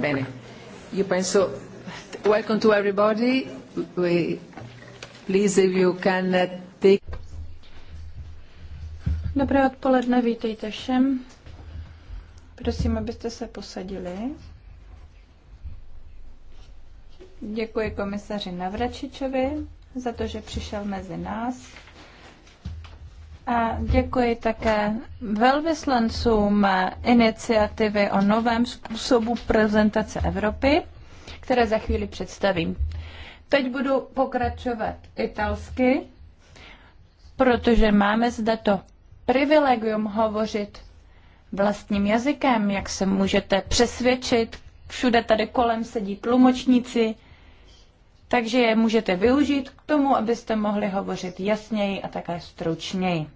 Bene, io penso, welcome to everybody, we, please if you can uh, take... Dobré odpoledne, vítejte všem. Prosím, abyste se posadili. Děkuji komisaři Navračičovi za to, že přišel mezi nás. A děkuji také velvyslancům iniciativy o novém způsobu prezentace Evropy, které za chvíli představím. Teď budu pokračovat italsky, protože máme zde to privilegium hovořit vlastním jazykem, jak se můžete přesvědčit. Všude tady kolem sedí tlumočníci, takže je můžete využít k tomu, abyste mohli hovořit jasněji a také stručněji.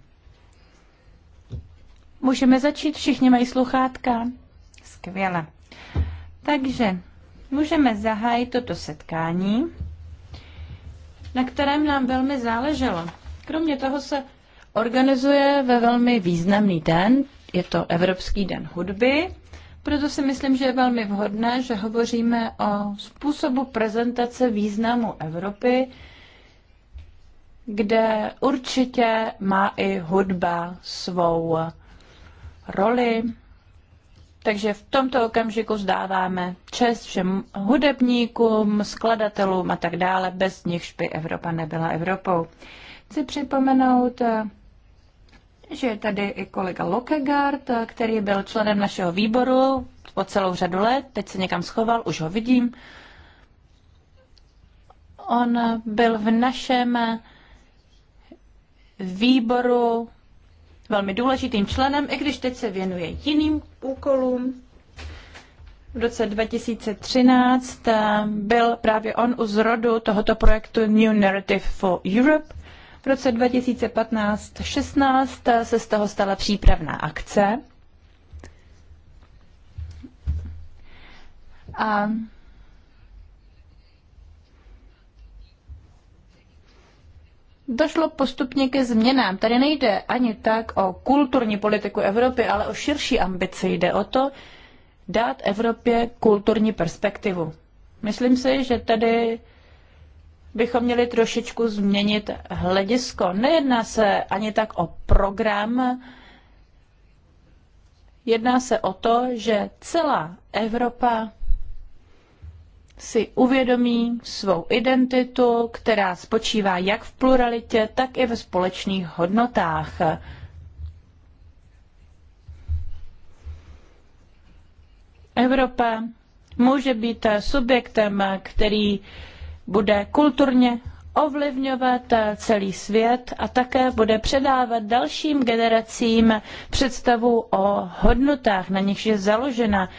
Můžeme začít, všichni mají sluchátka. Skvěle. Takže můžeme zahájit toto setkání, na kterém nám velmi záleželo. Kromě toho se organizuje ve velmi významný den, je to Evropský den hudby, proto si myslím, že je velmi vhodné, že hovoříme o způsobu prezentace významu Evropy, kde určitě má i hudba svou roli. Takže v tomto okamžiku zdáváme čest všem hudebníkům, skladatelům a tak dále, bez nichž by Evropa nebyla Evropou. Chci připomenout, že je tady i kolega Lokegard, který byl členem našeho výboru po celou řadu let, teď se někam schoval, už ho vidím. On byl v našem výboru velmi důležitým členem, i když teď se věnuje jiným úkolům. V roce 2013 eh, byl právě on u zrodu tohoto projektu New Narrative for Europe. V roce 2015-16 eh, se z toho stala přípravná akce. A došlo postupně ke změnám. Tady nejde ani tak o kulturní politiku Evropy, ale o širší ambici. Jde o to dát Evropě kulturní perspektivu. Myslím si, že tady bychom měli trošičku změnit hledisko. Nejedná se ani tak o program, jedná se o to, že celá Evropa si uvědomí svou identitu, která spočívá jak v pluralitě, tak i ve společných hodnotách. Evropa může být subjektem, který bude kulturně ovlivňovat celý svět a také bude předávat dalším generacím představu o hodnotách, na nichž je založena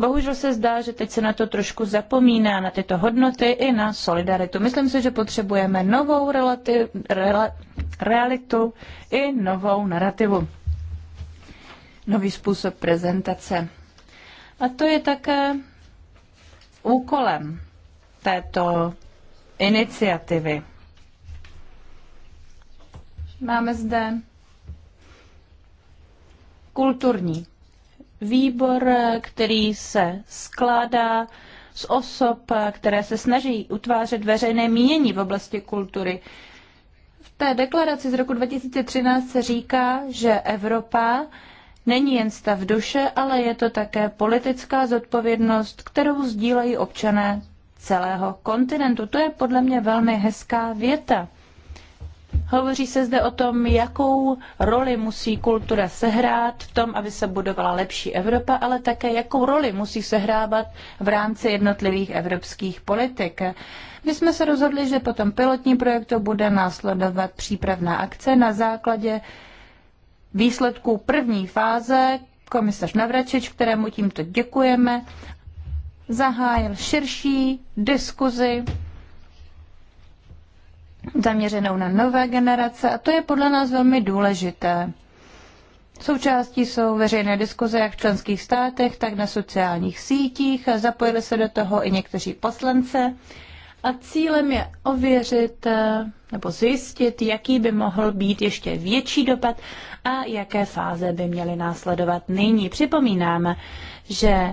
Bohužel se zdá, že teď se na to trošku zapomíná, na tyto hodnoty i na solidaritu. Myslím si, že potřebujeme novou relati- rela, realitu i novou narrativu. Nový způsob prezentace. A to je také úkolem této iniciativy. Máme zde kulturní výbor, který se skládá z osob, které se snaží utvářet veřejné mínění v oblasti kultury. V té deklaraci z roku 2013 se říká, že Evropa není jen stav duše, ale je to také politická zodpovědnost, kterou sdílejí občané celého kontinentu. To je podle mě velmi hezká věta. Hovoří se zde o tom, jakou roli musí kultura sehrát v tom, aby se budovala lepší Evropa, ale také jakou roli musí sehrávat v rámci jednotlivých evropských politik. My jsme se rozhodli, že potom pilotní projektu bude následovat přípravná akce na základě výsledků první fáze. Komisař Navračič, kterému tímto děkujeme, zahájil širší diskuzi zaměřenou na nové generace a to je podle nás velmi důležité. Součástí jsou veřejné diskuze jak v členských státech, tak na sociálních sítích. Zapojili se do toho i někteří poslance. A cílem je ověřit eh, nebo zjistit, jaký by mohl být ještě větší dopad a jaké fáze by měly následovat nyní. Připomínáme, že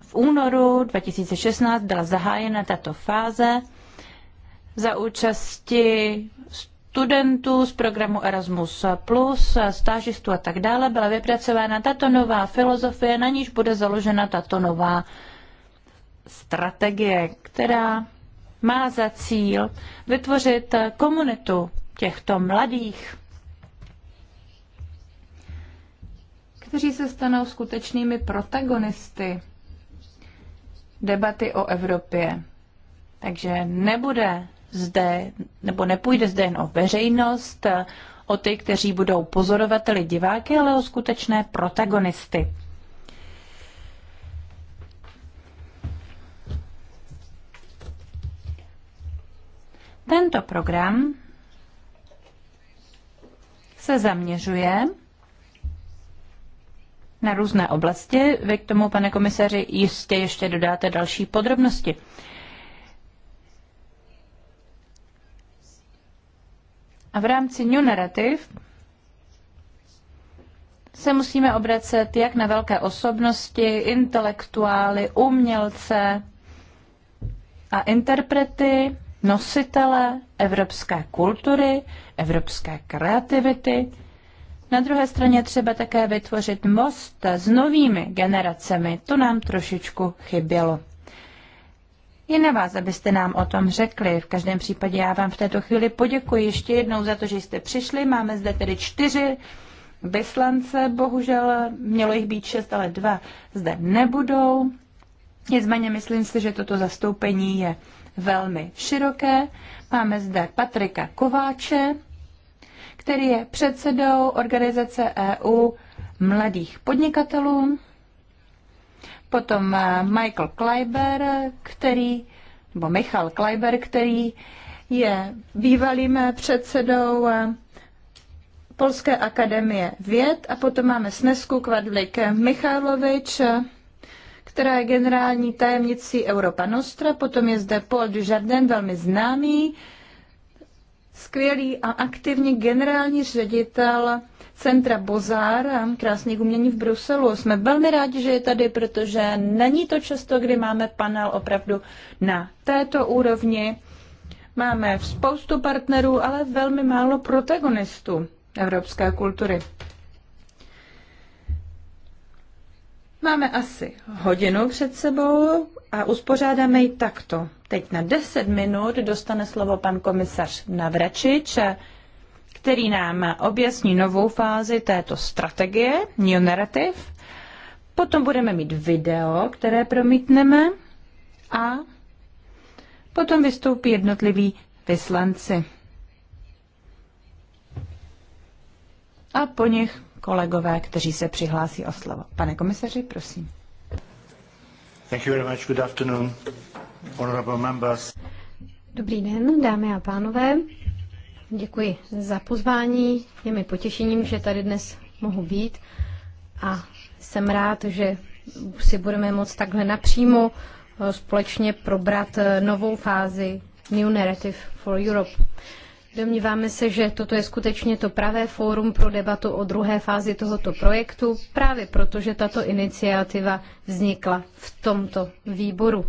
v únoru 2016 byla zahájena tato fáze za účasti studentů z programu Erasmus+, stážistů a tak dále, byla vypracována tato nová filozofie, na níž bude založena tato nová strategie, která má za cíl vytvořit komunitu těchto mladých, kteří se stanou skutečnými protagonisty debaty o Evropě. Takže nebude zde, nebo nepůjde zde jen o veřejnost, o ty, kteří budou pozorovateli diváky, ale o skutečné protagonisty. Tento program se zaměřuje na různé oblasti. Vy k tomu, pane komisaři, jistě ještě dodáte další podrobnosti. A v rámci New Narrative se musíme obracet jak na velké osobnosti, intelektuály, umělce a interprety, nositele evropské kultury, evropské kreativity. Na druhé straně třeba také vytvořit most s novými generacemi, to nám trošičku chybělo. Je na vás, abyste nám o tom řekli. V každém případě já vám v této chvíli poděkuji ještě jednou za to, že jste přišli. Máme zde tedy čtyři vyslance, bohužel mělo jich být šest, ale dva zde nebudou. Nicméně myslím si, že toto zastoupení je velmi široké. Máme zde Patrika Kováče, který je předsedou organizace EU mladých podnikatelů. Potom eh, Michael Kleiber, který, nebo Michal Kleiber, který je bývalým předsedou eh, Polské akademie věd a potom máme Snesku Kvadlik Michalovič, eh, která je generální tajemnicí Europa Nostra. Potom je zde Paul Jardin, velmi známý, skvělý a aktivní generální ředitel centra Bozár krásných umění v Bruselu. Jsme velmi rádi, že je tady, protože není to často, kdy máme panel opravdu na této úrovni. Máme spoustu partnerů, ale velmi málo protagonistů evropské kultury. Máme asi hodinu před sebou a uspořádáme ji takto. Teď na 10 minut dostane slovo pan komisař Navračič, který nám objasní novou fázi této strategie, New Narrative. Potom budeme mít video, které promítneme a potom vystoupí jednotliví vyslanci. A po nich kolegové, kteří se přihlásí o slovo. Pane komisaři, prosím. Thank you very much. Good afternoon, honorable members. Dobrý den, dámy a pánové. Děkuji za pozvání. Je mi potěšením, že tady dnes mohu být a jsem rád, že si budeme moct takhle napřímo eh, společně probrat eh, novou fázi New Narrative for Europe. Domníváme se, že toto je skutečně to pravé fórum pro debatu o druhé fázi tohoto projektu, právě protože tato iniciativa vznikla v tomto výboru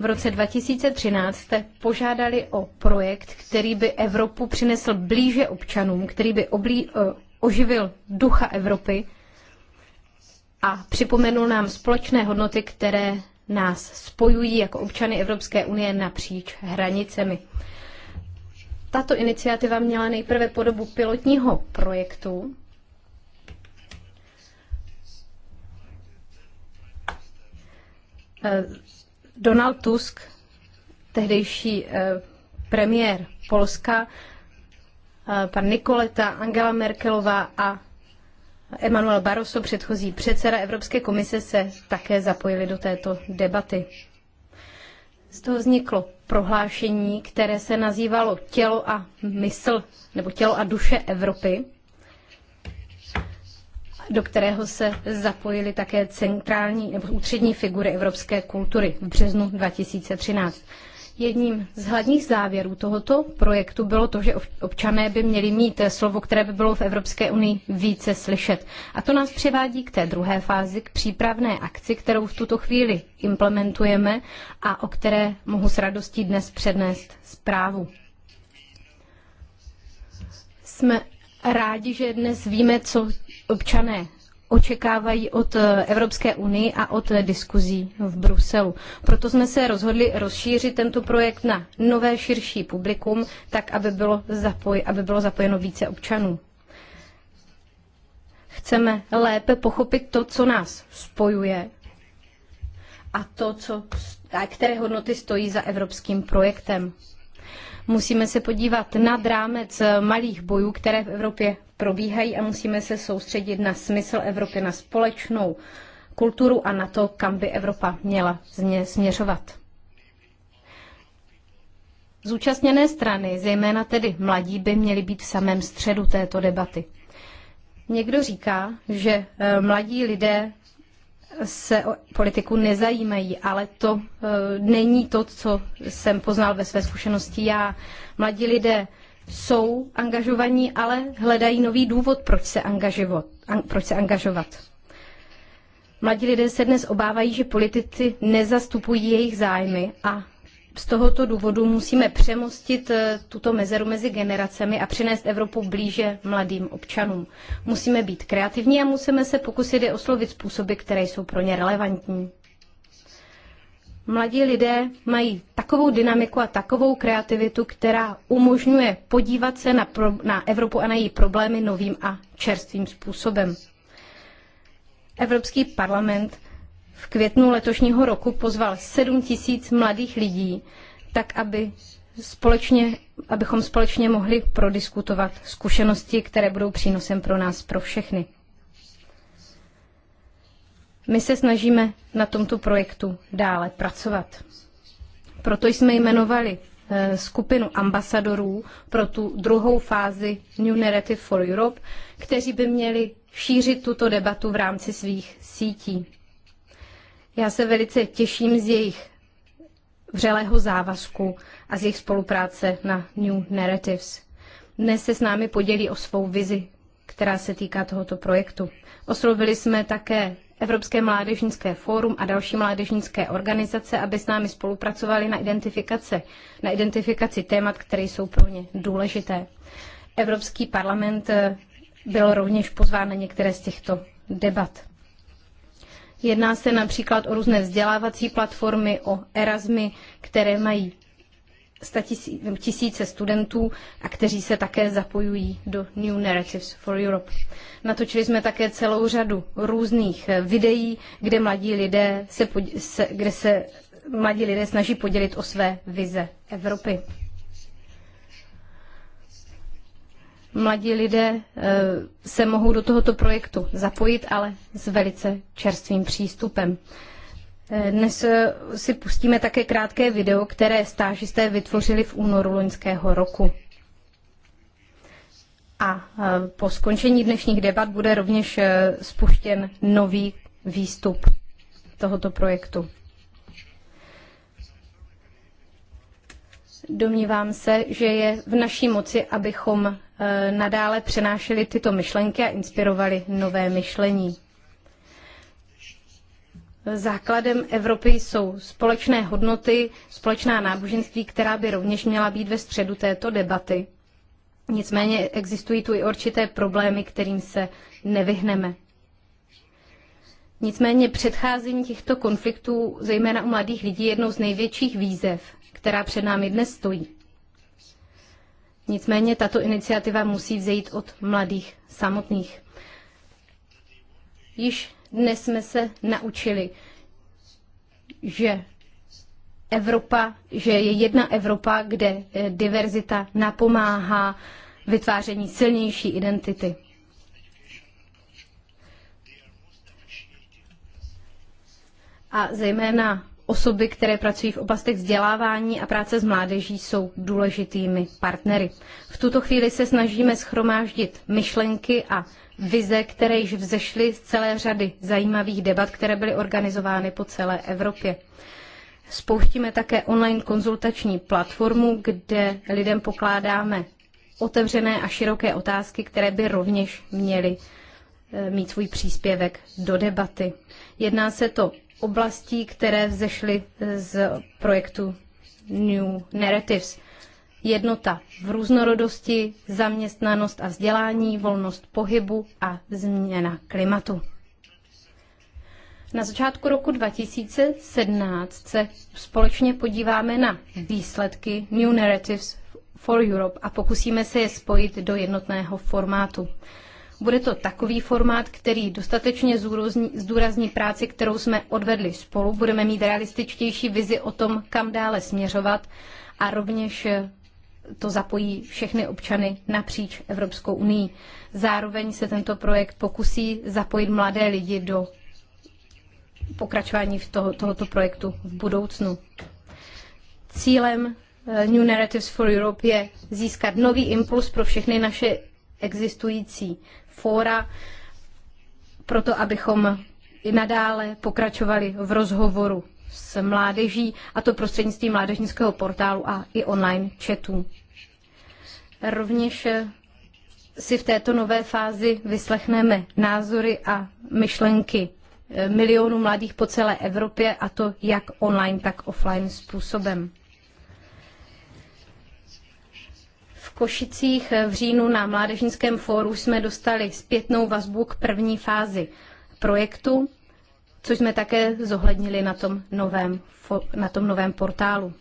v roce 2013 jste požádali o projekt, který by Evropu přinesl blíže občanům, který by oblí, eh, oživil ducha Evropy a připomenul nám společné hodnoty, které nás spojují jako občany Evropské unie napříč hranicemi. Tato iniciativa měla nejprve podobu pilotního projektu, eh, Donald Tusk, tehdejší eh, premiér Polska, eh, pan Nikoleta, Angela Merkelová a Emmanuel Barroso, předchozí předseda Evropské komise, se také zapojili do této debaty. Z toho vzniklo prohlášení, které se nazývalo Tělo a mysl, nebo Tělo a duše Evropy do kterého se zapojily také centrální nebo ústřední figury evropské kultury v březnu 2013. Jedním z hlavních závěrů tohoto projektu bylo to, že občané by měli mít slovo, které by bylo v Evropské unii více slyšet. A to nás přivádí k té druhé fázi, k přípravné akci, kterou v tuto chvíli implementujeme a o které mohu s radostí dnes přednést zprávu. Jsme rádi, že dnes víme, co občané očekávají od eh, Evropské unie a od eh, diskuzí v Bruselu. Proto jsme se rozhodli rozšířit tento projekt na nové širší publikum, tak aby bylo, zapoj, aby bylo zapojeno více občanů. Chceme lépe pochopit to, co nás spojuje a to, co, a které hodnoty stojí za evropským projektem. Musíme se podívat nad rámec eh, malých bojů, které v Evropě probíhají a musíme se soustředit na smysl Evropy, na společnou kulturu a na to, kam by Evropa měla směřovat. Zúčastněné strany, zejména tedy mladí, by měli být v samém středu této debaty. Někdo říká, že eh, mladí lidé se o politiku nezajímají, ale to eh, není to, co jsem poznal ve své zkušenosti já. Mladí lidé jsou angažovaní, ale hledají nový důvod, proč se, angažovat, an, proč se angažovat. Mladí lidé se dnes obávají, že politici nezastupují jejich zájmy a z tohoto důvodu musíme přemostit eh, tuto mezeru mezi generacemi a přinést Evropu blíže mladým občanům. Musíme být kreativní a musíme se pokusit je oslovit způsoby, které jsou pro ně relevantní mladí lidé mají takovou dynamiku a takovou kreativitu, která umožňuje podívat se na, pro, na Evropu a na její problémy novým a čerstvým způsobem. Evropský parlament v květnu letošního roku pozval 7 tisíc mladých lidí, tak aby společně, abychom společně mohli prodiskutovat zkušenosti, které budou přínosem pro nás, pro všechny. My se snažíme na tomto projektu dále pracovat. Proto jsme jmenovali eh, skupinu ambasadorů pro tu druhou fázi New Narrative for Europe, kteří by měli šířit tuto debatu v rámci svých sítí. Já se velice těším z jejich vřelého závazku a z jejich spolupráce na New Narratives. Dnes se s námi podělí o svou vizi, která se týká tohoto projektu. Oslovili jsme také Evropské mládežnické fórum a další mládežnické organizace, aby s námi spolupracovali na identifikaci, na identifikaci témat, které jsou pro ně důležité. Evropský parlament eh, byl rovněž pozván na některé z těchto debat. Jedná se například o různé vzdělávací platformy, o Erasmy, které mají tisíce studentů a kteří se také zapojují do New Narratives for Europe. Natočili jsme také celou řadu různých eh, videí, kde mladí lidé se, se, kde se mladí lidé snaží podělit o své vize Evropy. Mladí lidé eh, se mohou do tohoto projektu zapojit, ale s velice čerstvým přístupem. Eh, dnes eh, si pustíme také krátké video, které stážisté vytvořili v únoru loňského roku. A eh, po skončení dnešních debat bude rovněž spuštěn nový výstup tohoto projektu. Domnívám se, že je v naší moci, abychom nadále přenášeli tyto myšlenky a inspirovali nové myšlení základem Evropy jsou společné hodnoty, společná náboženství, která by rovněž měla být ve středu této debaty. Nicméně existují tu i určité problémy, kterým se nevyhneme. Nicméně předcházení těchto konfliktů, zejména u mladých lidí, je jednou z největších výzev, která před námi dnes stojí. Nicméně tato iniciativa musí vzejít od mladých samotných. Již dnes jsme se naučili, že Evropa, že je jedna Evropa, kde eh, diverzita napomáhá vytváření silnější identity. A zejména osoby, které pracují v oblastech vzdělávání a práce s mládeží, jsou důležitými partnery. V tuto chvíli se snažíme schromáždit myšlenky a vize, které již vzešly z celé řady zajímavých debat, které byly organizovány po celé Evropě. Spouštíme také online konzultační platformu, kde lidem pokládáme otevřené a široké otázky, které by rovněž měly eh, mít svůj příspěvek do debaty. Jedná se to oblastí, které vzešly eh, z projektu New Narratives jednota v různorodosti, zaměstnanost a vzdělání, volnost pohybu a změna klimatu. Na začátku roku 2017 se společně podíváme na výsledky New Narratives for Europe a pokusíme se je spojit do jednotného formátu. Bude to takový formát, který dostatečně zdůrazní, práci, kterou jsme odvedli spolu. Budeme mít realističtější vizi o tom, kam dále směřovat a rovněž to zapojí všechny občany napříč Evropskou unii. Zároveň se tento projekt pokusí zapojit mladé lidi do pokračování v toho, tohoto projektu v budoucnu. Cílem eh, New Narratives for Europe je získat nový impuls pro všechny naše existující fóra, proto abychom i nadále pokračovali v rozhovoru s mládeží, a to prostřednictvím mládežnického portálu a i online chatů. Rovněž eh, si v této nové fázi vyslechneme názory a myšlenky eh, milionů mladých po celé Evropě, a to jak online, tak offline způsobem. V Košicích eh, v říjnu na Mládežnickém fóru jsme dostali zpětnou vazbu k první fázi projektu, což jsme také zohlednili na tom novém, na tom novém portálu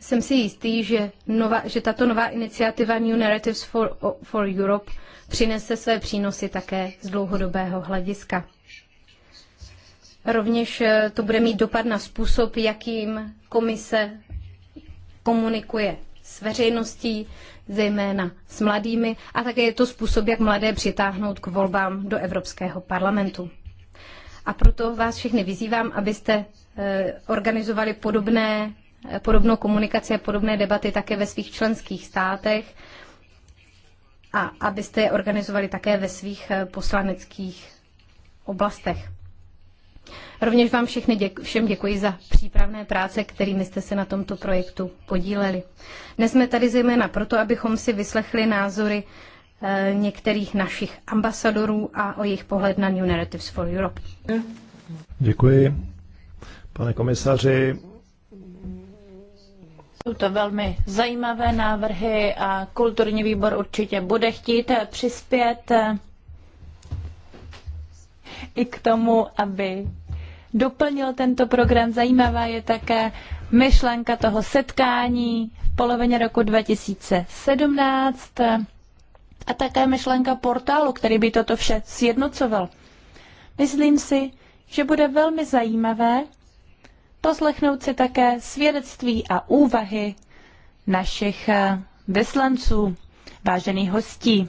jsem si jistý, že, nova, že tato nová iniciativa New Narratives for, for Europe přinese své přínosy také z dlouhodobého hlediska. Rovněž eh, to bude mít dopad na způsob, jakým komise komunikuje s veřejností, zejména s mladými, a také je to způsob, jak mladé přitáhnout k volbám do Evropského parlamentu. A proto vás všechny vyzývám, abyste eh, organizovali podobné podobnou komunikaci a podobné debaty také ve svých členských státech a abyste je organizovali také ve svých eh, poslaneckých oblastech. Rovněž vám všechny děku, všem děkuji za přípravné práce, kterými jste se na tomto projektu podíleli. Dnes jsme tady zejména proto, abychom si vyslechli názory eh, některých našich ambasadorů a o jejich pohled na New Narratives for Europe. Děkuji. Pane komisaři, jsou to velmi zajímavé návrhy a kulturní výbor určitě bude chtít přispět eh, i k tomu, aby doplnil tento program. Zajímavá je také myšlenka toho setkání v polovině roku 2017 eh, a také myšlenka portálu, který by toto vše sjednocoval. Myslím si, že bude velmi zajímavé poslechnout si také svědectví a úvahy našich eh, vyslanců, vážených hostí.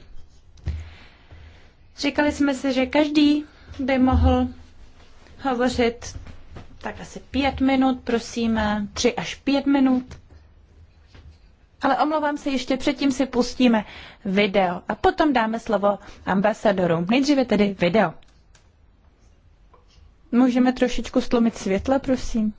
Říkali jsme si, že každý by mohl hovořit tak asi pět minut, prosím, eh, tři až pět minut. Ale omlouvám se, ještě předtím si pustíme video a potom dáme slovo ambasadorům. Nejdříve tedy video. Můžeme trošičku stlumit světla, prosím?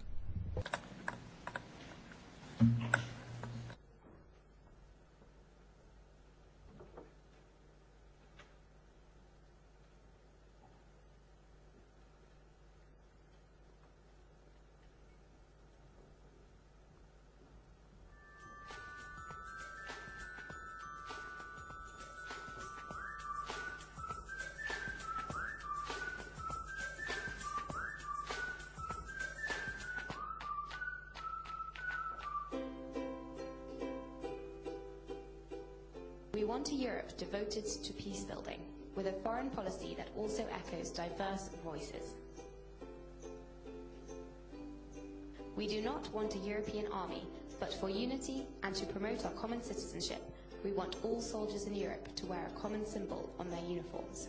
all soldiers in Europe to wear a common symbol on their uniforms.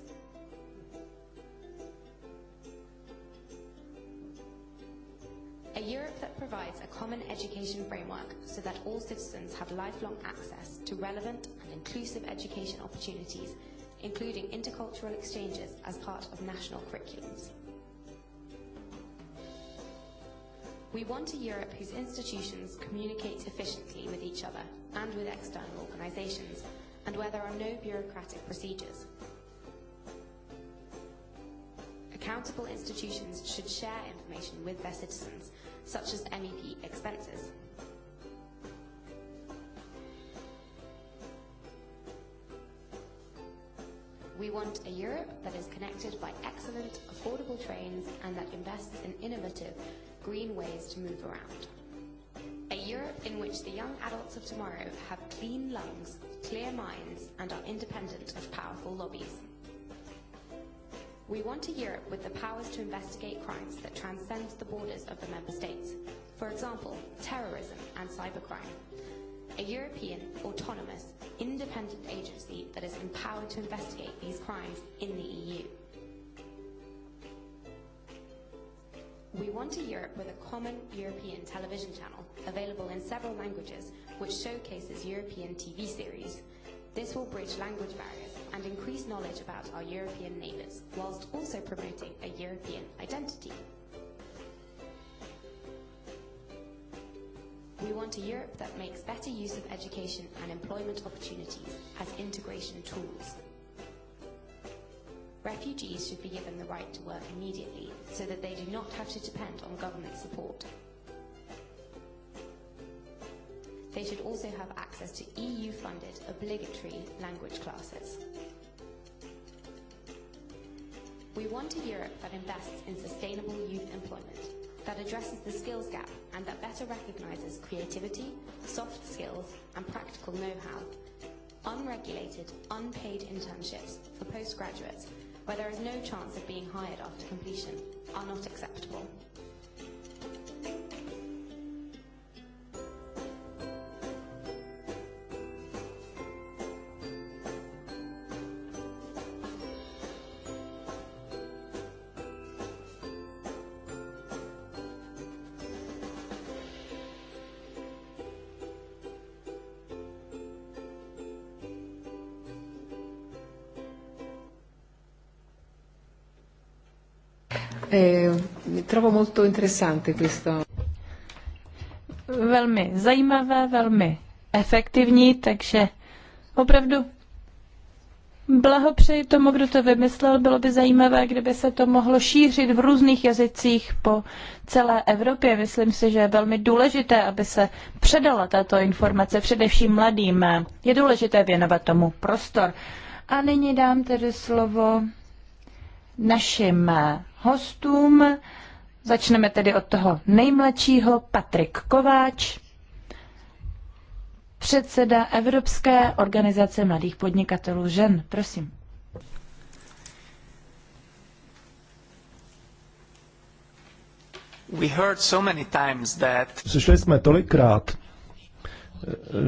A Europe that provides a common education framework so that all citizens have lifelong access to relevant and inclusive education opportunities, including intercultural exchanges as part of national curriculums. We want a Europe whose institutions communicate efficiently with each other and with external organisations and where there are no bureaucratic procedures. Accountable institutions should share information with their citizens, such as MEP expenses. We want a Europe that is connected by excellent, affordable trains and that invests in innovative, green ways to move around. A Europe in which the young adults of tomorrow have clean lungs, clear minds, and are independent of powerful lobbies. We want a Europe with the powers to investigate crimes that transcend the borders of the member states. For example, terrorism and cybercrime. A European, autonomous, independent agency that is empowered to investigate these crimes in the EU. We want a Europe with a common European television channel, available in several languages, which showcases European TV series. This will bridge language barriers and increase knowledge about our European neighbours, whilst also promoting a European identity. We want a Europe that makes better use of education and employment opportunities as integration tools. Refugees should be given the right to work immediately so that they do not have to depend on government support. They should also have access to EU-funded obligatory language classes. We want a Europe that invests in sustainable youth employment, that addresses the skills gap and that better recognises creativity, soft skills and practical know-how, unregulated, unpaid internships for postgraduates where there is no chance of being hired after completion, are not acceptable. eh, trovo molto interessante questo. Velmi zajímavé, velmi efektivní, takže opravdu blahopřeji tomu, kdo to vymyslel. Bylo by zajímavé, kdyby se to mohlo šířit v různých jazycích po celé Evropě. Myslím si, že je velmi důležité, aby se předala tato informace především mladým. Je důležité věnovat tomu prostor. A nyní dám tedy slovo našim hostům. Začneme tedy od toho nejmladšího, Patrik Kováč, předseda Evropské organizace mladých podnikatelů žen. Prosím. We heard so many times that... Slyšeli jsme tolikrát,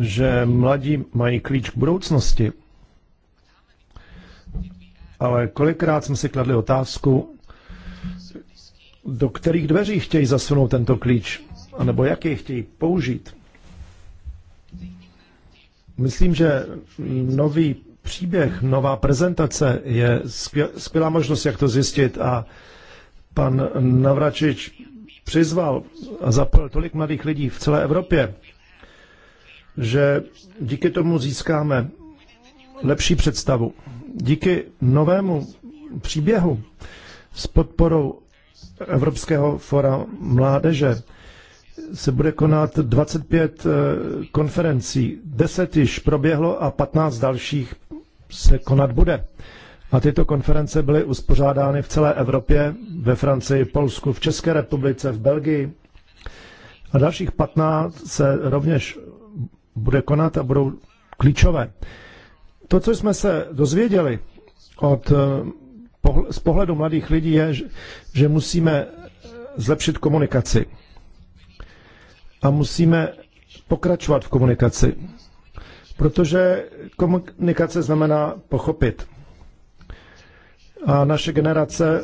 že mladí mají klíč k budoucnosti. Ale kolikrát jsme si kladli otázku, do kterých dveří chtějí zasunout tento klíč, anebo jak je chtějí použít. Myslím, že nový příběh, nová prezentace je skvělá možnost, jak to zjistit a pan Navračič přizval a zapojil tolik mladých lidí v celé Evropě, že díky tomu získáme lepší představu. Díky novému příběhu s podporou Evropského fora mládeže se bude konat 25 eh, konferencí. 10 již proběhlo a 15 dalších se konat bude. A tyto konference byly uspořádány v celé Evropě, ve Francii, Polsku, v České republice, v Belgii. A dalších 15 se rovněž bude konat a budou klíčové. To, co jsme se dozvěděli od eh, z pohledu mladých lidí je, že musíme eh, zlepšit komunikaci. A musíme pokračovat v komunikaci. Protože komunikace znamená pochopit. A naše generace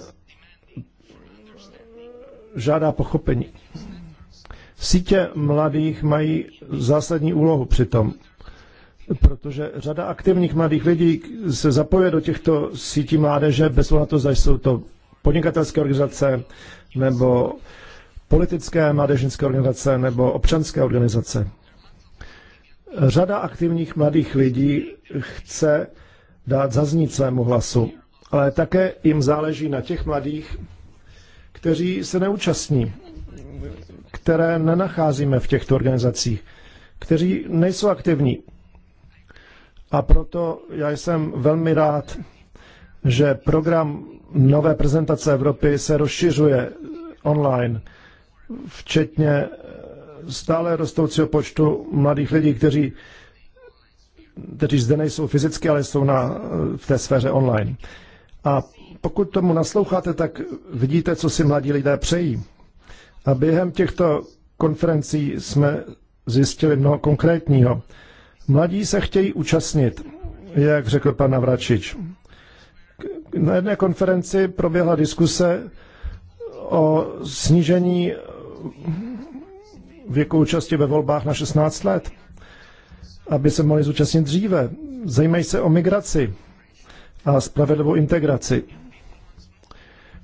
žádá pochopení. Sítě mladých mají zásadní úlohu při tom protože řada aktivních mladých lidí se zapojuje do těchto sítí mládeže bez ohledu na to, zda jsou to podnikatelské organizace nebo politické mládežnické organizace nebo občanské organizace. Řada aktivních mladých lidí chce dát zaznít svému hlasu, ale také jim záleží na těch mladých, kteří se neúčastní, které nenacházíme v těchto organizacích, kteří nejsou aktivní, a proto já jsem velmi rád, že program Nové prezentace Evropy se rozšiřuje online, včetně stále rostoucího počtu mladých lidí, kteří, kteří zde nejsou fyzicky, ale jsou na, v té sféře online. A pokud tomu nasloucháte, tak vidíte, co si mladí lidé přejí. A během těchto konferencí jsme zjistili mnoho konkrétního. Mladí se chtějí účastnit, jak řekl pan Navračič. Na jedné konferenci proběhla diskuse o snížení věku účasti ve volbách na 16 let, aby se mohli zúčastnit dříve. Zajímají se o migraci a spravedlivou integraci.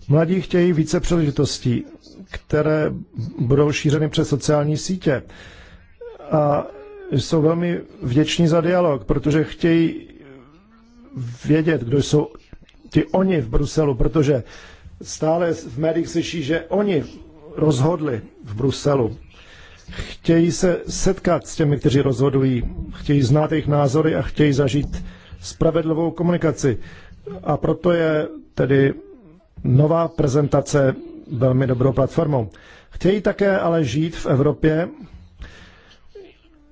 Mladí chtějí více příležitostí, které budou šířeny přes sociální sítě. A jsou velmi vděční za dialog, protože chtějí vědět, kdo jsou ti oni v Bruselu, protože stále v médiích slyší, že oni rozhodli v Bruselu. Chtějí se setkat s těmi, kteří rozhodují, chtějí znát jejich názory a chtějí zažít spravedlivou komunikaci. A proto je tedy nová prezentace velmi dobrou platformou. Chtějí také ale žít v Evropě,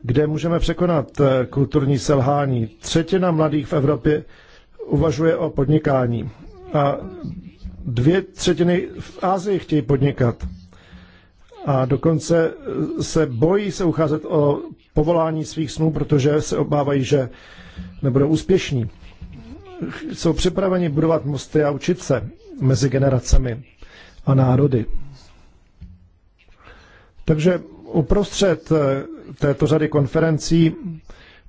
kde můžeme překonat eh, kulturní selhání. Třetina mladých v Evropě uvažuje o podnikání a dvě třetiny v Asii chtějí podnikat. A dokonce eh, se bojí se ucházet o povolání svých snů, protože se obávají, že nebudou úspěšní. Jsou připraveni budovat mosty a učit se mezi generacemi a národy. Takže uprostřed eh, této řady konferencí,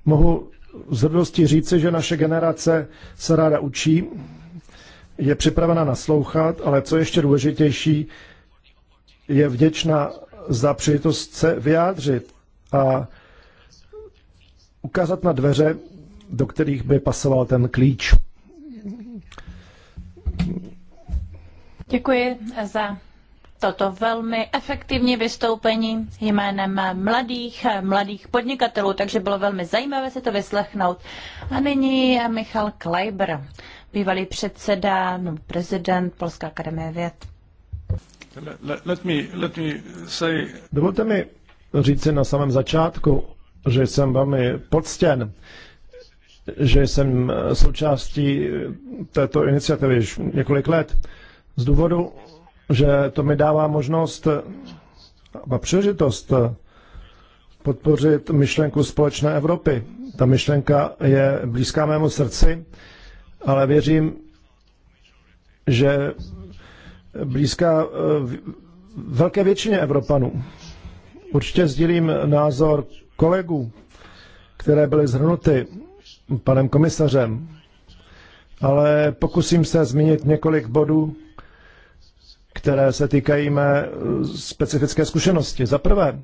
mohu z hrdosti říci, že naše generace se ráda učí, je připravena naslouchat, ale co ještě důležitější, je vděčná za příležitost se vyjádřit a ukázat na dveře, do kterých by pasoval ten klíč. Děkuji za toto velmi efektivní vystoupení jménem mladých, mladých podnikatelů, takže bylo velmi zajímavé si to vyslechnout. A nyní Michal Kleiber, bývalý předseda, no, prezident Polské akademie věd. Let, me, let me say... Dovolte mi říct na samém začátku, že jsem velmi podstěn, že jsem součástí této iniciativy již několik let z důvodu, že to mi dává možnost a příležitost podpořit myšlenku společné Evropy. Ta myšlenka je blízká mému srdci, ale věřím, že blízká eh, velké většině Evropanů. Určitě sdílím názor kolegů, které byly zhrnuty panem komisařem, ale pokusím se zmínit několik bodů, které se týkají mé eh, specifické zkušenosti. Za prvé,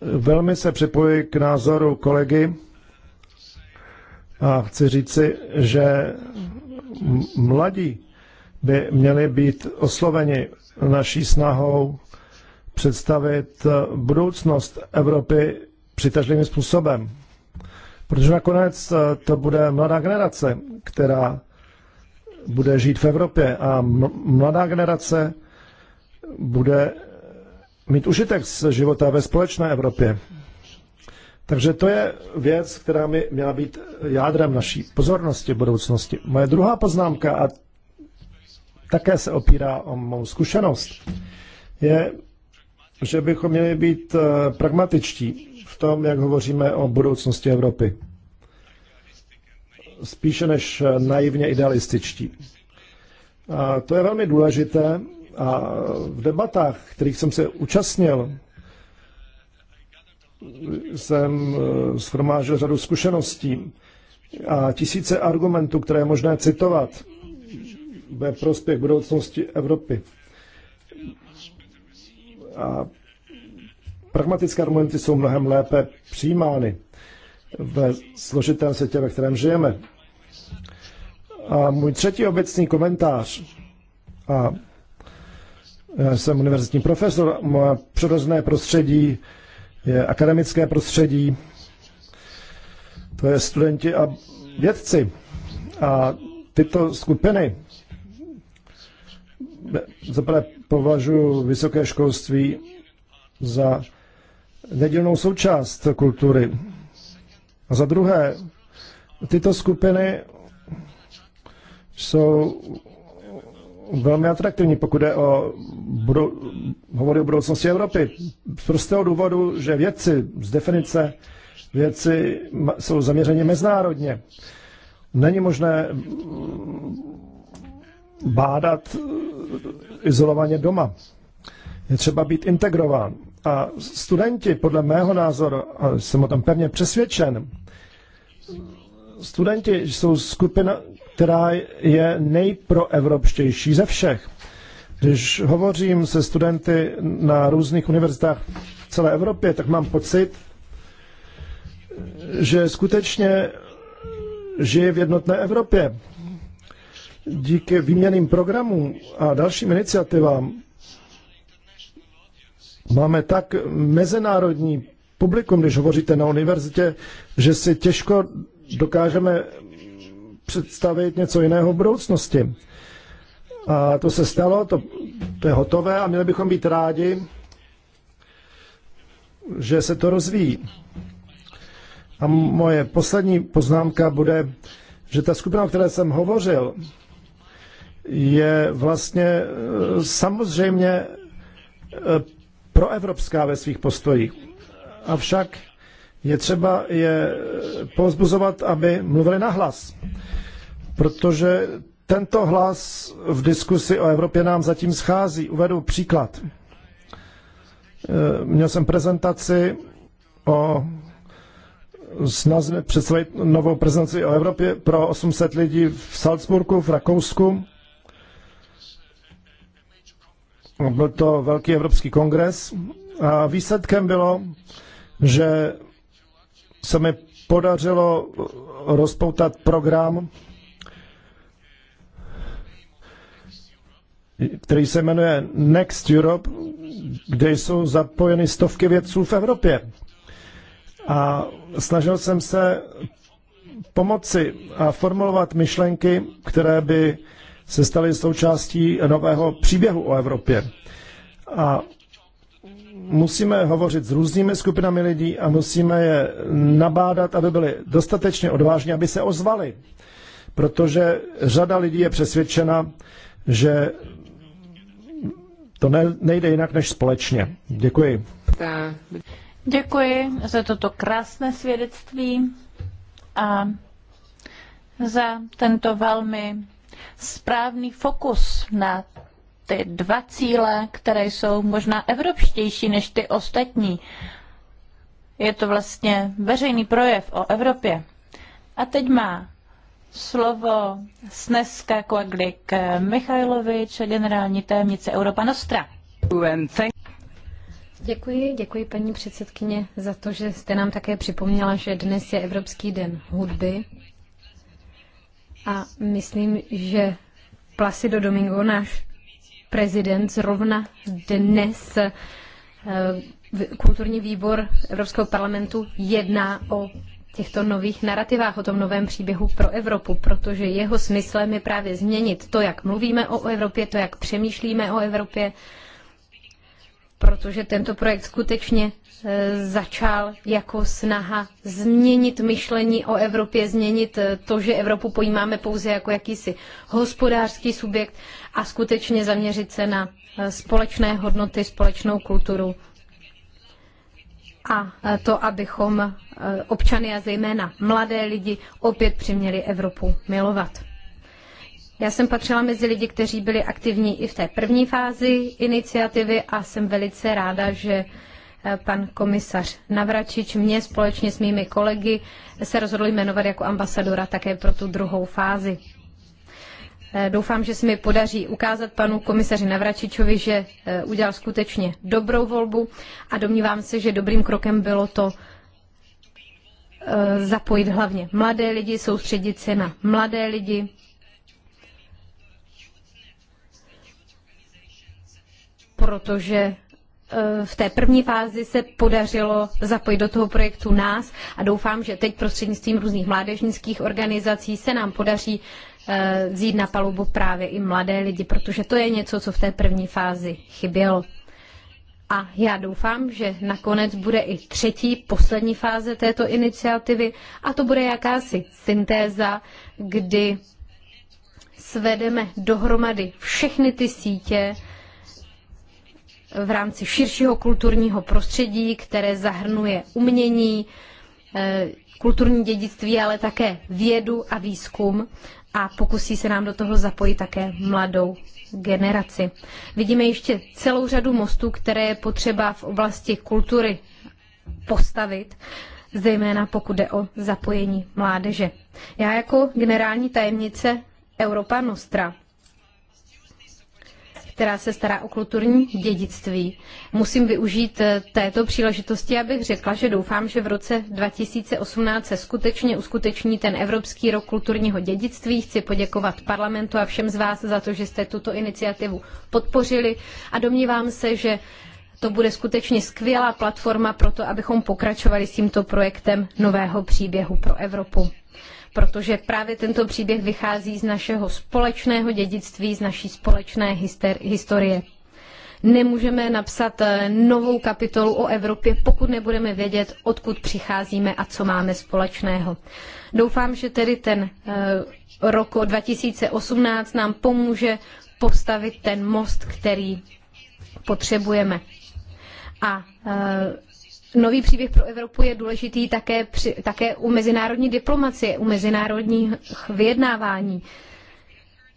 velmi se připojuji k názoru kolegy a chci říci, že mladí by měli být osloveni naší snahou představit eh, budoucnost Evropy přitažlivým způsobem. Protože nakonec eh, to bude mladá generace, která bude žít v Evropě a mladá generace bude mít užitek z života ve společné Evropě. Takže to je věc, která mi měla být jádrem naší pozornosti v budoucnosti. Moje druhá poznámka, a také se opírá o mou zkušenost, je, že bychom měli být eh, pragmatičtí v tom, jak hovoříme o budoucnosti Evropy spíše než naivně idealističtí. A to je velmi důležité a v debatách, kterých jsem se účastnil, jsem eh, schromážil řadu zkušeností a tisíce argumentů, které je možné citovat ve prospěch budoucnosti Evropy. A pragmatické argumenty jsou mnohem lépe přijímány ve složitém světě, ve kterém žijeme. A můj třetí obecný komentář, a já e, jsem univerzitní profesor, moje přirozené prostředí je akademické prostředí, to je studenti a vědci. A tyto skupiny, e, zaprvé považuji vysoké školství za nedělnou součást kultury. A za druhé, tyto skupiny jsou velmi atraktivní, pokud je o budou, hovory o budoucnosti Evropy. Z prostého důvodu, že vědci z definice vědci jsou zaměřeni mezinárodně. Není možné bádat izolovaně doma. Je třeba být integrován. A studenti, podle mého názoru, a jsem o tom pevně přesvědčen, studenti jsou skupina, která je nejproevropštější ze všech. Když hovořím se studenty na různých univerzitách v celé Evropě, tak mám pocit, že skutečně žije v jednotné Evropě. Díky výměným programům a dalším iniciativám Máme tak mezinárodní publikum, když hovoříte na univerzitě, že si těžko dokážeme představit něco jiného v budoucnosti. A to se stalo, to, to je hotové a měli bychom být rádi, že se to rozvíjí. A moje poslední poznámka bude, že ta skupina, o které jsem hovořil, je vlastně e, samozřejmě e, proevropská ve svých postojích. Avšak je třeba je pozbuzovat, aby mluvili na hlas. Protože tento hlas v diskusi o Evropě nám zatím schází. Uvedu příklad. E, měl jsem prezentaci o snaze představit novou prezentaci o Evropě pro 800 lidí v Salzburgu, v Rakousku. Byl to velký evropský kongres a výsledkem bylo, že se mi podařilo rozpoutat program, který se jmenuje Next Europe, kde jsou zapojeny stovky vědců v Evropě. A snažil jsem se pomoci a formulovat myšlenky, které by se staly součástí nového příběhu o Evropě. A musíme hovořit s různými skupinami lidí a musíme je nabádat, aby byli dostatečně odvážní, aby se ozvali. Protože řada lidí je přesvědčena, že to nejde jinak než společně. Děkuji. Děkuji za toto krásné svědectví a za tento velmi správný fokus na ty dva cíle, které jsou možná evropštější než ty ostatní. Je to vlastně veřejný projev o Evropě. A teď má slovo Sneska Kvaglik Michajlovič, generální tajemnice Europa Nostra. Děkuji, děkuji paní předsedkyně za to, že jste nám také připomněla, že dnes je Evropský den hudby. A myslím, že Placido Domingo, náš prezident, zrovna dnes eh, kulturní výbor Evropského parlamentu jedná o těchto nových narrativách, o tom novém příběhu pro Evropu, protože jeho smyslem je právě změnit to, jak mluvíme o Evropě, to, jak přemýšlíme o Evropě, protože tento projekt skutečně Eh, začal jako snaha změnit myšlení o Evropě, změnit eh, to, že Evropu pojímáme pouze jako jakýsi hospodářský subjekt a skutečně zaměřit se na eh, společné hodnoty, společnou kulturu a to, abychom občany a zejména mladé lidi opět přiměli Evropu milovat. Já jsem patřila mezi lidi, kteří byli aktivní i v té první fázi iniciativy a jsem velice ráda, že pan komisař Navračič mě společně s mými kolegy se rozhodl jmenovat jako ambasadora také pro tu druhou fázi. Eh, doufám, že se mi podaří ukázat panu komisaři Navračičovi, že eh, udělal skutečně dobrou volbu a domnívám se, že dobrým krokem bylo to eh, zapojit hlavně mladé lidi, soustředit se na mladé lidi, protože Eh, v té první fázi se podařilo zapojit do toho projektu nás a doufám, že teď prostřednictvím různých mládežnických organizací se nám podaří eh, vzít na palubu právě i mladé lidi, protože to je něco, co v té první fázi chybělo. A já doufám, že nakonec bude i třetí, poslední fáze této iniciativy a to bude jakási syntéza, kdy svedeme dohromady všechny ty sítě, v rámci širšího kulturního prostředí, které zahrnuje umění, eh, kulturní dědictví, ale také vědu a výzkum a pokusí se nám do toho zapojit také mladou generaci. Vidíme ještě celou řadu mostů, které je potřeba v oblasti kultury postavit, zejména pokud jde o zapojení mládeže. Já jako generální tajemnice Europa Nostra která se stará o kulturní dědictví. Musím využít eh, této příležitosti, abych řekla, že doufám, že v roce 2018 se skutečně uskuteční ten Evropský rok kulturního dědictví. Chci poděkovat parlamentu a všem z vás za to, že jste tuto iniciativu podpořili a domnívám se, že to bude skutečně skvělá platforma pro to, abychom pokračovali s tímto projektem nového příběhu pro Evropu protože právě tento příběh vychází z našeho společného dědictví, z naší společné historie. Nemůžeme napsat eh, novou kapitolu o Evropě, pokud nebudeme vědět, odkud přicházíme a co máme společného. Doufám, že tedy ten eh, rok 2018 nám pomůže postavit ten most, který potřebujeme. A eh, nový příběh pro Evropu je důležitý také, při, také u mezinárodní diplomacie, u mezinárodních vyjednávání.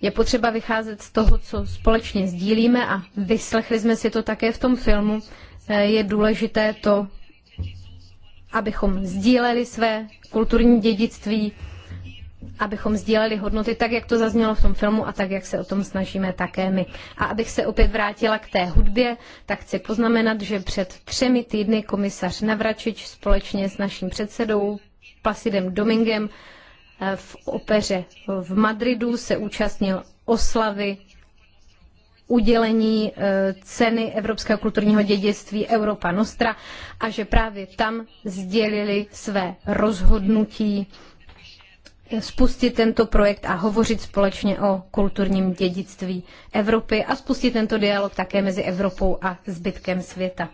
Je potřeba vycházet z toho, co společně sdílíme a vyslechli jsme si to také v tom filmu. Eh, je důležité to, abychom sdíleli své kulturní dědictví, abychom sdíleli hodnoty tak, jak to zaznělo v tom filmu a tak, jak se o tom snažíme také my. A abych se opět vrátila k té hudbě, tak chci poznamenat, že před třemi týdny komisař Navračič společně s naším předsedou Placidem Domingem eh, v opeře v Madridu se účastnil oslavy udělení eh, ceny Evropského kulturního dědictví Europa Nostra a že právě tam sdělili své rozhodnutí spustit tento projekt a hovořit společně o kulturním dědictví Evropy a spustit tento dialog také mezi Evropou a zbytkem světa.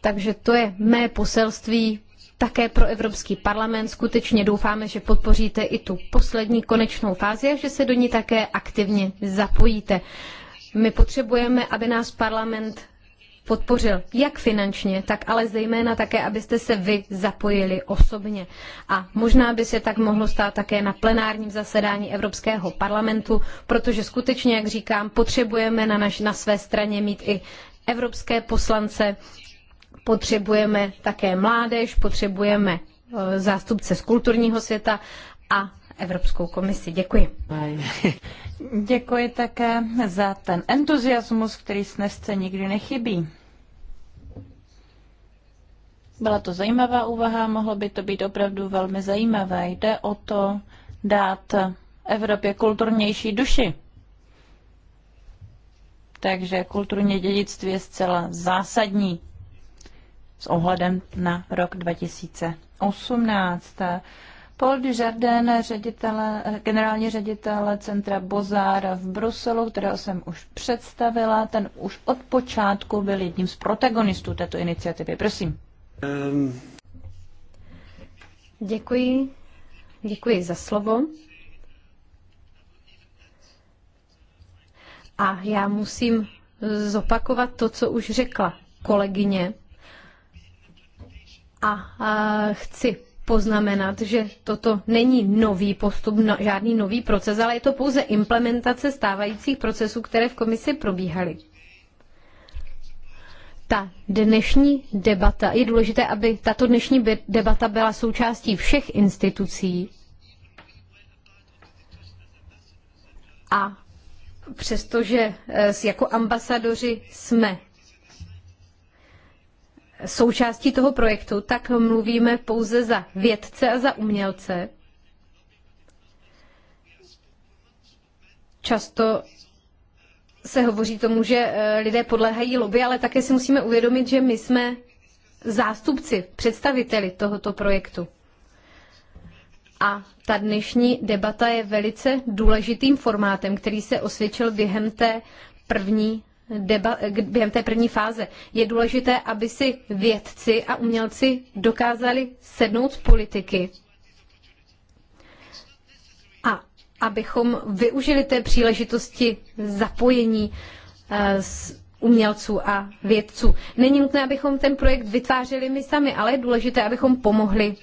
Takže to je mé poselství také pro Evropský parlament. Skutečně doufáme, že podpoříte i tu poslední konečnou fázi a že se do ní také aktivně zapojíte. My potřebujeme, aby nás parlament podpořil jak finančně, tak ale zejména také, abyste se vy zapojili osobně. A možná by se tak mohlo stát také na plenárním zasedání Evropského parlamentu, protože skutečně, jak říkám, potřebujeme na, naš, na své straně mít i evropské poslance, potřebujeme také mládež, potřebujeme e, zástupce z kulturního světa a Evropskou komisi. Děkuji. Děkuji také za ten entuziasmus, který snesce nikdy nechybí. Byla to zajímavá úvaha, mohlo by to být opravdu velmi zajímavé. Jde o to dát Evropě kulturnější duši. Takže kulturní dědictví je zcela zásadní s ohledem na rok 2018. Paul Dujardin, ředitele, generální ředitel centra Bozár v Bruselu, kterého jsem už představila, ten už od počátku byl jedním z protagonistů této iniciativy. Prosím. Um. Děkuji. Děkuji za slovo. A já musím zopakovat to, co už řekla kolegyně. A, a chci poznamenat, že toto není nový postup, no, žádný nový proces, ale je to pouze implementace stávajících procesů, které v komisi probíhaly. Ta dnešní debata, je důležité, aby tato dnešní debata byla součástí všech institucí a přestože eh, jako ambasadoři jsme součástí toho projektu, tak mluvíme pouze za vědce a za umělce. Často se hovoří tomu, že eh, lidé podléhají lobby, ale také si musíme uvědomit, že my jsme zástupci, představiteli tohoto projektu. A ta dnešní debata je velice důležitým formátem, který se osvědčil během té první deba, během té první fáze. Je důležité, aby si vědci a umělci dokázali sednout z politiky a abychom využili té příležitosti zapojení z eh, umělců a vědců. Není nutné, abychom ten projekt vytvářeli my sami, ale je důležité, abychom pomohli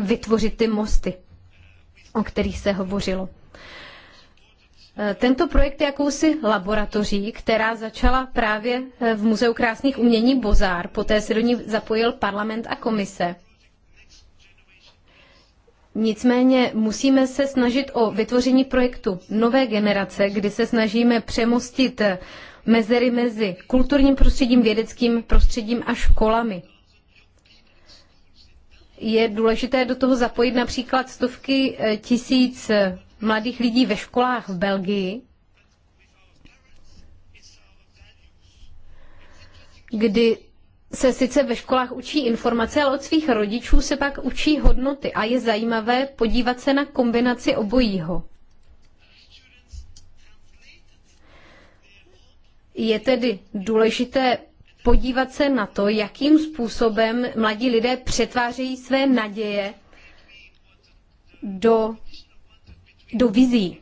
vytvořit ty mosty, o kterých se hovořilo. Eh, tento projekt je jakousi laboratoří, která začala právě eh, v Muzeu krásných umění Bozár. Poté se do ní zapojil parlament a komise. Nicméně musíme se snažit o vytvoření projektu nové generace, kdy se snažíme přemostit eh, mezery mezi kulturním prostředím, vědeckým prostředím a školami. Je důležité do toho zapojit například stovky tisíc mladých lidí ve školách v Belgii, kdy se sice ve školách učí informace, ale od svých rodičů se pak učí hodnoty a je zajímavé podívat se na kombinaci obojího. Je tedy důležité podívat se na to, jakým způsobem mladí lidé přetvářejí své naděje do do vizí.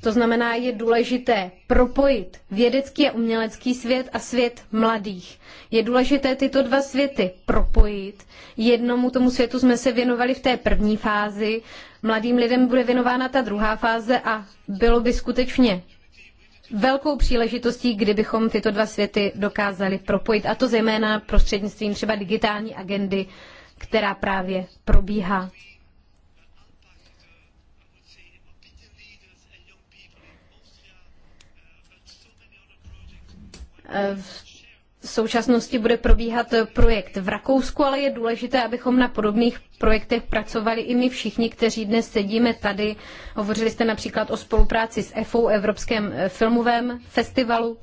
To znamená, je důležité propojit vědecký a umělecký svět a svět mladých. Je důležité tyto dva světy propojit. Jednomu tomu světu jsme se věnovali v té první fázi, mladým lidem bude věnována ta druhá fáze a bylo by skutečně velkou příležitostí, kdybychom tyto dva světy dokázali propojit, a to zejména prostřednictvím třeba digitální agendy která právě probíhá. V současnosti bude probíhat projekt v Rakousku, ale je důležité, abychom na podobných projektech pracovali i my všichni, kteří dnes sedíme tady. Hovořili jste například o spolupráci s EFO, Evropském eh, filmovém festivalu.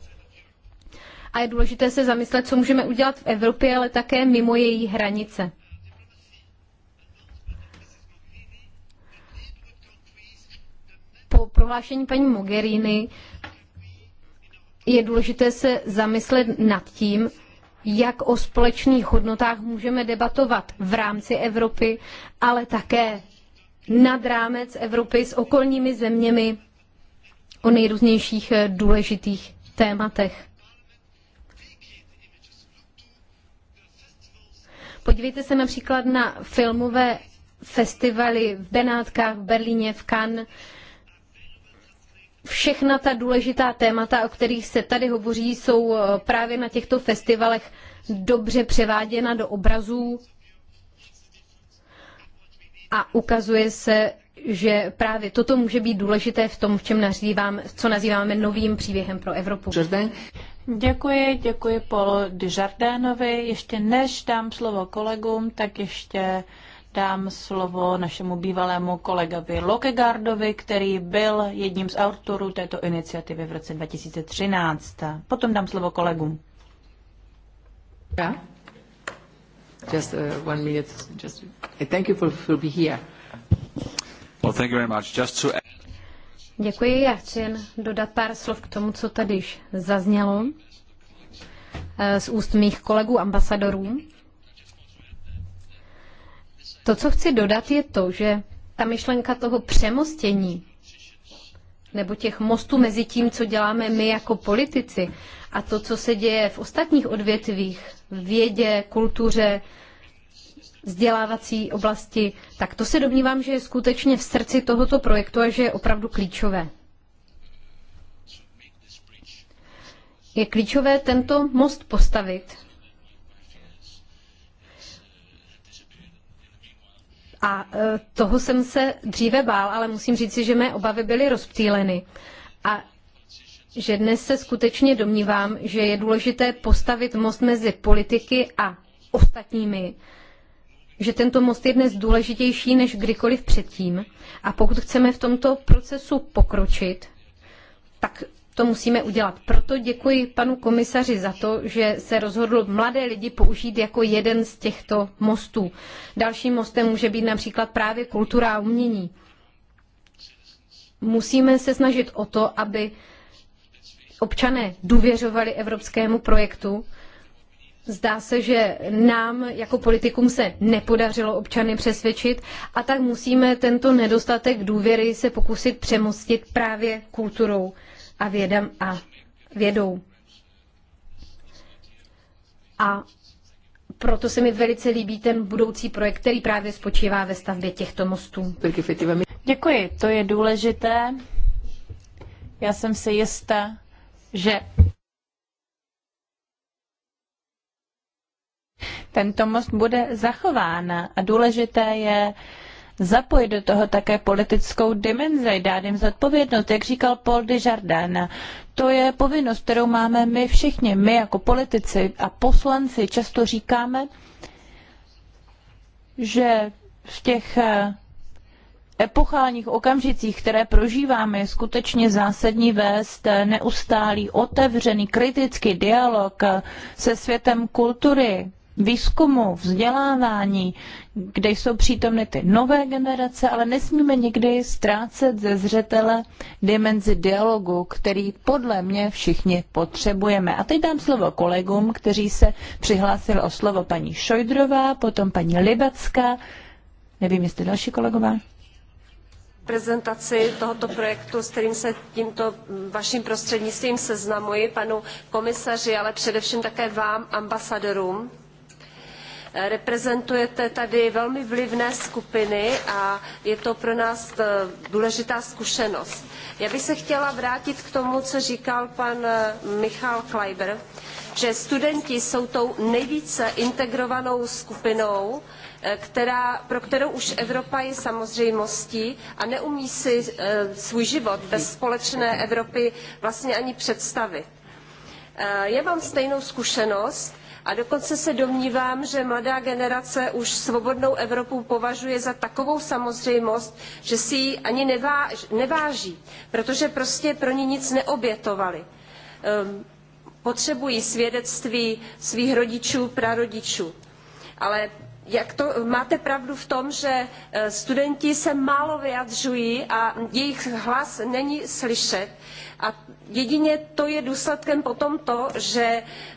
A je důležité se zamyslet, co můžeme udělat v Evropě, ale také mimo její hranice. prohlášení paní Mogherini je důležité se zamyslet nad tím, jak o společných hodnotách můžeme debatovat v rámci Evropy, ale také nad rámec Evropy s okolními zeměmi o nejrůznějších eh, důležitých tématech. Podívejte se například na filmové festivaly v Benátkách, v Berlíně, v Cannes, všechna ta důležitá témata, o kterých se tady hovoří, jsou eh, právě na těchto festivalech dobře převáděna do obrazů a ukazuje se, že právě toto může být důležité v tom, v čem co nazýváme novým příběhem pro Evropu. Děkuji, děkuji Polo Dujardinovi. Ještě než dám slovo kolegům, tak ještě dám slovo našemu bývalému kolegovi Lokegardovi, který byl jedním z autorů této iniciativy v roce 2013. Potom dám slovo kolegům. Yeah. Just uh, one minute. Just uh, thank you for, for being here. Well, thank you very much. Just to... Děkuji. Já chci jen dodat pár slov k tomu, co tady již zaznělo eh, z úst mých kolegů ambasadorů. To, co chci dodat, je to, že ta myšlenka toho přemostění nebo těch mostů mezi tím, co děláme my jako politici a to, co se děje v ostatních odvětvích, vědě, kultuře, vzdělávací oblasti, tak to se domnívám, že je skutečně v srdci tohoto projektu a že je opravdu klíčové. Je klíčové tento most postavit A e, toho jsem se dříve bál, ale musím říci, že mé obavy byly rozptýleny. A že dnes se skutečně domnívám, že je důležité postavit most mezi politiky a ostatními, že tento most je dnes důležitější než kdykoliv předtím. A pokud chceme v tomto procesu pokročit, tak to musíme udělat. Proto děkuji panu komisaři za to, že se rozhodl mladé lidi použít jako jeden z těchto mostů. Dalším mostem může být například právě kultura a umění. Musíme se snažit o to, aby občané důvěřovali evropskému projektu. Zdá se, že nám jako politikům se nepodařilo občany přesvědčit a tak musíme tento nedostatek důvěry se pokusit přemostit právě kulturou a vědem a vědou. A proto se mi velice líbí ten budoucí projekt, který právě spočívá ve stavbě těchto mostů. Děkuji, to je důležité. Já jsem si jistá, že tento most bude zachován a důležité je, zapojit do toho také politickou dimenzi, dát jim zodpovědnost, jak říkal Paul Desjardins. To je povinnost, kterou máme my všichni, my jako politici a poslanci často říkáme, že v těch eh, epochálních okamžicích, které prožíváme, je skutečně zásadní vést eh, neustálý, otevřený, kritický dialog eh, se světem kultury, výzkumu, vzdělávání, kde jsou přítomny ty nové generace, ale nesmíme nikdy ztrácet ze zřetele dimenzi dialogu, který podle mě všichni potřebujeme. A teď dám slovo kolegům, kteří se přihlásili o slovo paní Šojdrová, potom paní Libacká, nevím, jestli další kolegové prezentaci tohoto projektu, s kterým se tímto vaším prostřednictvím seznamuji, panu komisaři, ale především také vám, ambasadorům Reprezentujete tady velmi vlivné skupiny a je to pro nás eh, důležitá zkušenost. Já bych se chtěla vrátit k tomu, co říkal pan eh, Michal Kleiber, že studenti jsou tou nejvíce integrovanou skupinou, eh, která, pro kterou už Evropa je samozřejmostí a neumí si svůj život bez společné Evropy vlastně ani představit. Já mám stejnou zkušenost a dokonce se domnívám, že mladá generace už svobodnou Evropu považuje za takovou samozřejmost, že si ji ani neváž, neváží, protože prostě pro ní nic neobětovali. Ehm, potřebují svědectví svých rodičů, prarodičů. Ale jak to, máte pravdu v tom, že e, studenti se málo vyjadřují a jejich hlas není slyšet. A jedině to je důsledkem potom to, že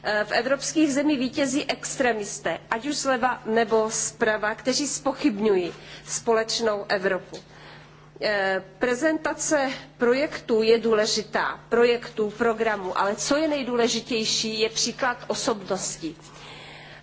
e, v evropských zemích vítězí extremisté, ať už zleva nebo zprava, kteří spochybňují společnou Evropu. E, prezentace projektů je důležitá, projektů, programů, ale co je nejdůležitější, je příklad osobností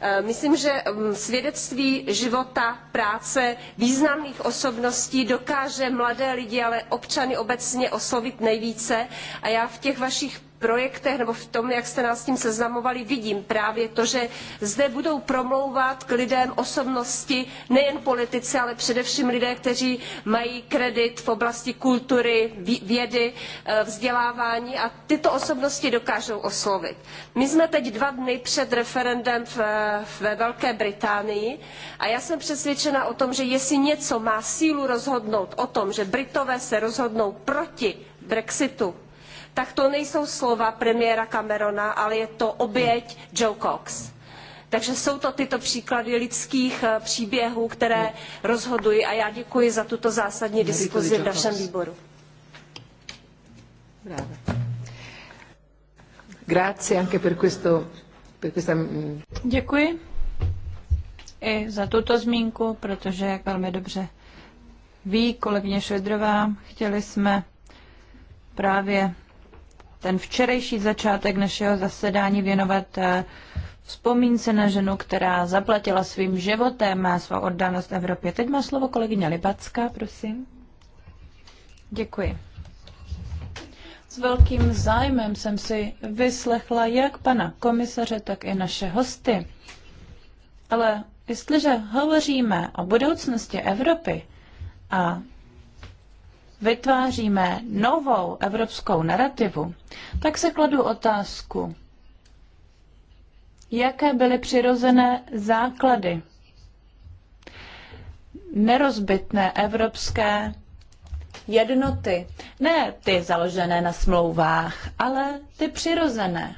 Eh, myslím, že mm, svědectví života, práce významných osobností dokáže mladé lidi, ale občany obecně oslovit nejvíce. A já v těch vašich projektech nebo v tom, jak jste nás s tím seznamovali, vidím právě to, že zde budou promlouvat k lidem osobnosti, nejen politici, ale především lidé, kteří mají kredit v oblasti kultury, vědy, eh, vzdělávání a tyto osobnosti dokážou oslovit. My jsme teď dva dny před referendem eh, ve Velké Británii a já jsem přesvědčena o tom, že jestli něco má sílu rozhodnout o tom, že Britové se rozhodnou proti Brexitu, tak to nejsou slova premiéra Camerona, ale je to oběť Joe Cox. Takže jsou to tyto příklady lidských eh, příběhů, které rozhodují a já děkuji za tuto zásadní diskuzi v našem výboru. Mm, děkuji i za tuto zmínku, protože, jak velmi dobře ví kolegyně Švedrová, chtěli jsme právě ten včerejší začátek našeho zasedání věnovat eh, vzpomínce na ženu, která zaplatila svým životem a svou oddanost Evropě. Teď má slovo kolegyně Libacká, prosím. Děkuji. S velkým zájmem jsem si vyslechla jak pana komisaře, tak i naše hosty. Ale jestliže hovoříme o budoucnosti Evropy a vytváříme novou evropskou narrativu, tak se kladu otázku, jaké byly přirozené základy nerozbitné evropské jednoty. Ne ty založené na smlouvách, ale ty přirozené.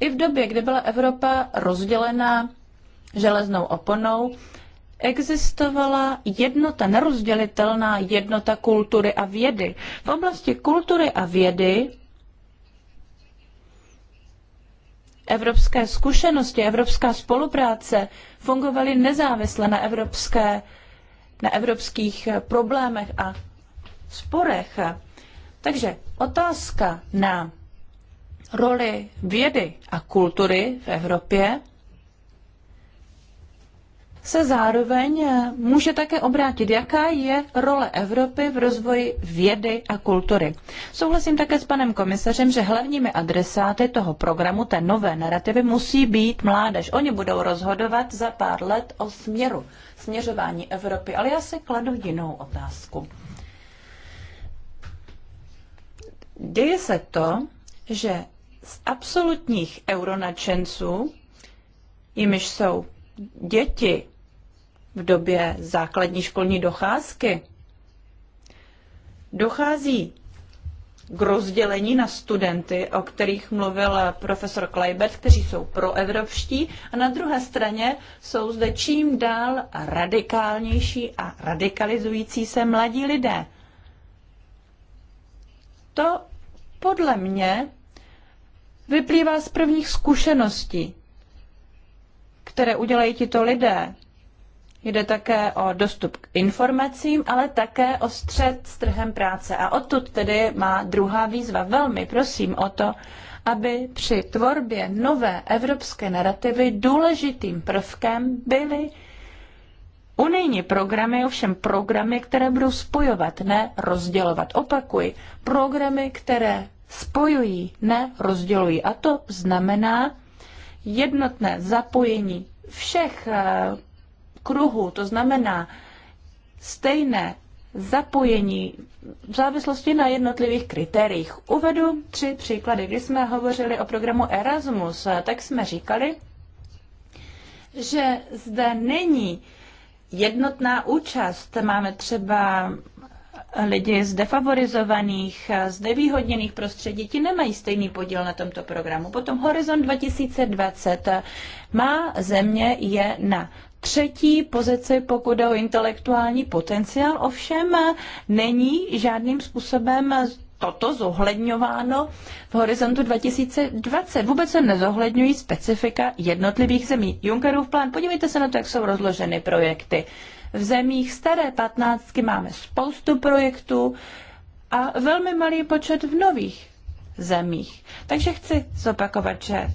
I v době, kdy byla Evropa rozdělena železnou oponou, existovala jednota, nerozdělitelná jednota kultury a vědy. V oblasti kultury a vědy evropské zkušenosti, evropská spolupráce fungovaly nezávisle na, evropské, na evropských problémech a sporech. Takže otázka na roli vědy a kultury v Evropě se zároveň eh, může také obrátit, jaká je role Evropy v rozvoji vědy a kultury. Souhlasím také s panem komisařem, že hlavními adresáty toho programu, té nové narrativy, musí být mládež. Oni budou rozhodovat za pár let o směru, směřování Evropy. Ale já si kladu jinou otázku. Děje se to, že z absolutních euronačenců, jimiž jsou děti v době základní školní docházky. Dochází k rozdělení na studenty, o kterých mluvil profesor Kleibert, kteří jsou proevropští, a na druhé straně jsou zde čím dál radikálnější a radikalizující se mladí lidé. To podle mě vyplývá z prvních zkušeností, které udělají tito lidé Jde také o dostup k informacím, ale také o střed s trhem práce. A odtud tedy má druhá výzva. Velmi prosím o to, aby při tvorbě nové evropské narrativy důležitým prvkem byly unijní programy, ovšem programy, které budou spojovat, ne rozdělovat. Opakuji, programy, které spojují, ne rozdělují. A to znamená jednotné zapojení všech eh, kruhu, to znamená stejné zapojení v závislosti na jednotlivých kritériích. Uvedu tři příklady. Když jsme hovořili o programu Erasmus, tak jsme říkali, že zde není jednotná účast. Máme třeba lidi z defavorizovaných, z nevýhodněných prostředí, ti nemají stejný podíl na tomto programu. Potom Horizon 2020 má země je na třetí pozici, pokud jde o intelektuální potenciál, ovšem není žádným způsobem toto zohledňováno v horizontu 2020. Vůbec se nezohledňují specifika jednotlivých zemí. Junckerův plán, podívejte se na to, jak jsou rozloženy projekty. V zemích staré patnáctky máme spoustu projektů a velmi malý počet v nových zemích. Takže chci zopakovat, že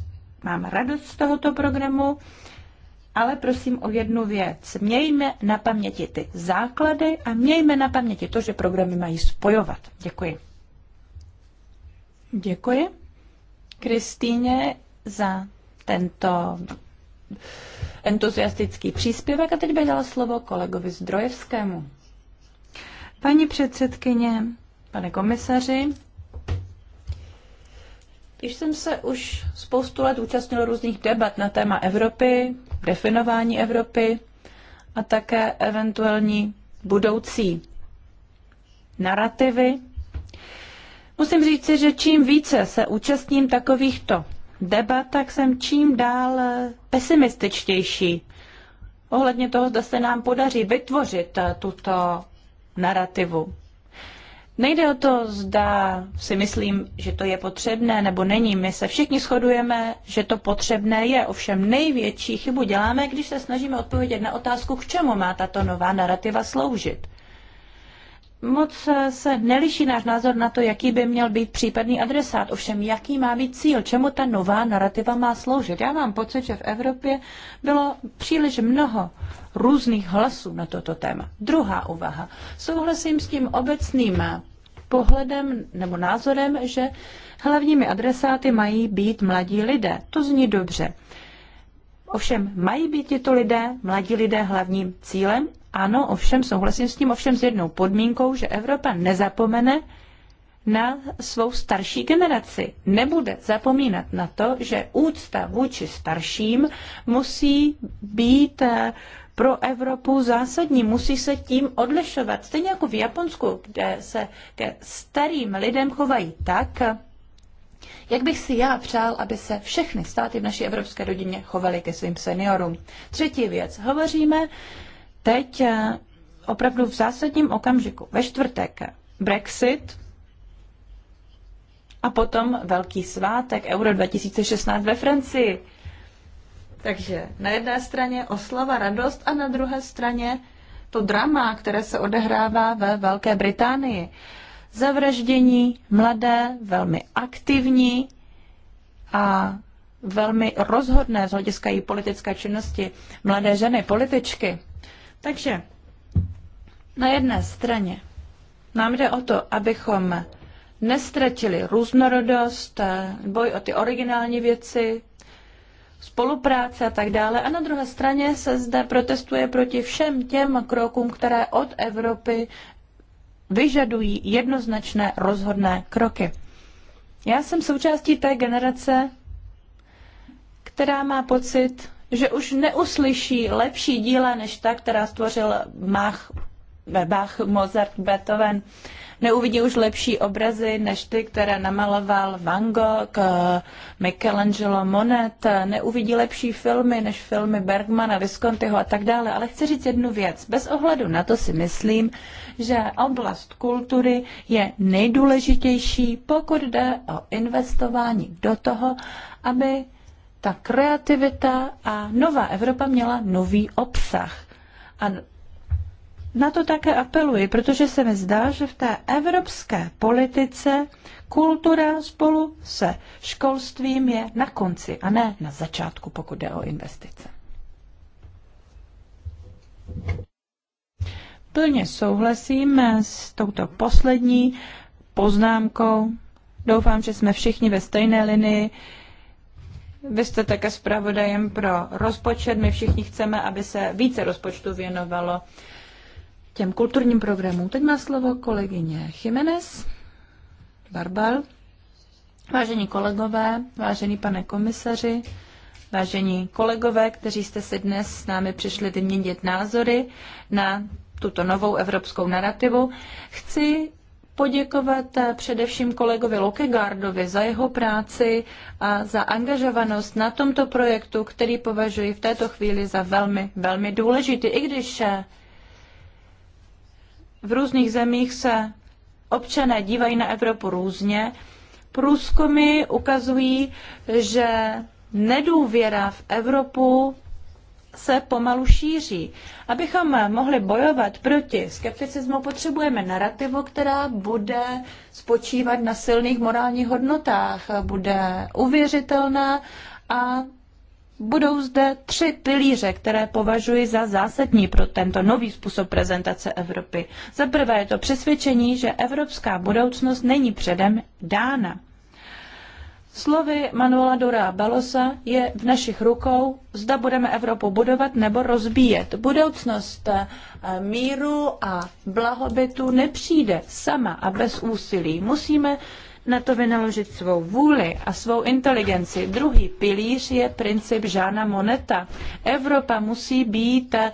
mám radost z tohoto programu ale prosím o jednu věc. Mějme na paměti ty základy a mějme na paměti to, že programy mají spojovat. Děkuji. Děkuji Kristýně za tento entuziastický příspěvek a teď bych dala slovo kolegovi Zdrojevskému. Paní předsedkyně, pane komisaři, když jsem se už spoustu let účastnil různých debat na téma Evropy, definování Evropy a také eventuální budoucí narrativy. Musím říci, že čím více se účastním takovýchto debat, tak jsem čím dál eh, pesimističtější ohledně toho, zda se nám podaří vytvořit eh, tuto narrativu. Nejde o to, zda si myslím, že to je potřebné nebo není. My se všichni shodujeme, že to potřebné je. Ovšem největší chybu děláme, když se snažíme odpovědět na otázku, k čemu má tato nová narrativa sloužit moc se neliší náš názor na to, jaký by měl být případný adresát, ovšem jaký má být cíl, čemu ta nová narrativa má sloužit. Já mám pocit, že v Evropě bylo příliš mnoho různých hlasů na toto téma. Druhá úvaha. Souhlasím s tím obecným pohledem nebo názorem, že hlavními adresáty mají být mladí lidé. To zní dobře. Ovšem, mají být tito lidé, mladí lidé, hlavním cílem, ano, ovšem souhlasím s tím, ovšem s jednou podmínkou, že Evropa nezapomene na svou starší generaci. Nebude zapomínat na to, že úcta vůči starším musí být eh, pro Evropu zásadní, musí se tím odlišovat. Stejně jako v Japonsku, kde se ke starým lidem chovají tak, jak bych si já přál, aby se všechny státy v naší evropské rodině chovaly ke svým seniorům. Třetí věc. Hovoříme teď eh, opravdu v zásadním okamžiku. Ve čtvrtek Brexit a potom velký svátek Euro 2016 ve Francii. Takže na jedné straně oslava, radost a na druhé straně to drama, které se odehrává ve Velké Británii. Zavraždění mladé, velmi aktivní a velmi rozhodné z hlediska její politické činnosti mladé ženy, političky. Takže na jedné straně nám jde o to, abychom nestratili různorodost, eh, boj o ty originální věci, spolupráce a tak dále. A na druhé straně se zde protestuje proti všem těm krokům, které od Evropy vyžadují jednoznačné rozhodné kroky. Já jsem součástí té generace, která má pocit, že už neuslyší lepší díla než ta, která stvořil Mach, Bach, Mozart, Beethoven. Neuvidí už lepší obrazy než ty, které namaloval Van Gogh, Michelangelo, Monet. Neuvidí lepší filmy než filmy Bergmana, Viscontiho a tak dále. Ale chci říct jednu věc. Bez ohledu na to si myslím, že oblast kultury je nejdůležitější, pokud jde o investování do toho, aby ta kreativita a nová Evropa měla nový obsah. A na to také apeluji, protože se mi zdá, že v té evropské politice kultura spolu se školstvím je na konci a ne na začátku, pokud jde o investice. Plně souhlasím s touto poslední poznámkou. Doufám, že jsme všichni ve stejné linii vy jste také zpravodajem pro rozpočet. My všichni chceme, aby se více rozpočtu věnovalo těm kulturním programům. Teď má slovo kolegyně Jiménez, Barbal. Vážení kolegové, vážený pane komisaři, vážení kolegové, kteří jste si dnes s námi přišli vyměnit názory na tuto novou evropskou narrativu, chci poděkovat především kolegovi Lokegardovi za jeho práci a za angažovanost na tomto projektu, který považuji v této chvíli za velmi, velmi důležitý. I když eh, v různých zemích se občané dívají na Evropu různě, průzkumy ukazují, že nedůvěra v Evropu se pomalu šíří. Abychom mohli bojovat proti skepticismu, potřebujeme narrativu, která bude spočívat na silných morálních hodnotách, bude uvěřitelná a budou zde tři pilíře, které považuji za zásadní pro tento nový způsob prezentace Evropy. Za prvé je to přesvědčení, že evropská budoucnost není předem dána. Slovy Manuela Dora Balosa je v našich rukou, zda budeme Evropu budovat nebo rozbíjet. Budoucnost eh, míru a blahobytu nepřijde sama a bez úsilí. Musíme na to vynaložit svou vůli a svou inteligenci. Druhý pilíř je princip Žána Moneta. Evropa musí být eh,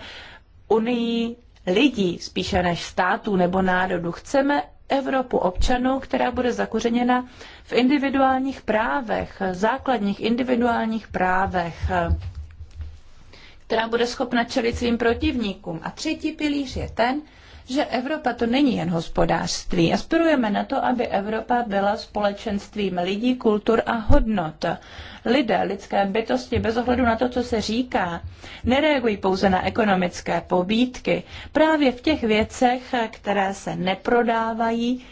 unii lidí spíše než států nebo národů. Chceme Evropu občanů, která bude zakořeněna v individuálních právech, základních individuálních právech, která bude schopna čelit svým protivníkům. A třetí pilíř je ten, že Evropa to není jen hospodářství. Aspirujeme na to, aby Evropa byla společenstvím lidí, kultur a hodnot. Lidé, lidské bytosti, bez ohledu na to, co se říká, nereagují pouze na ekonomické pobídky. Právě v těch věcech, které se neprodávají,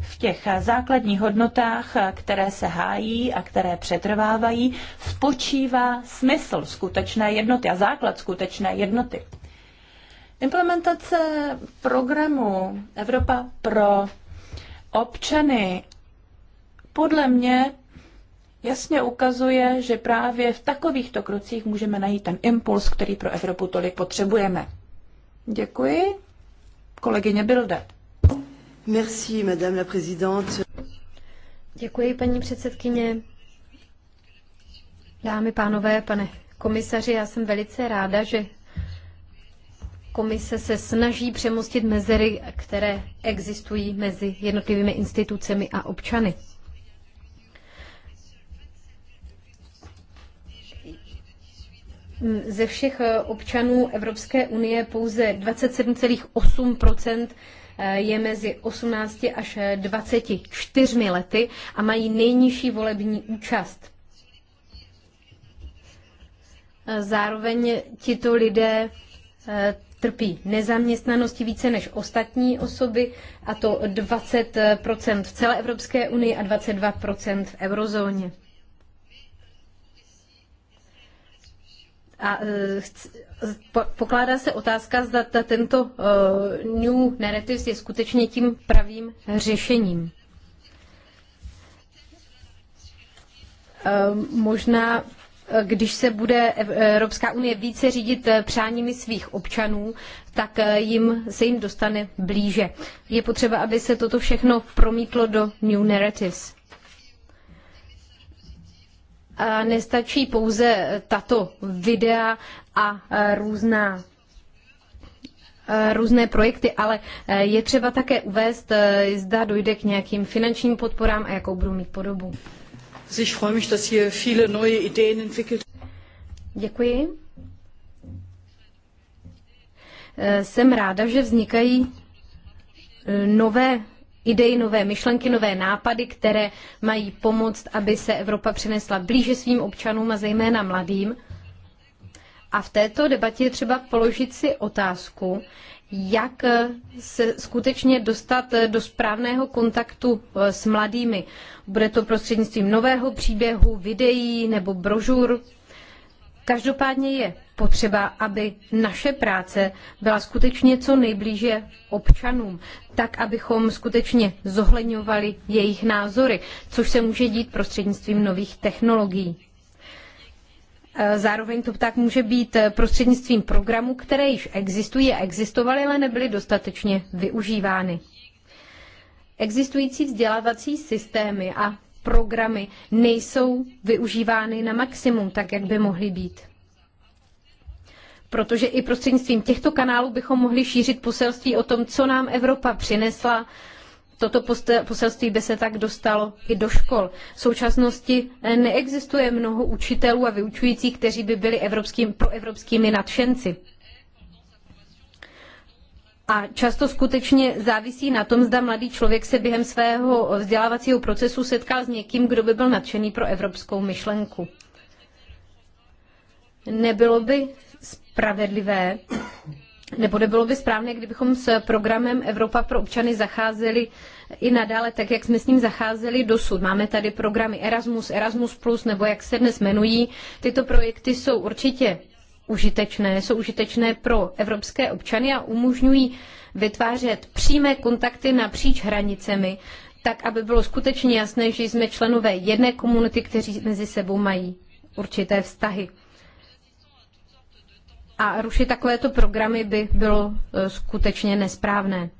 v těch základních hodnotách, které se hájí a které přetrvávají, spočívá smysl skutečné jednoty a základ skutečné jednoty. Implementace programu Evropa pro občany podle mě jasně ukazuje, že právě v takovýchto krocích můžeme najít ten impuls, který pro Evropu tolik potřebujeme. Děkuji. Kolegyně Bilde. Merci, madame la présidente. Děkuji, paní předsedkyně. Dámy, pánové, pane komisaři, já jsem velice ráda, že komise se snaží přemostit mezery, které existují mezi jednotlivými institucemi a občany. Ze všech eh, občanů Evropské unie pouze 27,8 eh, je mezi 18 až 24 lety a mají nejnižší volební účast. Eh, zároveň tito lidé trpí nezaměstnaností více než ostatní osoby, a to 20 v celé Evropské unii a 22 v eurozóně. A e, pokládá se otázka, zda tento e, New narrative je skutečně tím pravým řešením. E, možná když se bude Evropská unie více řídit eh, přáními svých občanů, tak eh, jim, se jim dostane blíže. Je potřeba, aby se toto všechno promítlo do New Narratives. A nestačí pouze eh, tato videa a různá různé projekty, ale je třeba také uvést, zda dojde k nějakým finančním podporám a jakou budou mít podobu. Ich freue mich, dass hier viele neue Ideen entwickelt. Děkuji. Eh, jsem ráda, že vznikají eh, nové idei, nové myšlenky, nové nápady, které mají pomoct, aby se Evropa přinesla blíže svým občanům a zejména mladým. A v této debatě je třeba položit si otázku, jak eh, se skutečně dostat eh, do správného kontaktu eh, s mladými. Bude to prostřednictvím nového příběhu, videí nebo brožur. Každopádně je potřeba, aby naše práce byla skutečně co nejblíže občanům, tak abychom skutečně zohledňovali jejich názory, což se může dít prostřednictvím nových technologií. Eh, zároveň to tak může být eh, prostřednictvím programů, které již existují a existovaly, ale nebyly dostatečně využívány. Existující vzdělávací systémy a programy nejsou využívány na maximum, tak jak by mohly být. Protože i prostřednictvím těchto kanálů bychom mohli šířit poselství o tom, co nám Evropa přinesla, Toto poselství by se tak dostalo i do škol. V současnosti eh, neexistuje mnoho učitelů a vyučujících, kteří by byli evropským, proevropskými nadšenci. A často skutečně závisí na tom, zda mladý člověk se během svého vzdělávacího procesu setkal s někým, kdo by byl nadšený pro evropskou myšlenku. Nebylo by spravedlivé, nebo nebylo by správné, kdybychom s programem Evropa pro občany zacházeli i nadále tak, jak jsme s ním zacházeli dosud. Máme tady programy Erasmus, Erasmus+, nebo jak se dnes jmenují. Tyto projekty jsou určitě užitečné, jsou užitečné pro evropské občany a umožňují vytvářet přímé kontakty napříč hranicemi, tak, aby bylo skutečně jasné, že jsme členové jedné komunity, kteří mezi sebou mají určité vztahy a rušit takovéto programy by bylo e, skutečně nesprávné.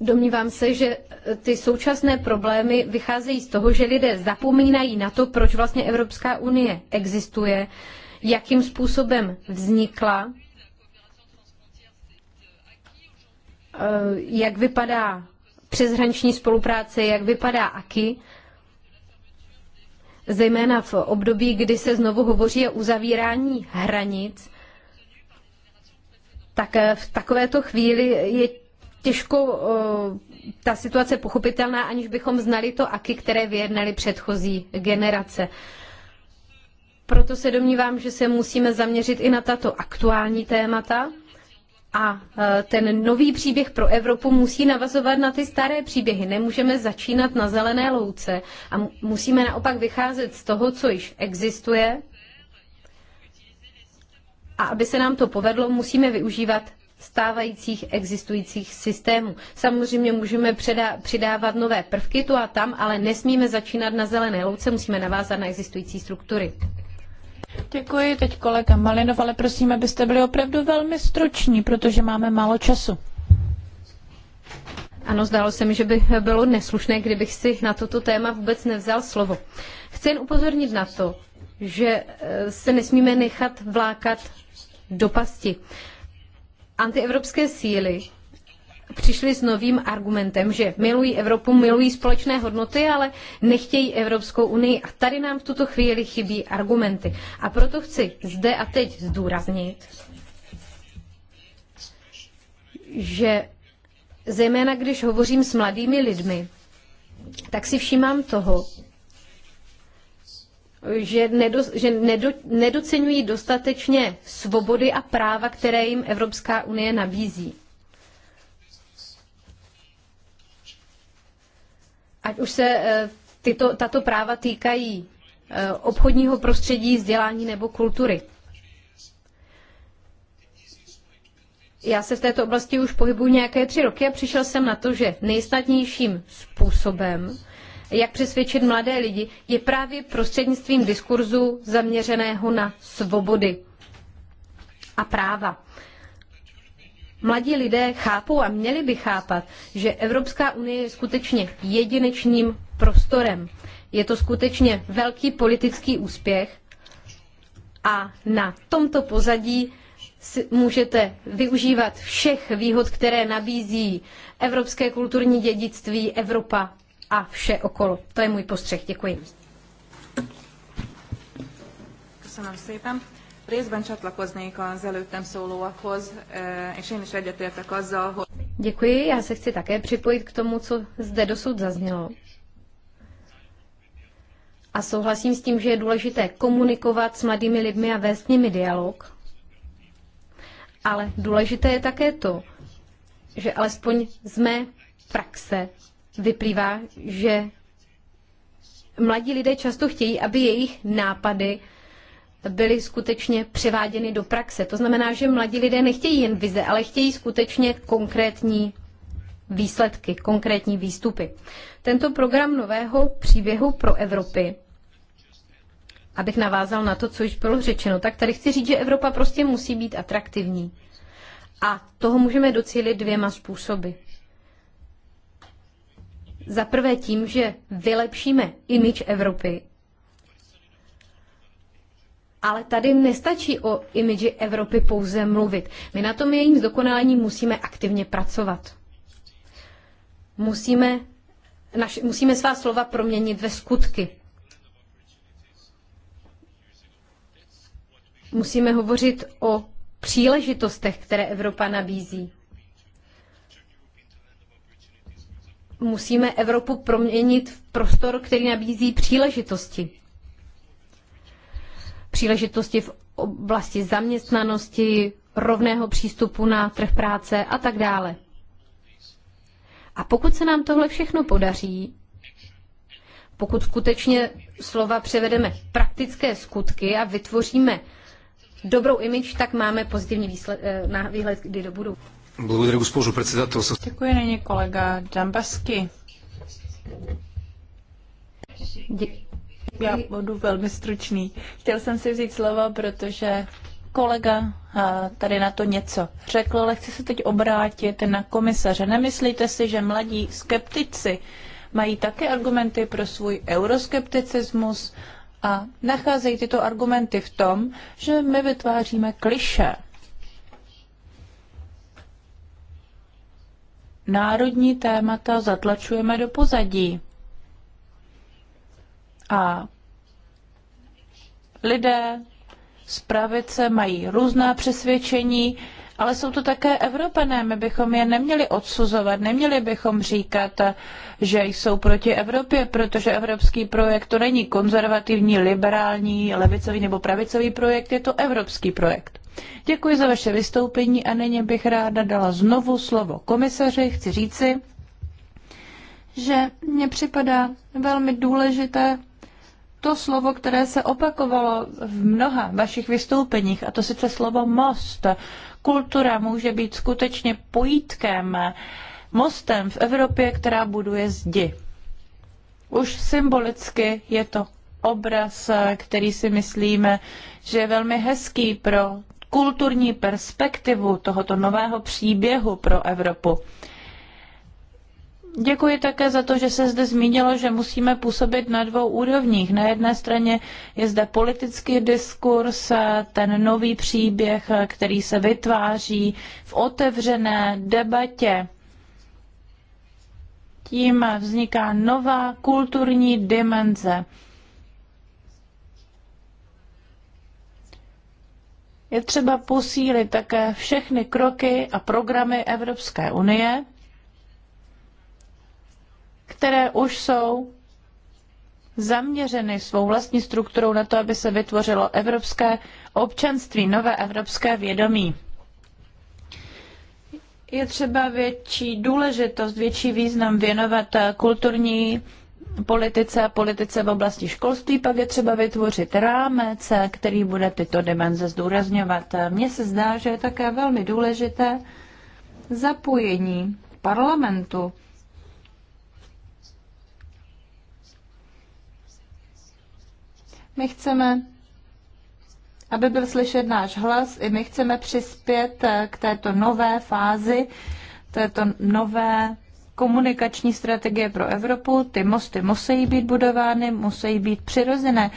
Domnívám se, že e, ty současné problémy vycházejí z toho, že lidé zapomínají na to, proč vlastně Evropská unie existuje, jakým způsobem vznikla, e, jak vypadá přeshraniční spolupráce, jak vypadá AKI zejména v období, kdy se znovu hovoří o uzavírání hranic, tak eh, v takovéto chvíli je těžko eh, ta situace pochopitelná, aniž bychom znali to aky, které vyjednali předchozí generace. Proto se domnívám, že se musíme zaměřit i na tato aktuální témata a e, ten nový příběh pro Evropu musí navazovat na ty staré příběhy. Nemůžeme začínat na zelené louce a musíme naopak vycházet z toho, co již existuje. A aby se nám to povedlo, musíme využívat stávajících existujících systémů. Samozřejmě můžeme přidávat nové prvky tu a tam, ale nesmíme začínat na zelené louce, musíme navázat na existující struktury. Děkuji, teď kolega Malinov, ale prosím, abyste byli opravdu velmi struční, protože máme málo času. Ano, zdálo se mi, že by bylo neslušné, kdybych si na toto téma vůbec nevzal slovo. Chci jen upozornit na to, že e, se nesmíme nechat vlákat do pasti. Antievropské síly přišli s novým argumentem, že milují Evropu, milují společné hodnoty, ale nechtějí Evropskou unii. A tady nám v tuto chvíli chybí argumenty. A proto chci zde a teď zdůraznit, že zejména když hovořím s mladými lidmi, tak si všímám toho, že, nedo, že nedo, nedocenují dostatečně svobody a práva, které jim Evropská unie nabízí. ať už se eh, tyto, tato práva týkají eh, obchodního prostředí, vzdělání nebo kultury. Já se v této oblasti už pohybuji nějaké tři roky a přišel jsem na to, že nejsnadnějším způsobem, jak přesvědčit mladé lidi, je právě prostřednictvím diskurzu zaměřeného na svobody a práva mladí lidé chápou a měli by chápat, že Evropská unie je skutečně jedinečným prostorem. Je to skutečně velký politický úspěch a na tomto pozadí můžete využívat všech výhod, které nabízí evropské kulturní dědictví, Evropa a vše okolo. To je můj postřeh. Děkuji. Köszönöm szépen. Részben csatlakoznék az előttem szólóakhoz, és én is egyetértek azzal, hogy... Děkuji, já se chci také připojit k tomu, co zde dosud zaznělo. A souhlasím s tím, že je důležité komunikovat s mladými lidmi a vést s nimi dialog. Ale důležité je také to, že alespoň z mé praxe vyplývá, že mladí lidé často chtějí, aby jejich nápady byly skutečně převáděny do praxe. To znamená, že mladí lidé nechtějí jen vize, ale chtějí skutečně konkrétní výsledky, konkrétní výstupy. Tento program nového příběhu pro Evropy, abych navázal na to, co již bylo řečeno, tak tady chci říct, že Evropa prostě musí být atraktivní. A toho můžeme docílit dvěma způsoby. Za prvé tím, že vylepšíme imič Evropy ale tady nestačí o imidži Evropy pouze mluvit. My na tom jejím zdokonalení musíme aktivně pracovat. Musíme, naš, musíme svá slova proměnit ve skutky. Musíme hovořit o příležitostech, které Evropa nabízí. Musíme Evropu proměnit v prostor, který nabízí příležitosti příležitosti v oblasti zaměstnanosti, rovného přístupu na trh práce a tak dále. A pokud se nám tohle všechno podaří, pokud skutečně slova převedeme v praktické skutky a vytvoříme dobrou image, tak máme pozitivní výsled, eh, na výhled, kdy do budou. Děkuji, není kolega Dambasky. Dě- já budu velmi stručný. Chtěl jsem si vzít slovo, protože kolega tady na to něco řekl, ale chci se teď obrátit na komisaře. Nemyslíte si, že mladí skeptici mají také argumenty pro svůj euroskepticismus a nacházejí tyto argumenty v tom, že my vytváříme kliše. Národní témata zatlačujeme do pozadí. A lidé z pravice mají různá přesvědčení, ale jsou to také Evropané. My bychom je neměli odsuzovat, neměli bychom říkat, že jsou proti Evropě, protože evropský projekt to není konzervativní, liberální, levicový nebo pravicový projekt, je to evropský projekt. Děkuji za vaše vystoupení a nyní bych ráda dala znovu slovo komisaři. Chci říci, že mně připadá velmi důležité to slovo, které se opakovalo v mnoha vašich vystoupeních, a to sice slovo most. Kultura může být skutečně pojítkem, mostem v Evropě, která buduje zdi. Už symbolicky je to obraz, který si myslíme, že je velmi hezký pro kulturní perspektivu tohoto nového příběhu pro Evropu. Děkuji také za to, že se zde zmínilo, že musíme působit na dvou úrovních. Na jedné straně je zde politický diskurs, ten nový příběh, který se vytváří v otevřené debatě. Tím vzniká nová kulturní dimenze. Je třeba posílit také všechny kroky a programy Evropské unie, které už jsou zaměřeny svou vlastní strukturou na to, aby se vytvořilo evropské občanství, nové evropské vědomí. Je třeba větší důležitost, větší význam věnovat kulturní politice a politice v oblasti školství, pak je třeba vytvořit rámec, který bude tyto dimenze zdůrazňovat. Mně se zdá, že je také velmi důležité zapojení parlamentu My chceme, aby byl slyšet náš hlas, i my chceme přispět eh, k této nové fázi, této nové komunikační strategie pro Evropu. Ty mosty musí být budovány, musí být přirozené.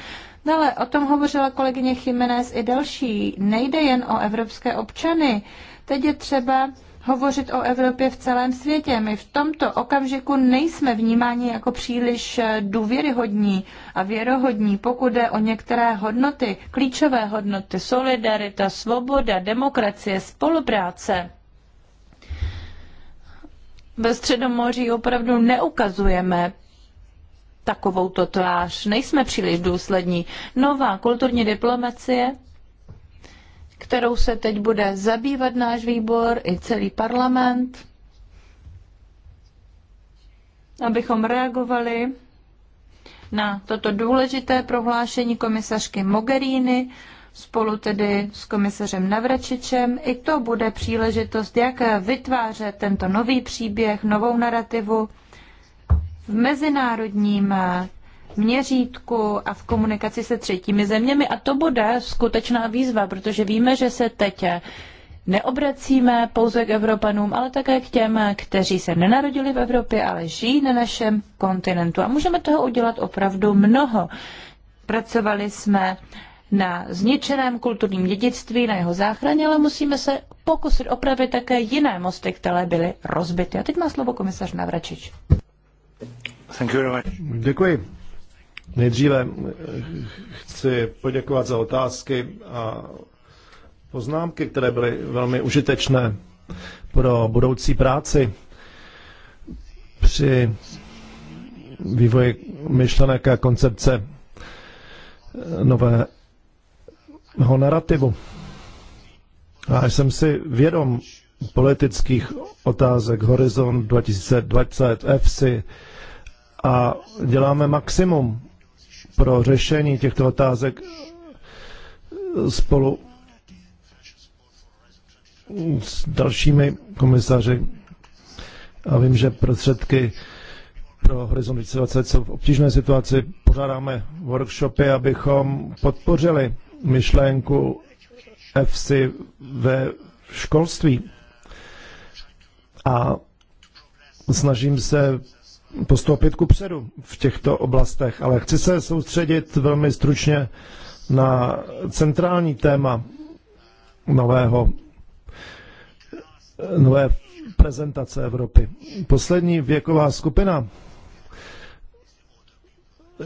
Dále o tom hovořila kolegyně Chimenez i další. Nejde jen o evropské občany. Teď je třeba hovořit o Evropě v celém světě. My v tomto okamžiku nejsme vnímáni jako příliš eh, důvěryhodní a věrohodní, pokud jde o některé hodnoty, klíčové hodnoty, solidarita, svoboda, demokracie, spolupráce. Ve Středomoří opravdu neukazujeme takovouto tvář. Nejsme příliš důslední. Nová kulturní diplomacie kterou se teď bude zabývat náš výbor i celý parlament, abychom reagovali na toto důležité prohlášení komisařky Mogherini, spolu tedy s komisařem Navračičem. I to bude příležitost, jak vytvářet tento nový příběh, novou narrativu v mezinárodním měřítku a v komunikaci se třetími zeměmi. A to bude skutečná výzva, protože víme, že se teď neobracíme pouze k Evropanům, ale také k těm, kteří se nenarodili v Evropě, ale žijí na našem kontinentu. A můžeme toho udělat opravdu mnoho. Pracovali jsme na zničeném kulturním dědictví, na jeho záchraně, ale musíme se pokusit opravit také jiné mosty, které byly rozbity. A teď má slovo komisař Navračič. Děkuji. Nejdříve eh, chci poděkovat za otázky a poznámky, které byly velmi užitečné pro budoucí práci při vývoji myšlenek a koncepce eh, nového narrativu. A jsem si vědom politických otázek Horizon 2020, FC a děláme maximum pro řešení těchto otázek spolu s dalšími komisaři. A vím, že prostředky pro Horizon 2020 jsou v obtížné situaci. Pořádáme workshopy, abychom podpořili myšlenku FC ve školství. A snažím se postoupit ku předu v těchto oblastech, ale chci se soustředit velmi stručně na centrální téma nového, nové prezentace Evropy. Poslední věková skupina,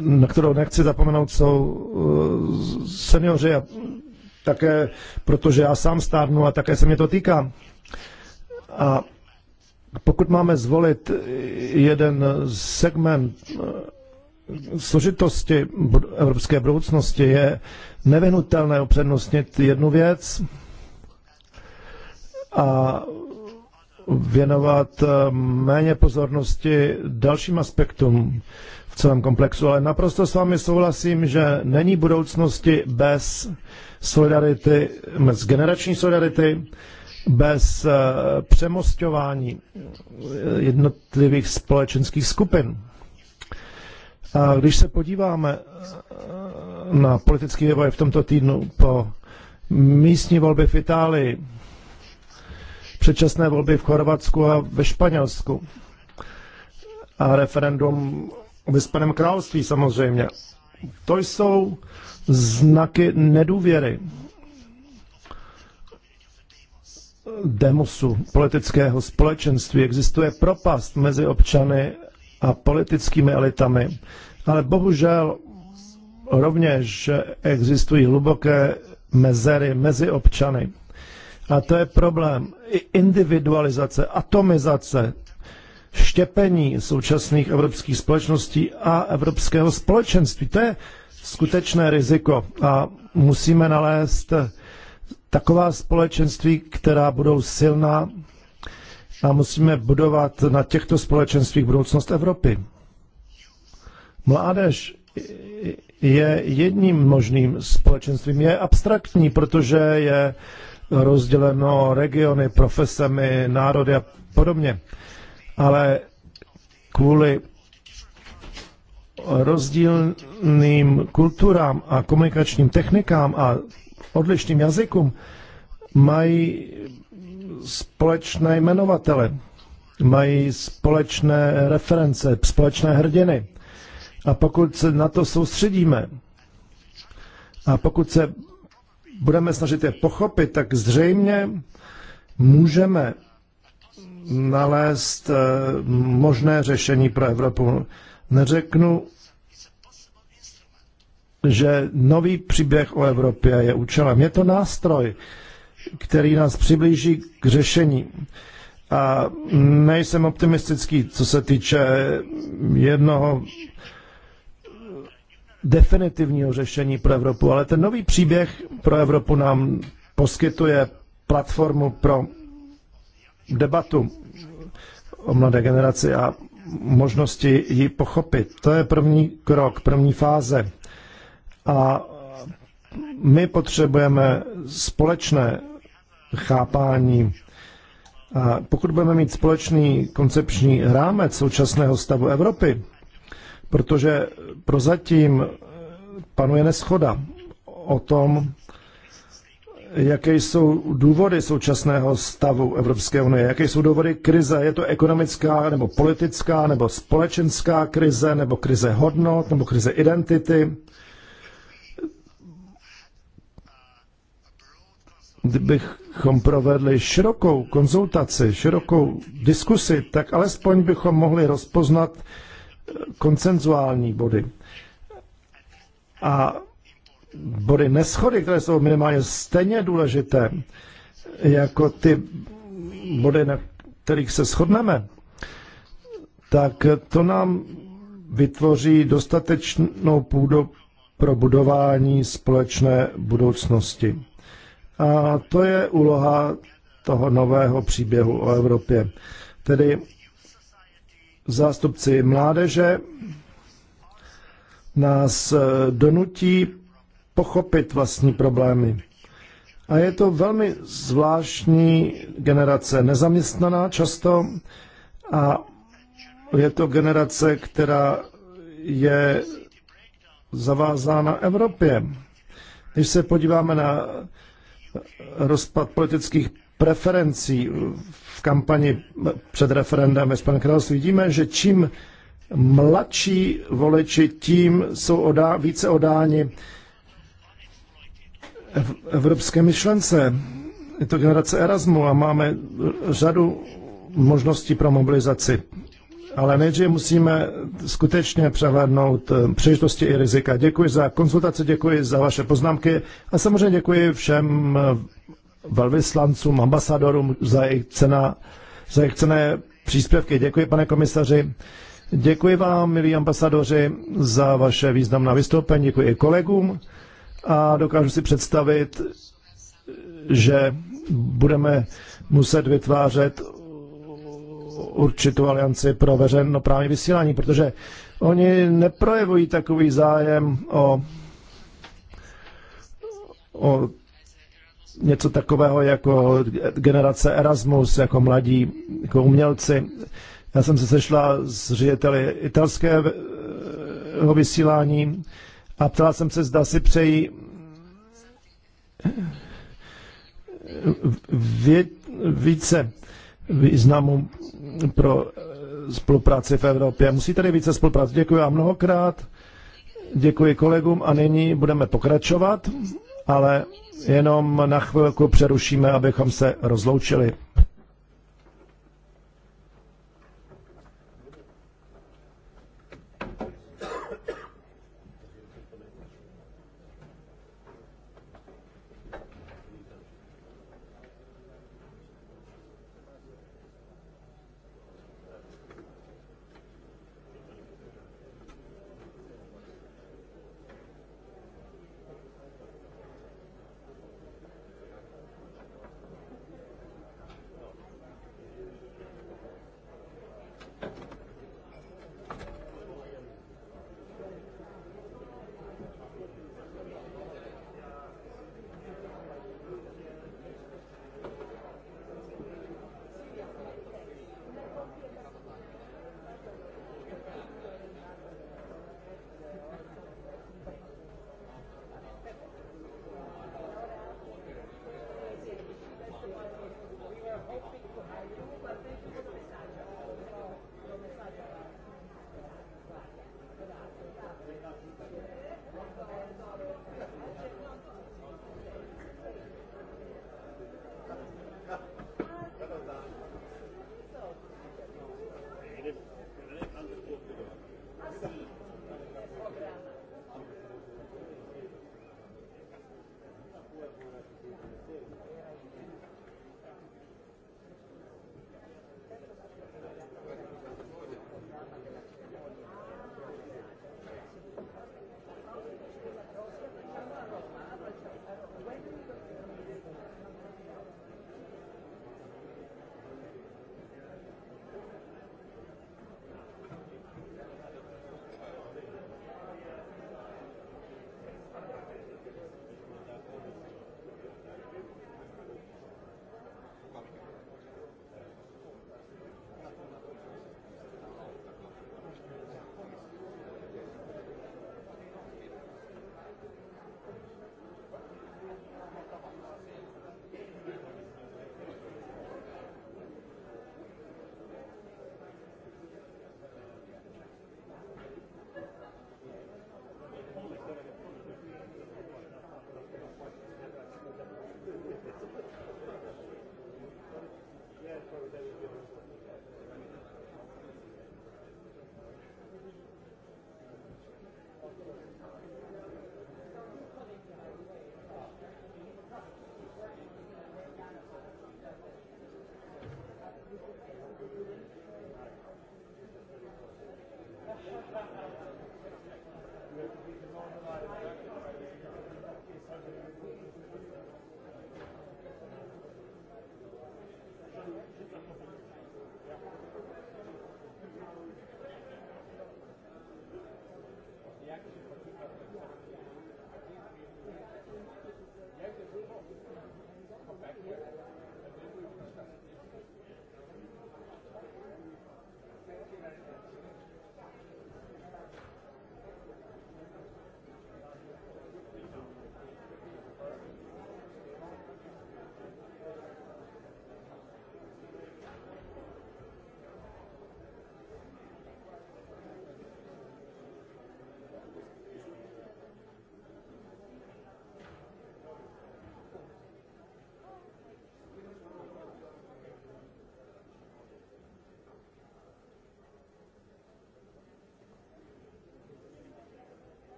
na kterou nechci zapomenout, jsou eh, seniori a také, protože já sám stárnu a také se mě to týká. A pokud máme zvolit jeden segment eh, složitosti evropské budoucnosti, je nevyhnutelné upřednostnit jednu věc a věnovat eh, méně pozornosti dalším aspektům v celém komplexu. Ale naprosto s vámi souhlasím, že není budoucnosti bez solidarity, bez generační solidarity bez eh, přemostování eh, jednotlivých společenských skupin. A když se podíváme eh, na politický vývoj v tomto týdnu po místní volby v Itálii, předčasné volby v Chorvatsku a ve Španělsku a referendum v Vyspaném království samozřejmě. To jsou znaky nedůvěry demosu politického společenství. Existuje propast mezi občany a politickými elitami. Ale bohužel rovněž existují hluboké mezery mezi občany. A to je problém i individualizace, atomizace, štěpení současných evropských společností a evropského společenství. To je skutečné riziko a musíme nalézt taková společenství, která budou silná a musíme budovat na těchto společenstvích budoucnost Evropy. Mládež je jedním možným společenstvím. Je abstraktní, protože je rozděleno regiony, profesemi, národy a podobně. Ale kvůli rozdílným kulturám a komunikačním technikám a odlišným jazykům, mají společné jmenovatele, mají společné reference, společné hrdiny. A pokud se na to soustředíme a pokud se budeme snažit je pochopit, tak zřejmě můžeme nalézt eh, možné řešení pro Evropu. Neřeknu, že nový příběh o Evropě je účelem. Je to nástroj, který nás přiblíží k řešení. A nejsem optimistický, co se týče jednoho definitivního řešení pro Evropu, ale ten nový příběh pro Evropu nám poskytuje platformu pro debatu o mladé generaci a možnosti ji pochopit. To je první krok, první fáze. A my potřebujeme společné chápání. A pokud budeme mít společný koncepční rámec současného stavu Evropy, protože prozatím panuje neschoda o tom, jaké jsou důvody současného stavu Evropské unie, jaké jsou důvody krize, je to ekonomická nebo politická nebo společenská krize nebo krize hodnot nebo krize identity kdybychom provedli širokou konzultaci, širokou diskusi, tak alespoň bychom mohli rozpoznat eh, koncenzuální body. A body neschody, které jsou minimálně stejně důležité, jako ty body, na kterých se shodneme, tak to nám vytvoří dostatečnou půdu pro budování společné budoucnosti. A to je úloha toho nového příběhu o Evropě. Tedy zástupci mládeže nás eh, donutí pochopit vlastní problémy. A je to velmi zvláštní generace, nezaměstnaná často a je to generace, která je zavázána Evropě. Když se podíváme na rozpad politických preferencí v kampani před referendem ve Spojeném království. Vidíme, že čím mladší voliči, tím jsou odá, více odáni evropské myšlence. Je to generace Erasmu a máme řadu možností pro mobilizaci ale nejdřív musíme skutečně přehlédnout eh, příležitosti i rizika. Děkuji za konzultaci, děkuji za vaše poznámky a samozřejmě děkuji všem eh, velvyslancům, ambasadorům za jejich, cena, za jejich cené příspěvky. Děkuji, pane komisaři. Děkuji vám, milí ambasadoři, za vaše významná vystoupení. Děkuji i kolegům a dokážu si představit, že budeme muset vytvářet určitou alianci pro veřejnoprávní vysílání, protože oni neprojevují takový zájem o, o něco takového jako generace Erasmus, jako mladí, jako umělci. Já jsem se sešla s řediteli italského vysílání a ptala jsem se, zda si přejí vě, více významu pro eh, spolupráci v Evropě. Musí tady více spolupráce. Děkuji vám mnohokrát, děkuji kolegům a nyní budeme pokračovat, ale jenom na chvilku přerušíme, abychom se rozloučili.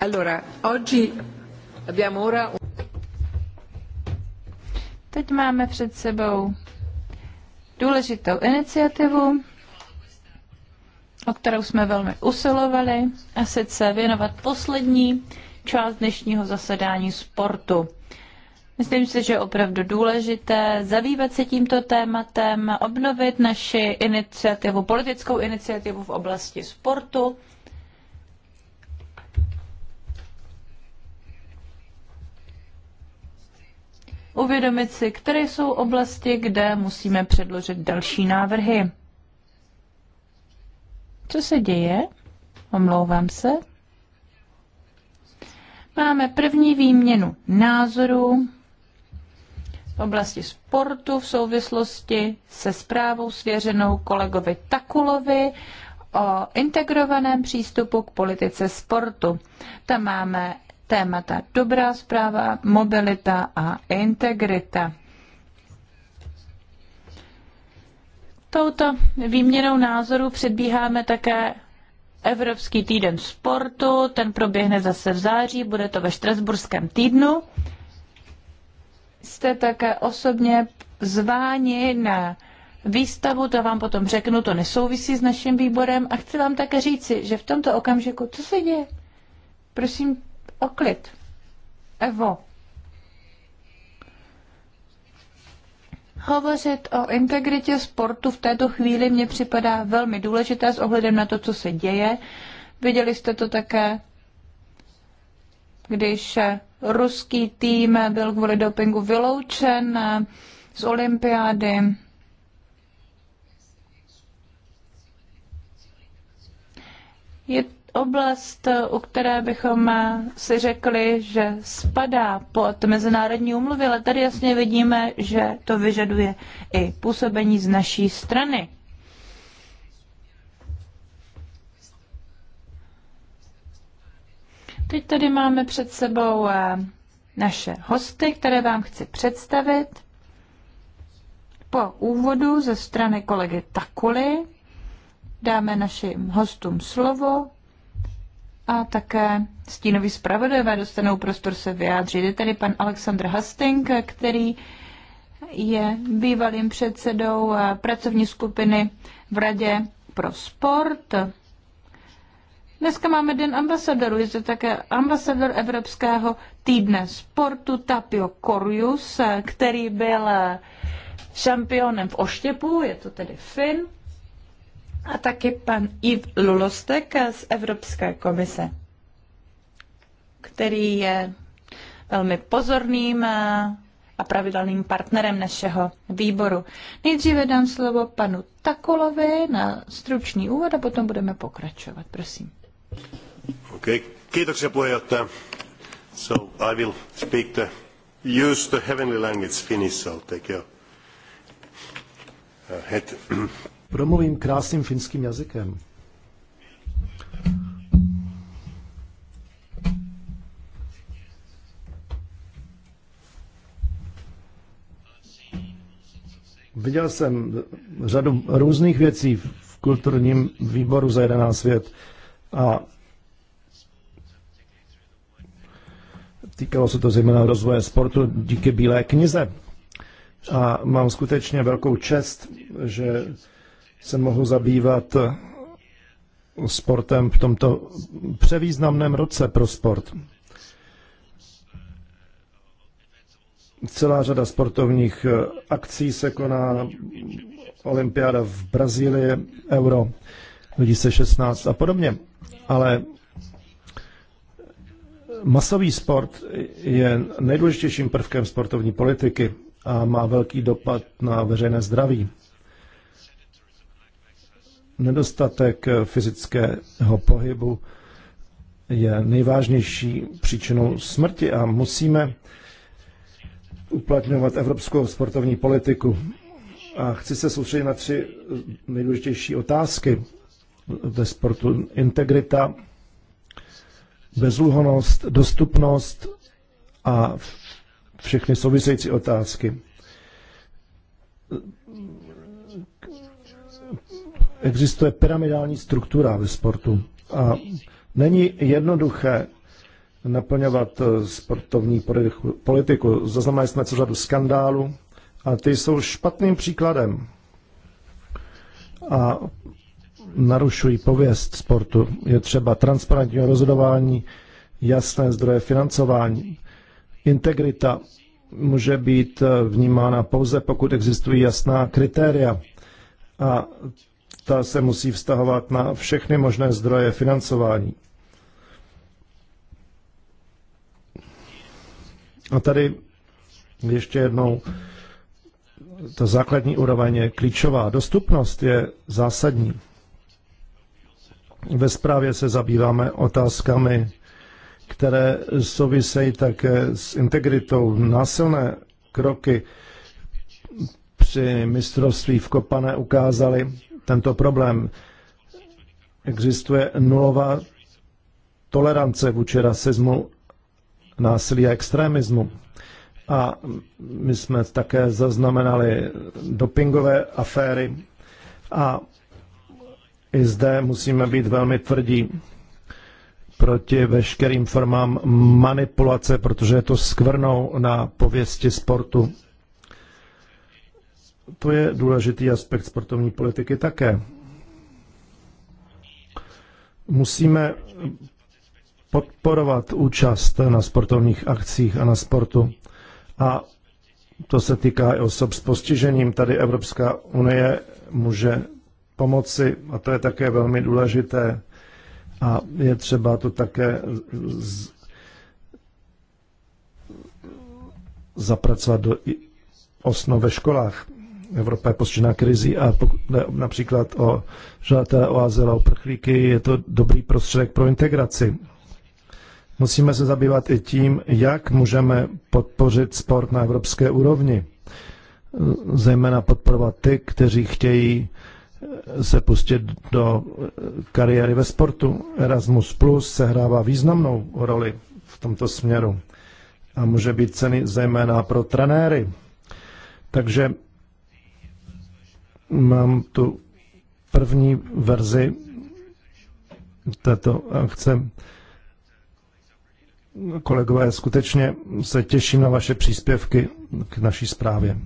Allora, oggi abbiamo ora... Teď máme před sebou důležitou iniciativu, o kterou jsme velmi usilovali, a sice věnovat poslední část dnešního zasedání sportu. Myslím si, že je opravdu důležité zabývat se tímto tématem, obnovit naši iniciativu, politickou iniciativu v oblasti sportu uvědomit si, které jsou oblasti, kde musíme předložit další návrhy. Co se děje? Omlouvám se. Máme první výměnu názorů v oblasti sportu v souvislosti se zprávou svěřenou kolegovi Takulovi o integrovaném přístupu k politice sportu. Tam máme témata dobrá zpráva, mobilita a integrita. Touto výměnou názorů předbíháme také Evropský týden sportu, ten proběhne zase v září, bude to ve Štrasburském týdnu. Jste také osobně zváni na výstavu, to vám potom řeknu, to nesouvisí s naším výborem a chci vám také říci, že v tomto okamžiku, co se děje? Prosím, o klid. Evo. Hovořit o integritě sportu v této chvíli mě připadá velmi důležité s ohledem na to, co se děje. Viděli jste to také, když ruský tým byl kvůli dopingu vyloučen z olympiády. Je oblast, u které bychom si řekli, že spadá pod mezinárodní umluvy, ale tady jasně vidíme, že to vyžaduje i působení z naší strany. Teď tady máme před sebou eh, naše hosty, které vám chci představit. Po úvodu ze strany kolegy Takuly dáme našim hostům slovo, a také stínoví zpravodajové dostanou prostor se vyjádřit. Je tedy pan Aleksandr Hasting, který je bývalým předsedou eh, pracovní skupiny v Radě pro sport. Dneska máme Den ambasadorů, je to také ambasador Evropského týdne sportu Tapio Korjus, eh, který byl eh, šampionem v oštěpu, je to tedy Finn a taky pan Iv Lulostek z Evropské komise, který je velmi pozorným eh, a pravidelným partnerem našeho výboru. Nejdříve dám slovo panu Takolovi na stručný úvod a potom budeme pokračovat. Prosím. Okay. Kiitoksia puheenjohtaja. So I will speak the, use the heavenly language Finnish, so take your uh, head. promluvím krásným finským jazykem. Viděl jsem řadu různých věcí v kulturním výboru za jeden svět a týkalo se to zejména rozvoje sportu díky Bílé knize. A mám skutečně velkou čest, že se mohu zabývat sportem v tomto převýznamném roce pro sport. Celá řada sportovních akcí se koná, olympiáda v Brazílii, Euro 2016 a podobně. Ale masový sport je nejdůležitějším prvkem sportovní politiky a má velký dopad na veřejné zdraví nedostatek fyzického pohybu je nejvážnější příčinou smrti a musíme uplatňovat evropskou sportovní politiku. A chci se soustředit na tři nejdůležitější otázky ve sportu. Integrita, bezluhonost, dostupnost a všechny související otázky existuje pyramidální struktura ve sportu a není jednoduché naplňovat eh, sportovní politiku. Zaznamenali jsme co řadu skandálu a ty jsou špatným příkladem a narušují pověst sportu. Je třeba transparentního rozhodování, jasné zdroje financování. Integrita může být eh, vnímána pouze, pokud existují jasná kritéria. A ta se musí vztahovat na všechny možné zdroje financování. A tady ještě jednou, ta základní úroveň je klíčová. Dostupnost je zásadní. Ve zprávě se zabýváme otázkami, které souvisejí také s integritou. Násilné kroky při mistrovství v Kopane ukázaly, tento problém. Existuje nulová tolerance vůči rasismu, násilí a extremismu. A my jsme také zaznamenali dopingové aféry a i zde musíme být velmi tvrdí proti veškerým formám manipulace, protože je to skvrnou na pověsti sportu. To je důležitý aspekt sportovní politiky také. Musíme podporovat účast na sportovních akcích a na sportu. A to se týká i osob s postižením. Tady Evropská unie může pomoci a to je také velmi důležité. A je třeba to také z... zapracovat do osnov ve školách. Evropa je postižená krizi a pokud, ne, například o žadatele o azyl a uprchlíky je to dobrý prostředek pro integraci. Musíme se zabývat i tím, jak můžeme podpořit sport na evropské úrovni. Zejména podporovat ty, kteří chtějí se pustit do kariéry ve sportu. Erasmus Plus sehrává významnou roli v tomto směru a může být ceny zejména pro trenéry. Takže Mám tu první verzi této akce. Kolegové, skutečně se těším na vaše příspěvky k naší zprávě.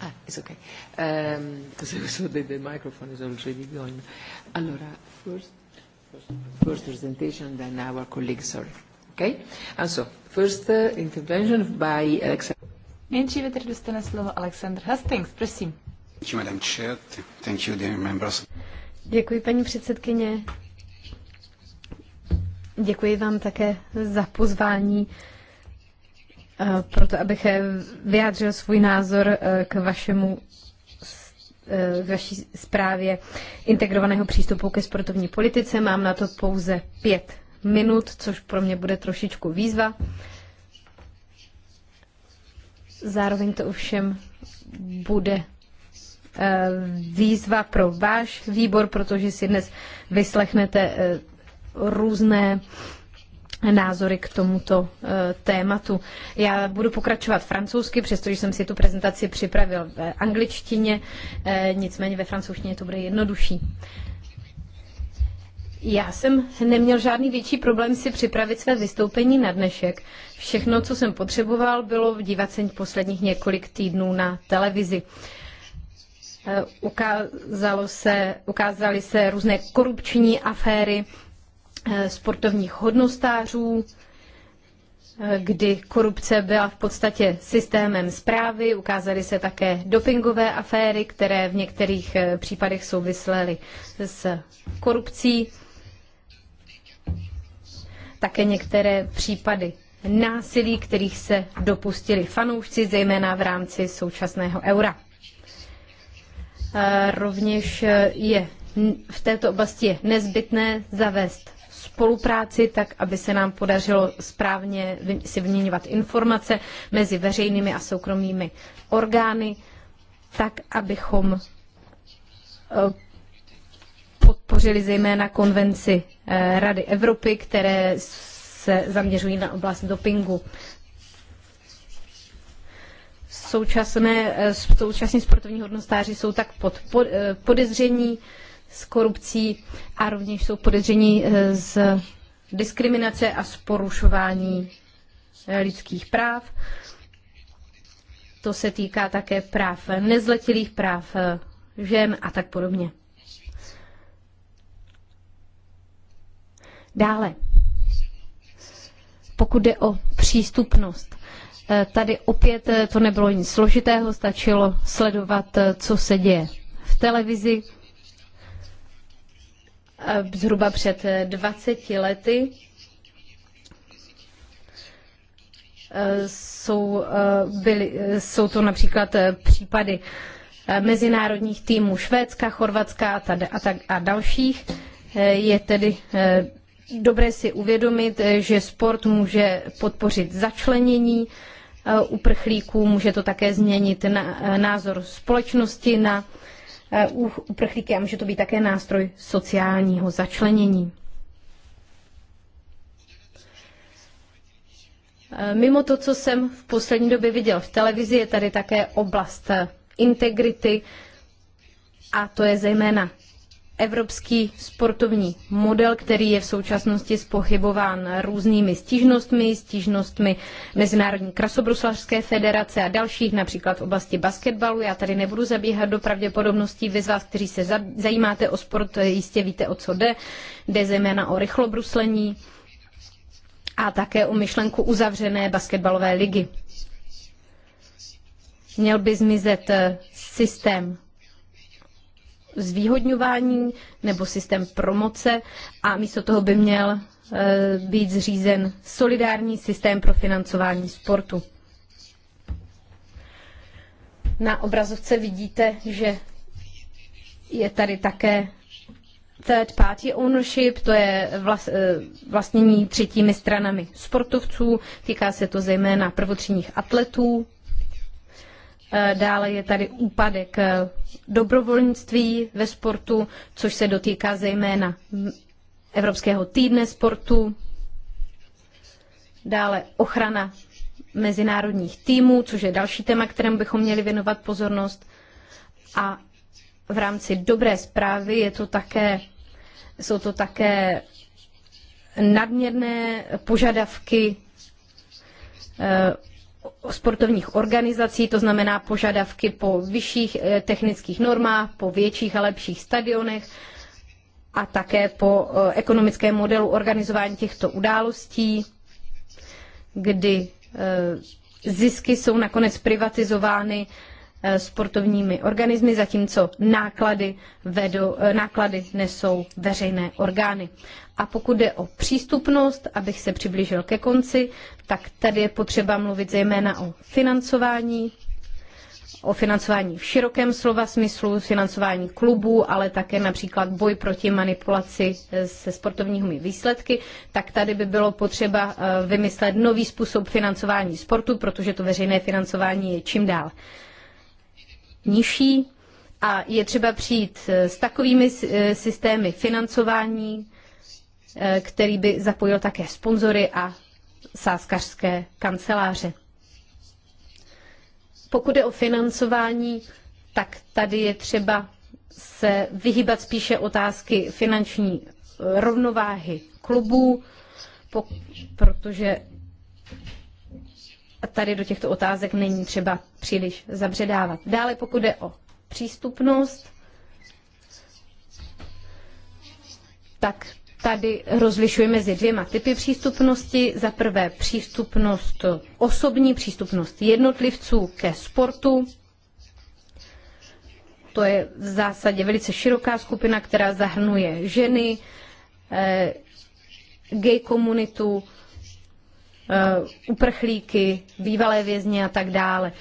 Ah, okay. Um, because I saw that the microphone is already going. Allora, first first presentation, then our colleagues, sorry. Okay? And so, first uh, intervention by Alexander. Nejdříve tedy dostane slovo Alexander Hastings, prosím. Thank you, dear members. Děkuji, paní předsedkyně. Děkuji vám také za pozvání, uh, proto abych eh, vyjádřil svůj názor eh, k vašemu Eh, v vaší zprávě integrovaného přístupu ke sportovní politice. Mám na to pouze pět minut, což pro mě bude trošičku výzva. Zároveň to ovšem bude eh, výzva pro váš výbor, protože si dnes vyslechnete eh, různé názory k tomuto eh, tématu. Já budu pokračovat francouzsky, přestože jsem si tu prezentaci připravil v angličtině, eh, nicméně ve francouzštině to bude jednodušší. Já jsem neměl žádný větší problém si připravit své vystoupení na dnešek. Všechno, co jsem potřeboval, bylo v se posledních několik týdnů na televizi. Eh, ukázalo se, ukázaly se různé korupční aféry, Eh, sportovních hodnostářů, eh, kdy korupce byla v podstatě systémem zprávy. Ukázaly se také dopingové aféry, které v některých eh, případech souvisely s korupcí. Také některé případy násilí, kterých se dopustili fanoušci, zejména v rámci současného eura. Rovněž je v této oblasti je nezbytné zavést spolupráci, tak aby se nám podařilo správně si vyměňovat informace mezi veřejnými a soukromými orgány, tak abychom eh, podpořili zejména konvenci eh, Rady Evropy, které se zaměřují na oblast dopingu. Současné, eh, současní sportovní hodnostáři jsou tak pod, pod podezření, s korupcí a rovněž jsou podezření eh, z diskriminace a z porušování eh, lidských práv. To se týká také práv nezletilých, práv eh, žen a tak podobně. Dále, pokud jde o přístupnost, tady opět to nebylo nic složitého, stačilo sledovat, co se děje v televizi, Eh, zhruba před 20 lety eh, jsou, eh, byly, jsou to například případy mezinárodních týmů Švédska, Chorvatska a, a, a dalších. Je tedy dobré si uvědomit, že sport může podpořit začlenění uprchlíků, může to také změnit názor společnosti na Eh, uprchlíky a může to být také nástroj sociálního začlenění. Eh, mimo to, co jsem v poslední době viděl v televizi, je tady také oblast eh, integrity a to je zejména evropský sportovní model, který je v současnosti spochybován různými stížnostmi, stížnostmi Mezinárodní krasobruslařské federace a dalších, například v oblasti basketbalu. Já tady nebudu zabíhat do pravděpodobností. Vy z vás, kteří se zajímáte o sport, jistě víte, o co jde. Jde zejména o rychlobruslení a také o myšlenku uzavřené basketbalové ligy. Měl by zmizet systém zvýhodňování nebo systém promoce a místo toho by měl eh, být zřízen solidární systém pro financování sportu. Na obrazovce vidíte, že je tady také third party ownership, to je eh, vlastnění třetími stranami sportovců, týká se to zejména prvotřídních atletů, Eh, dále je tady úpadek eh, dobrovolnictví ve sportu, což se dotýká zejména Evropského týdne sportu. Dále ochrana mezinárodních týmů, což je další téma, kterému bychom měli věnovat pozornost. A v rámci dobré zprávy je to také, jsou to také nadměrné požadavky eh, sportovních organizací, to znamená požadavky po vyšších eh, technických normách, po větších a lepších stadionech a také po eh, ekonomickém modelu organizování těchto událostí, kdy eh, zisky jsou nakonec privatizovány Eh, sportovními organismy, zatímco náklady, vedou, eh, náklady nesou veřejné orgány. A pokud jde o přístupnost, abych se přiblížil ke konci, tak tady je potřeba mluvit zejména o financování, o financování v širokém slova smyslu, financování klubů, ale také například boj proti manipulaci eh, se sportovními výsledky, tak tady by bylo potřeba vymyslet nový způsob financování sportu, protože to veřejné financování je čím dál nižší a je třeba přijít eh, s takovými eh, systémy financování, eh, který by zapojil také sponzory a sázkařské kanceláře. Pokud je o financování, tak tady je třeba se vyhýbat spíše otázky finanční rovnováhy klubů, protože tady do těchto otázek není třeba příliš zabředávat. Dále, pokud jde o přístupnost, tak tady rozlišuje mezi dvěma typy přístupnosti. Za prvé přístupnost osobní, přístupnost jednotlivců ke sportu. To je v zásadě velice široká skupina, která zahrnuje ženy, eh, gay komunitu, Eh, uprchlíky, bývalé vězně a tak dále.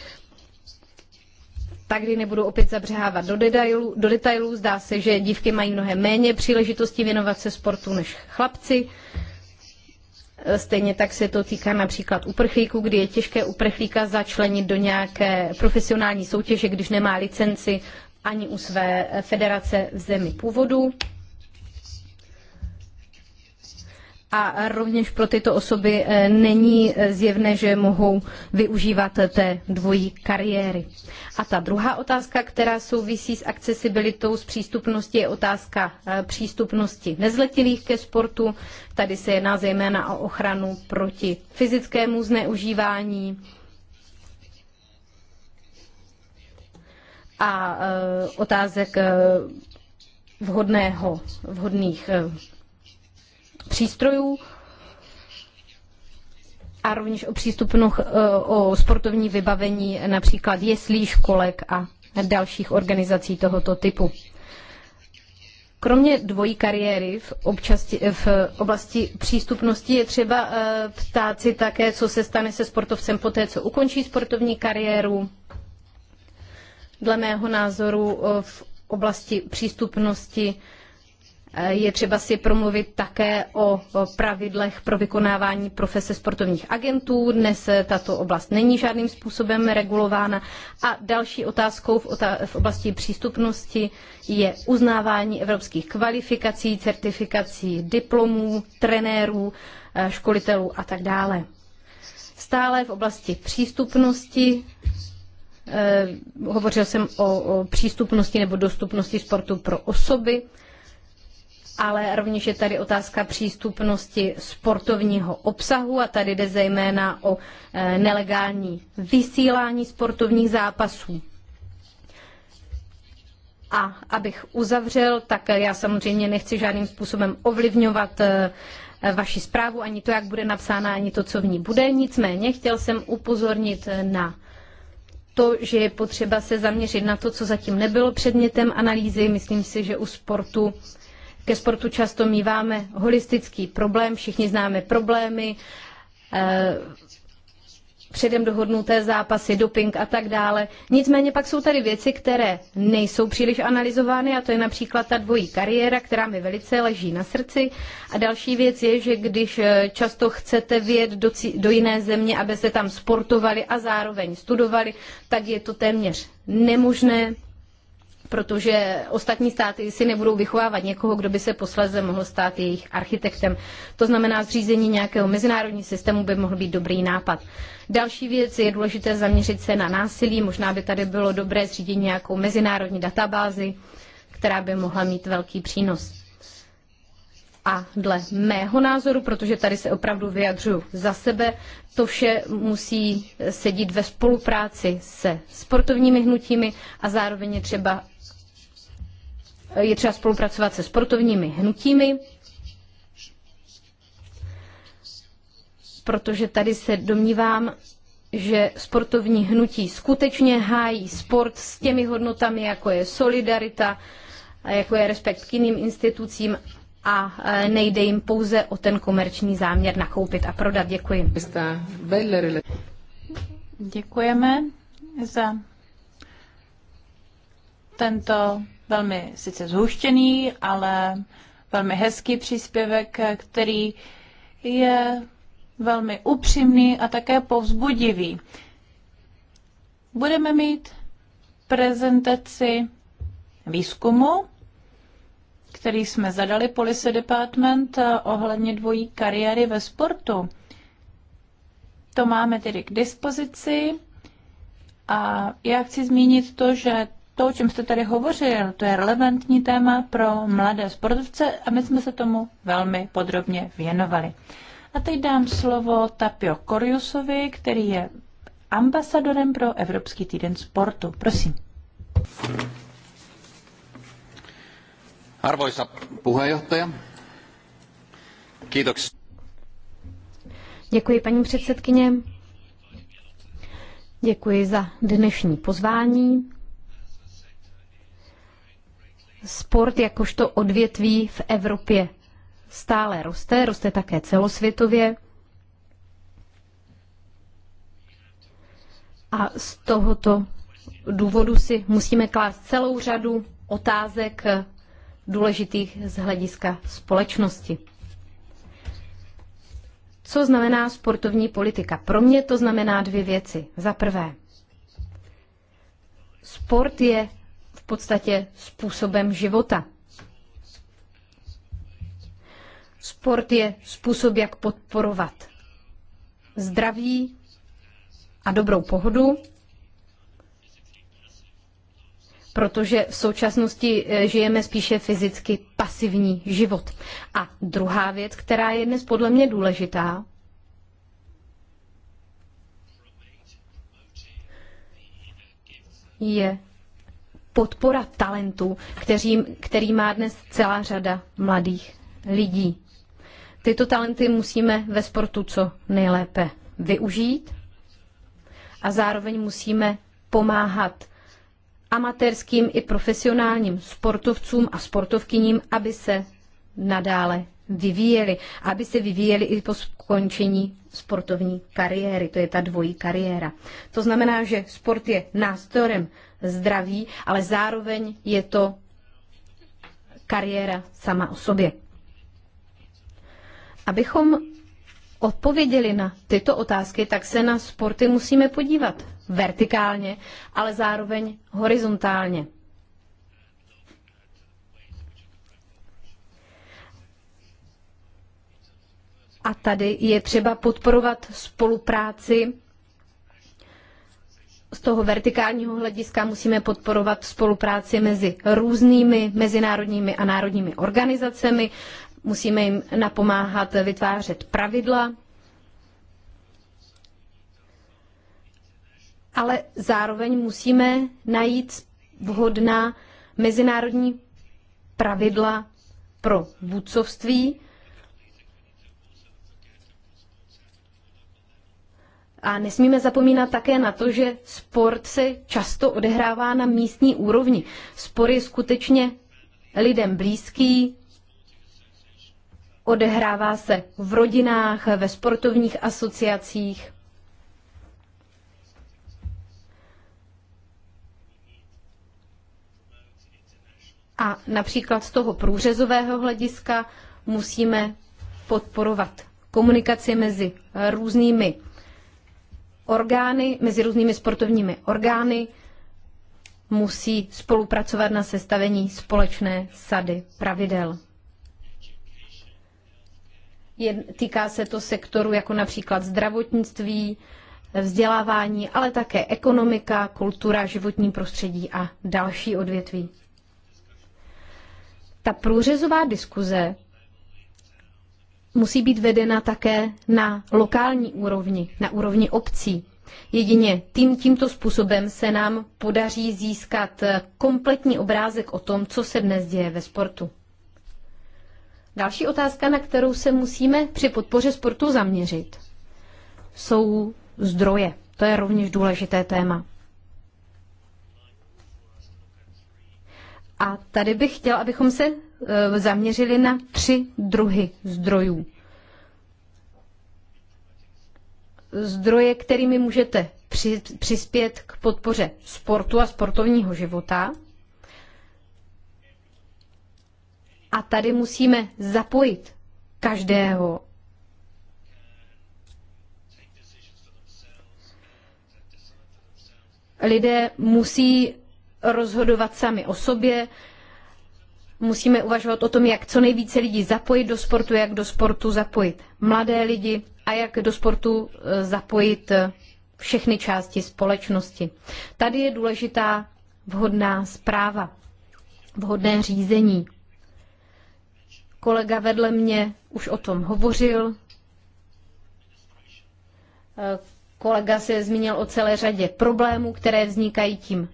Tak kdy nebudu opět zabřehávat do detailů, do detailů. Zdá se, že dívky mají mnohem méně příležitostí věnovat se sportu než chlapci. Eh, stejně tak se to týká například uprchlíků, kdy je těžké uprchlíka začlenit do nějaké profesionální soutěže, když nemá licenci ani u své eh, federace v zemi původu. a rovněž pro tyto osoby eh, není eh, zjevné, že mohou využívat eh, té dvojí kariéry. A ta druhá otázka, která souvisí s akcesibilitou, s přístupností, je otázka přístupnosti nezletilých ke sportu. Tady se jedná zejména o ochranu proti fyzickému zneužívání, a otázek vhodného, vhodných přístrojů a rovněž o přístupnost eh, o sportovní vybavení například jeslí, školek a dalších organizací tohoto typu. Kromě dvojí kariéry v, občasti, eh, v oblasti přístupnosti je třeba eh, ptát si také, co se stane se sportovcem poté, co ukončí sportovní kariéru. Dle mého názoru v oblasti přístupnosti Eh, je třeba si promluvit také o pravidlech pro vykonávání profese sportovních agentů. Dnes eh, tato oblast není žádným způsobem regulována. A další otázkou v, oblasti přístupnosti je uznávání evropských kvalifikací, certifikací diplomů, trenérů, eh, školitelů a tak dále. Stále v oblasti přístupnosti hovořil jsem o, o přístupnosti nebo dostupnosti sportu pro osoby ale rovněž je tady otázka přístupnosti sportovního obsahu a tady jde zejména o eh, nelegální vysílání sportovních zápasů. A abych uzavřel, tak já samozřejmě nechci žádným způsobem ovlivňovat eh, vaši zprávu, ani to, jak bude napsána, ani to, co v ní bude. Nicméně chtěl jsem upozornit eh, na to, že je potřeba se zaměřit na to, co zatím nebylo předmětem analýzy. Myslím si, že u sportu ke sportu často míváme holistický problém, všichni známe problémy, eh, předem dohodnuté zápasy, doping a tak dále. Nicméně pak jsou tady věci, které nejsou příliš analyzovány a to je například ta dvojí kariéra, která mi velice leží na srdci. A další věc je, že když eh, často chcete vyjet do, do jiné země, aby se tam sportovali a zároveň studovali, tak je to téměř nemožné protože ostatní státy si nebudou vychovávat někoho, kdo by se posléze mohl stát jejich architektem. To znamená, zřízení nějakého mezinárodního systému by mohl být dobrý nápad. Další věc je důležité zaměřit se na násilí. Možná by tady bylo dobré zřídit nějakou mezinárodní databázi, která by mohla mít velký přínos. A dle mého názoru, protože tady se opravdu vyjadřuju za sebe, to vše musí sedět ve spolupráci se sportovními hnutími a zároveň je třeba je třeba spolupracovat se sportovními hnutími, protože tady se domnívám, že sportovní hnutí skutečně hájí sport s těmi hodnotami, jako je solidarita, jako je respekt k jiným institucím a e, nejde jim pouze o ten komerční záměr nakoupit a prodat. Děkuji. Děkujeme za tento velmi sice zhuštěný, ale velmi hezký příspěvek, který je velmi upřímný a také povzbudivý. Budeme mít prezentaci výzkumu, který jsme zadali Police Department eh, ohledně dvojí kariéry ve sportu. To máme tedy k dispozici. A já chci zmínit to, že to, o čem jste tady hovořil, to je relevantní téma pro mladé sportovce a my jsme se tomu velmi podrobně věnovali. A teď dám slovo Tapio Koriusovi, který je ambasadorem pro Evropský týden sportu. Prosím. Arvoisa puheenjohtaja, Kiitoks. Děkuji, paní předsedkyně. Děkuji za dnešní pozvání sport jakožto odvětví v Evropě stále roste, roste také celosvětově. A z tohoto důvodu si musíme klást celou řadu otázek důležitých z hlediska společnosti. Co znamená sportovní politika? Pro mě to znamená dvě věci. Za prvé, sport je v podstatě způsobem života. Sport je způsob, jak podporovat zdraví a dobrou pohodu, protože v současnosti eh, žijeme spíše fyzicky pasivní život. A druhá věc, která je dnes podle mě důležitá, je podpora talentů, který, který má dnes celá řada mladých lidí. Tyto talenty musíme ve sportu co nejlépe využít a zároveň musíme pomáhat amatérským i profesionálním sportovcům a sportovkyním, aby se nadále vyvíjeli, aby se vyvíjeli i po skončení sportovní kariéry. To je ta dvojí kariéra. To znamená, že sport je nástrojem zdraví, ale zároveň je to kariéra sama o sobě. Abychom odpověděli na tyto otázky, tak se na sporty musíme podívat vertikálně, ale zároveň horizontálně. A tady je třeba podporovat spolupráci z toho vertikálního hlediska musíme podporovat spolupráci mezi různými mezinárodními a národními organizacemi, musíme jim napomáhat vytvářet pravidla, ale zároveň musíme najít vhodná mezinárodní pravidla pro vůdcovství, A nesmíme zapomínat také na to, že sport se často odehrává na místní úrovni. Sport je skutečně lidem blízký, odehrává se v rodinách, ve sportovních asociacích. A například z toho průřezového hlediska musíme podporovat komunikaci mezi různými orgány, mezi různými sportovními orgány musí spolupracovat na sestavení společné sady pravidel. Je, týká se to sektoru jako například zdravotnictví, vzdělávání, ale také ekonomika, kultura, životní prostředí a další odvětví. Ta průřezová diskuze musí být vedena také na lokální úrovni, na úrovni obcí. Jedině tím, tímto způsobem se nám podaří získat kompletní obrázek o tom, co se dnes děje ve sportu. Další otázka, na kterou se musíme při podpoře sportu zaměřit, jsou zdroje. To je rovněž důležité téma. A tady bych chtěl, abychom se Eh, zaměřili na tři druhy zdrojů. Zdroje, kterými můžete přispět k podpoře sportu a sportovního života. A tady musíme zapojit každého. Lidé musí rozhodovat sami o sobě, Musíme uvažovat o tom, jak co nejvíce lidí zapojit do sportu, jak do sportu zapojit mladé lidi a jak do sportu e, zapojit e, všechny části společnosti. Tady je důležitá vhodná zpráva, vhodné řízení. Kolega vedle mě už o tom hovořil. E, kolega se zmínil o celé řadě problémů, které vznikají tím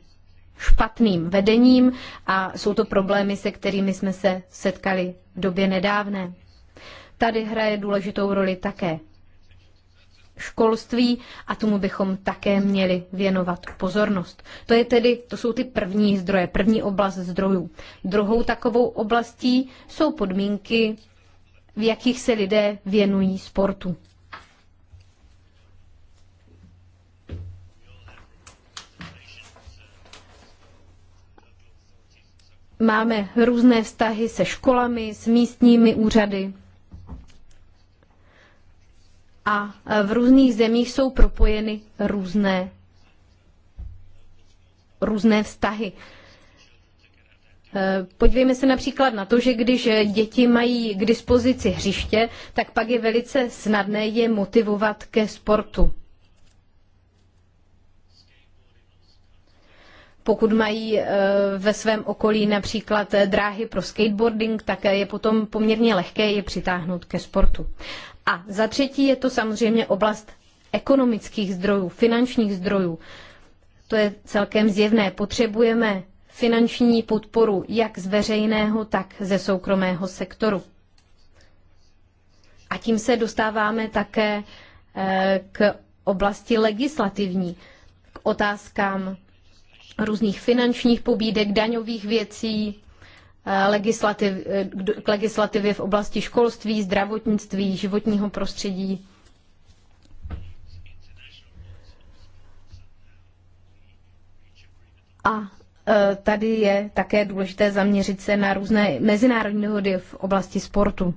špatným vedením a jsou to problémy, se kterými jsme se setkali v době nedávné. Tady hraje důležitou roli také školství a tomu bychom také měli věnovat pozornost. To, je tedy, to jsou ty první zdroje, první oblast zdrojů. Druhou takovou oblastí jsou podmínky, v jakých se lidé věnují sportu. Máme různé vztahy se školami, s místními úřady. A v různých zemích jsou propojeny různé, různé vztahy. Eh, podívejme se například na to, že když děti mají k dispozici hřiště, tak pak je velice snadné je motivovat ke sportu. Pokud mají eh, ve svém okolí například eh, dráhy pro skateboarding, tak eh, je potom poměrně lehké je přitáhnout ke sportu. A za třetí je to samozřejmě oblast ekonomických zdrojů, finančních zdrojů. To je celkem zjevné. Potřebujeme finanční podporu jak z veřejného, tak ze soukromého sektoru. A tím se dostáváme také k oblasti legislativní, k otázkám různých finančních pobídek, daňových věcí, eh, legislativ, eh, k legislativě v oblasti školství, zdravotnictví, životního prostředí. A eh, tady je také důležité zaměřit se na různé mezinárodní dohody v oblasti sportu.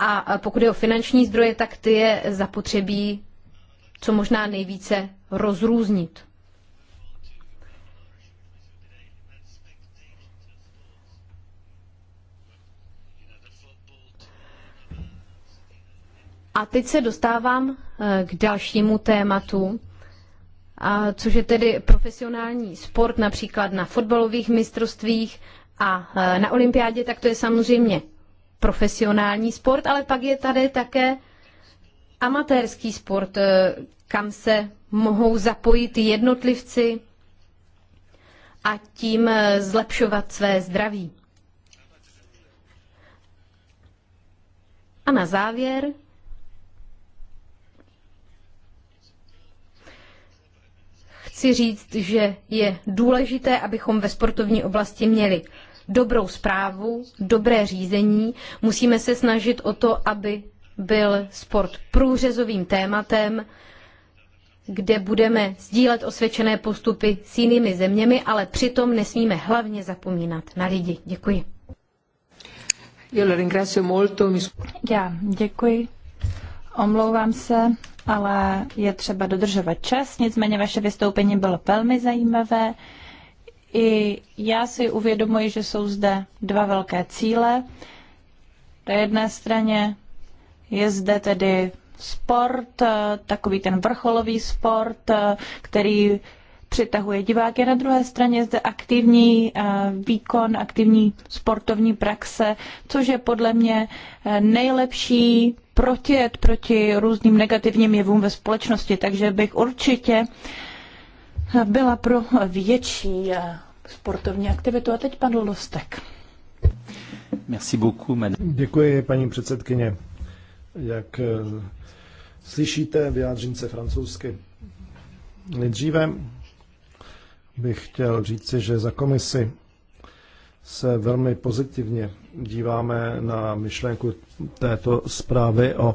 A pokud je o finanční zdroje, tak ty je zapotřebí co možná nejvíce rozrůznit. A teď se dostávám eh, k dalšímu tématu, a což je tedy profesionální sport, například na fotbalových mistrovstvích a eh, na olympiádě, tak to je samozřejmě profesionální sport, ale pak je tady také amatérský sport, eh, kam se mohou zapojit jednotlivci a tím eh, zlepšovat své zdraví. A na závěr chci říct, že je důležité, abychom ve sportovní oblasti měli dobrou zprávu, dobré řízení. Musíme se snažit o to, aby byl sport průřezovým tématem, kde budeme sdílet osvědčené postupy s jinými zeměmi, ale přitom nesmíme hlavně zapomínat na lidi. Děkuji. Já děkuji. Omlouvám se, ale je třeba dodržovat čas. Nicméně vaše vystoupení bylo velmi zajímavé. I já si uvědomuji, že jsou zde dva velké cíle. Na jedné straně je zde tedy sport, eh, takový ten vrcholový sport, eh, který přitahuje diváky. Na druhé straně je zde aktivní eh, výkon, aktivní sportovní praxe, což je podle mě nejlepší protijet proti různým negativním jevům ve společnosti. Takže bych určitě uh, byla pro větší eh, sportovní aktivitu. A teď pan Lostek. Merci beaucoup, madame. Děkuji, paní předsedkyně. Jak eh, slyšíte, vyjádřím se francouzsky. Nejdříve bych chtěl říci, že za komisi se velmi pozitivně díváme na myšlenku této zprávy o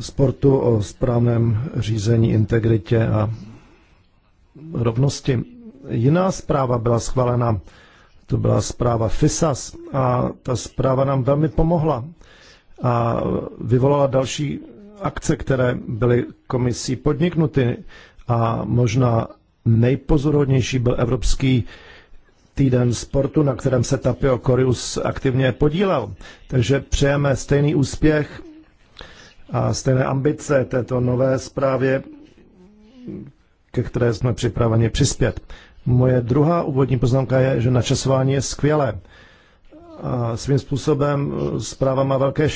sportu, o správném řízení, integritě a rovnosti. Jiná zpráva byla schválena, to byla zpráva FISAS a ta zpráva nám velmi pomohla a vyvolala další akce, které byly komisí podniknuty a možná nejpozorodnější byl Evropský týden sportu, na kterém se Tapio Korius aktivně podílel. Takže přejeme stejný úspěch a stejné ambice této nové zprávě, ke které jsme připraveni přispět. Moje druhá úvodní poznámka je, že načasování je skvělé. A svým způsobem eh, zpráva má velké,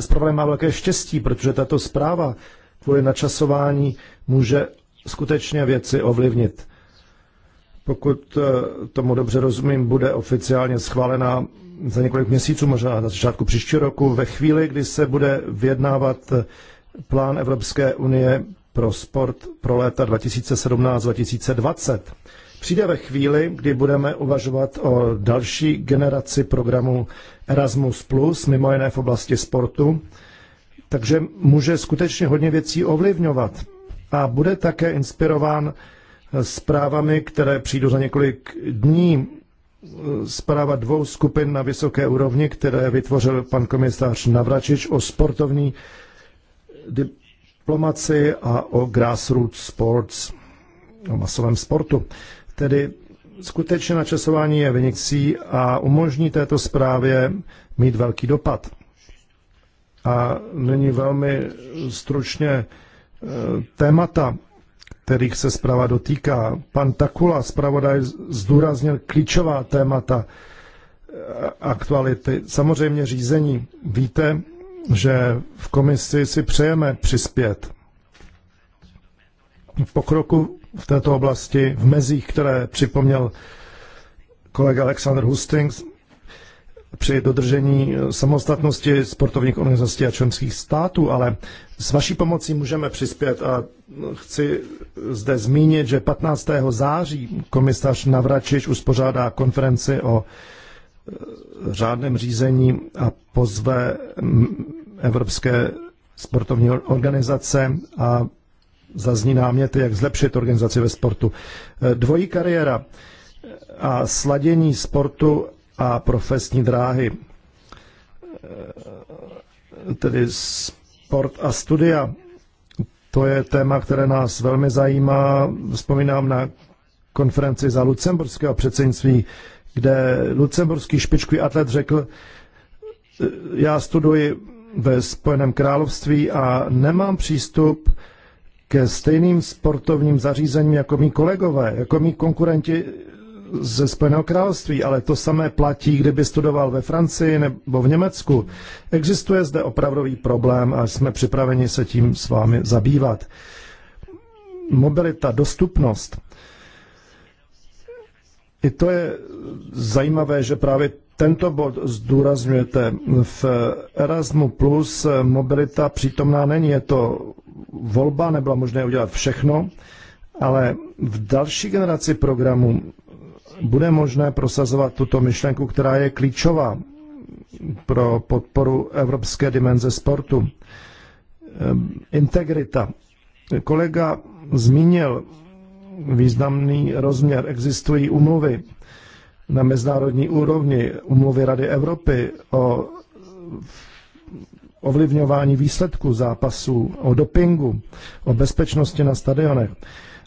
zpráva má velké štěstí, protože tato zpráva kvůli načasování může skutečně věci ovlivnit. Pokud eh, tomu dobře rozumím, bude oficiálně schválena za několik měsíců, možná na začátku příštího roku, ve chvíli, kdy se bude vyjednávat eh, plán Evropské unie pro sport pro léta 2017-2020. Přijde ve chvíli, kdy budeme uvažovat o další generaci programu Erasmus+, mimo jiné v oblasti sportu, takže může skutečně hodně věcí ovlivňovat a bude také inspirován zprávami, které přijdu za několik dní, zpráva dvou skupin na vysoké úrovni, které vytvořil pan komisář Navračič o sportovní diplomaci a o grassroots sports, o masovém sportu. Tedy skutečně načasování je vynikcí a umožní této zprávě mít velký dopad. A není velmi stručně eh, témata, kterých se zpráva dotýká. Pan Takula, zpravodaj, zdůraznil klíčová témata eh, aktuality. Samozřejmě řízení. Víte, že v komisi si přejeme přispět v pokroku v této oblasti, v mezích, které připomněl kolega Alexander Hustings, při dodržení samostatnosti sportovních organizací a členských států, ale s vaší pomocí můžeme přispět a chci zde zmínit, že 15. září komisař Navračič uspořádá konferenci o řádném řízení a pozve evropské sportovní organizace a zazní náměty, jak zlepšit organizaci ve sportu. E, dvojí kariéra a sladění sportu a profesní dráhy, e, tedy sport a studia, to je téma, které nás velmi zajímá. Vzpomínám na konferenci za lucemburského předsednictví kde lucemburský špičkový atlet řekl, e, já studuji ve Spojeném království a nemám přístup ke stejným sportovním zařízením jako mý kolegové, jako mý konkurenti ze Spojeného království, ale to samé platí, kdyby studoval ve Francii nebo v Německu. Existuje zde opravdový problém a jsme připraveni se tím s vámi zabývat. Mobilita, dostupnost. I to je zajímavé, že právě tento bod zdůrazňujete. V Erasmu Plus mobilita přítomná není, je to volba, nebyla možné udělat všechno, ale v další generaci programů bude možné prosazovat tuto myšlenku, která je klíčová pro podporu evropské dimenze sportu. Ehm, integrita. Kolega zmínil významný rozměr. Existují umluvy na mezinárodní úrovni, umluvy Rady Evropy o ovlivňování výsledků zápasů, o dopingu, o bezpečnosti na stadionech.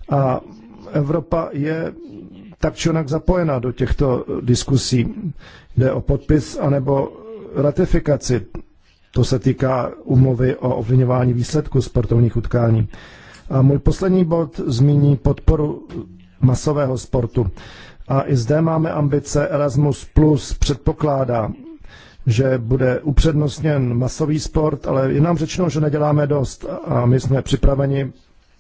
A Evropa je tak či onak zapojena do těchto diskusí. Jde o podpis anebo ratifikaci. To se týká umluvy o ovlivňování výsledků sportovních utkání. A můj poslední bod zmíní podporu masového sportu. A i zde máme ambice. Erasmus Plus předpokládá, že bude upřednostněn masový sport, ale je nám řečeno, že neděláme dost a my jsme připraveni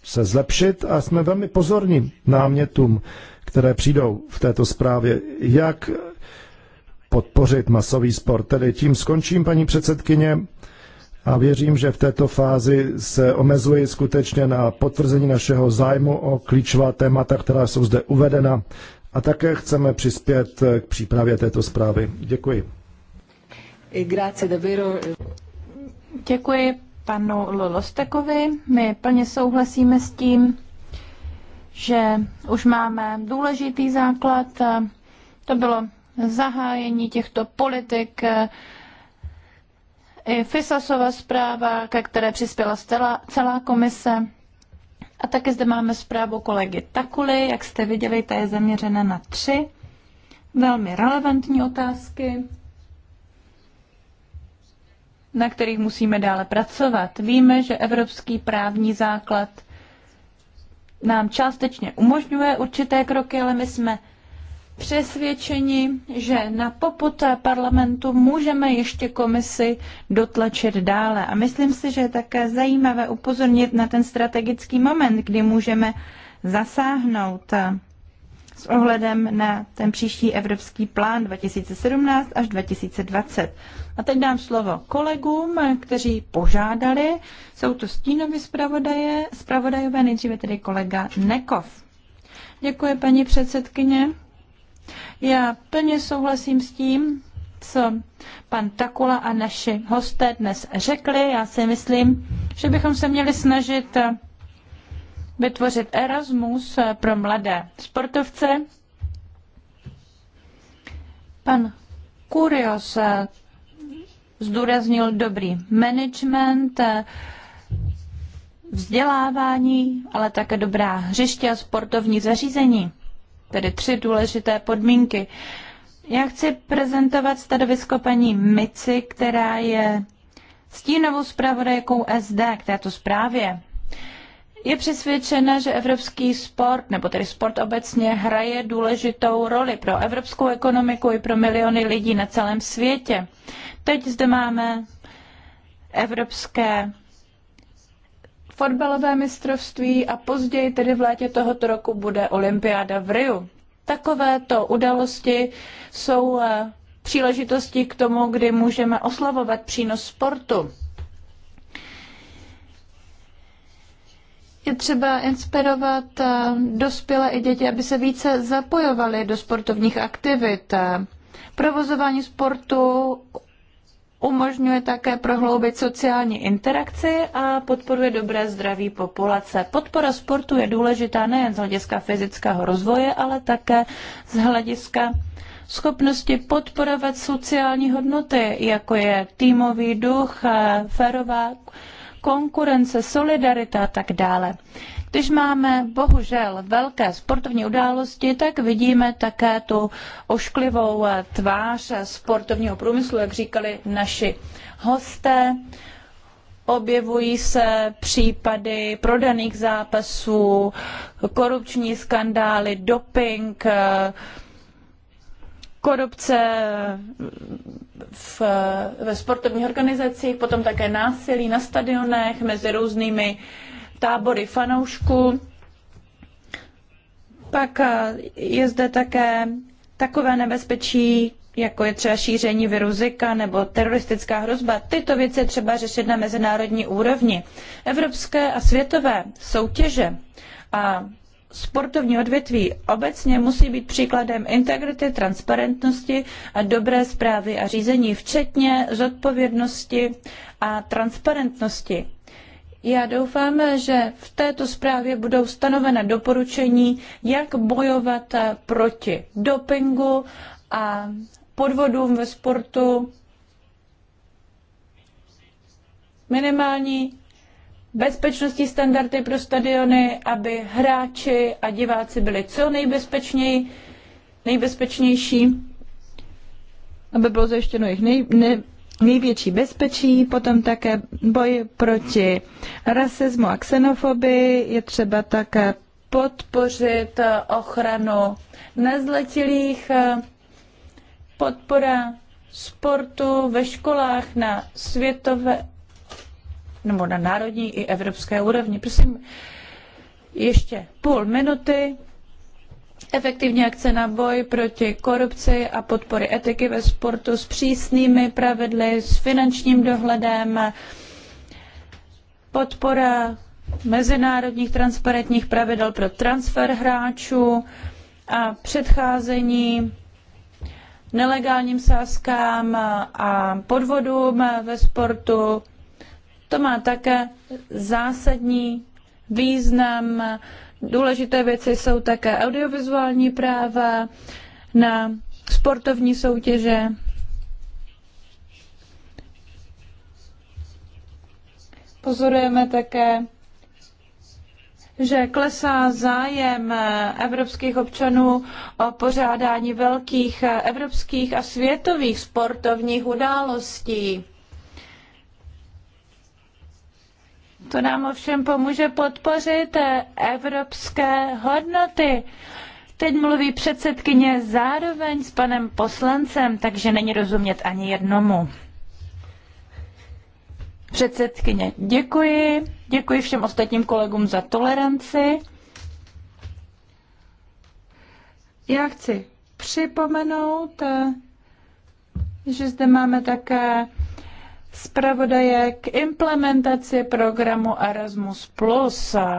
se zlepšit a jsme velmi pozorní námětům, které přijdou v této zprávě, jak podpořit masový sport. Tedy tím skončím, paní předsedkyně a věřím, že v této fázi se omezuji skutečně na potvrzení našeho zájmu o klíčová témata, která jsou zde uvedena a také chceme přispět k přípravě této zprávy. Děkuji. Děkuji panu Lostekovi. My plně souhlasíme s tím, že už máme důležitý základ. To bylo zahájení těchto politik, i Fisasova zpráva, ke které přispěla celá, celá komise. A taky zde máme zprávu kolegy Takuly, jak jste viděli, ta je zaměřena na tři velmi relevantní otázky, na kterých musíme dále pracovat. Víme, že evropský právní základ nám částečně umožňuje určité kroky, ale my jsme přesvědčeni, že na poput parlamentu můžeme ještě komisi dotlačit dále. A myslím si, že je také zajímavé upozornit na ten strategický moment, kdy můžeme zasáhnout s ohledem na ten příští evropský plán 2017 až 2020. A teď dám slovo kolegům, kteří požádali. Jsou to stínovi zpravodaje, zpravodajové, nejdříve tedy kolega Nekov. Děkuji, paní předsedkyně. Já plně souhlasím s tím, co pan Takula a naši hosté dnes řekli. Já si myslím, že bychom se měli snažit eh, vytvořit Erasmus eh, pro mladé sportovce. Pan Kurios eh, zdůraznil dobrý management, vzdělávání, ale také dobrá hřiště a sportovní zařízení tedy tři důležité podmínky. Já chci prezentovat stanovisko paní Mici, která je stínovou zpravodajkou SD k této zprávě. Je přesvědčena, že evropský sport, nebo tedy sport obecně, hraje důležitou roli pro evropskou ekonomiku i pro miliony lidí na celém světě. Teď zde máme evropské fotbalové mistrovství a později tedy v létě tohoto roku bude olympiáda v Riu. Takovéto události jsou eh, příležitosti k tomu, kdy můžeme oslavovat přínos sportu. Je třeba inspirovat eh, dospělé i děti, aby se více zapojovali do sportovních aktivit. Eh, provozování sportu umožňuje také prohloubit sociální interakci a podporuje dobré zdraví populace. Podpora sportu je důležitá nejen z hlediska fyzického rozvoje, ale také z hlediska schopnosti podporovat sociální hodnoty, jako je týmový duch, eh, férová konkurence, solidarita a tak dále. Když máme bohužel velké sportovní události, tak vidíme také tu ošklivou tvář sportovního průmyslu, jak říkali naši hosté. Objevují se případy prodaných zápasů, korupční skandály, doping, korupce v, ve sportovních organizacích, potom také násilí na stadionech mezi různými uh, tábory fanoušků. Pak eh, je zde také takové nebezpečí, jako je třeba šíření viru Zika nebo teroristická hrozba. Tyto věci třeba řešit na mezinárodní úrovni. Evropské a světové soutěže a sportovní odvětví obecně musí být příkladem integrity, transparentnosti a dobré správy a řízení, včetně zodpovědnosti a transparentnosti. Já doufám, že v této zprávě budou stanovena doporučení, jak bojovat proti dopingu a podvodům ve sportu, minimální bezpečnostní standardy pro stadiony, aby hráči a diváci byli co nejbezpečněji, nejbezpečnější, aby bylo zajištěno jejich nej, ne, největší bezpečí, potom také boj proti rasismu a xenofobii, je třeba také podpořit ochranu nezletilých, podpora sportu ve školách na světové nebo na národní i evropské úrovni. Prosím, ještě půl minuty efektivní akce na boj proti korupci a podpory etiky ve sportu s přísnými pravidly, s finančním dohledem, podpora mezinárodních transparentních pravidel pro transfer hráčů a předcházení nelegálním sázkám a podvodům ve sportu. To má také zásadní význam Důležité věci jsou také audiovizuální práva na sportovní soutěže. Pozorujeme také, že klesá zájem evropských občanů o pořádání velkých evropských a světových sportovních událostí. To nám ovšem pomůže podpořit evropské hodnoty. Teď mluví předsedkyně zároveň s panem poslancem, takže není rozumět ani jednomu. Předsedkyně, děkuji. Děkuji všem ostatním kolegům za toleranci. Já chci připomenout, že zde máme také zpravodaje k implementaci programu Erasmus+,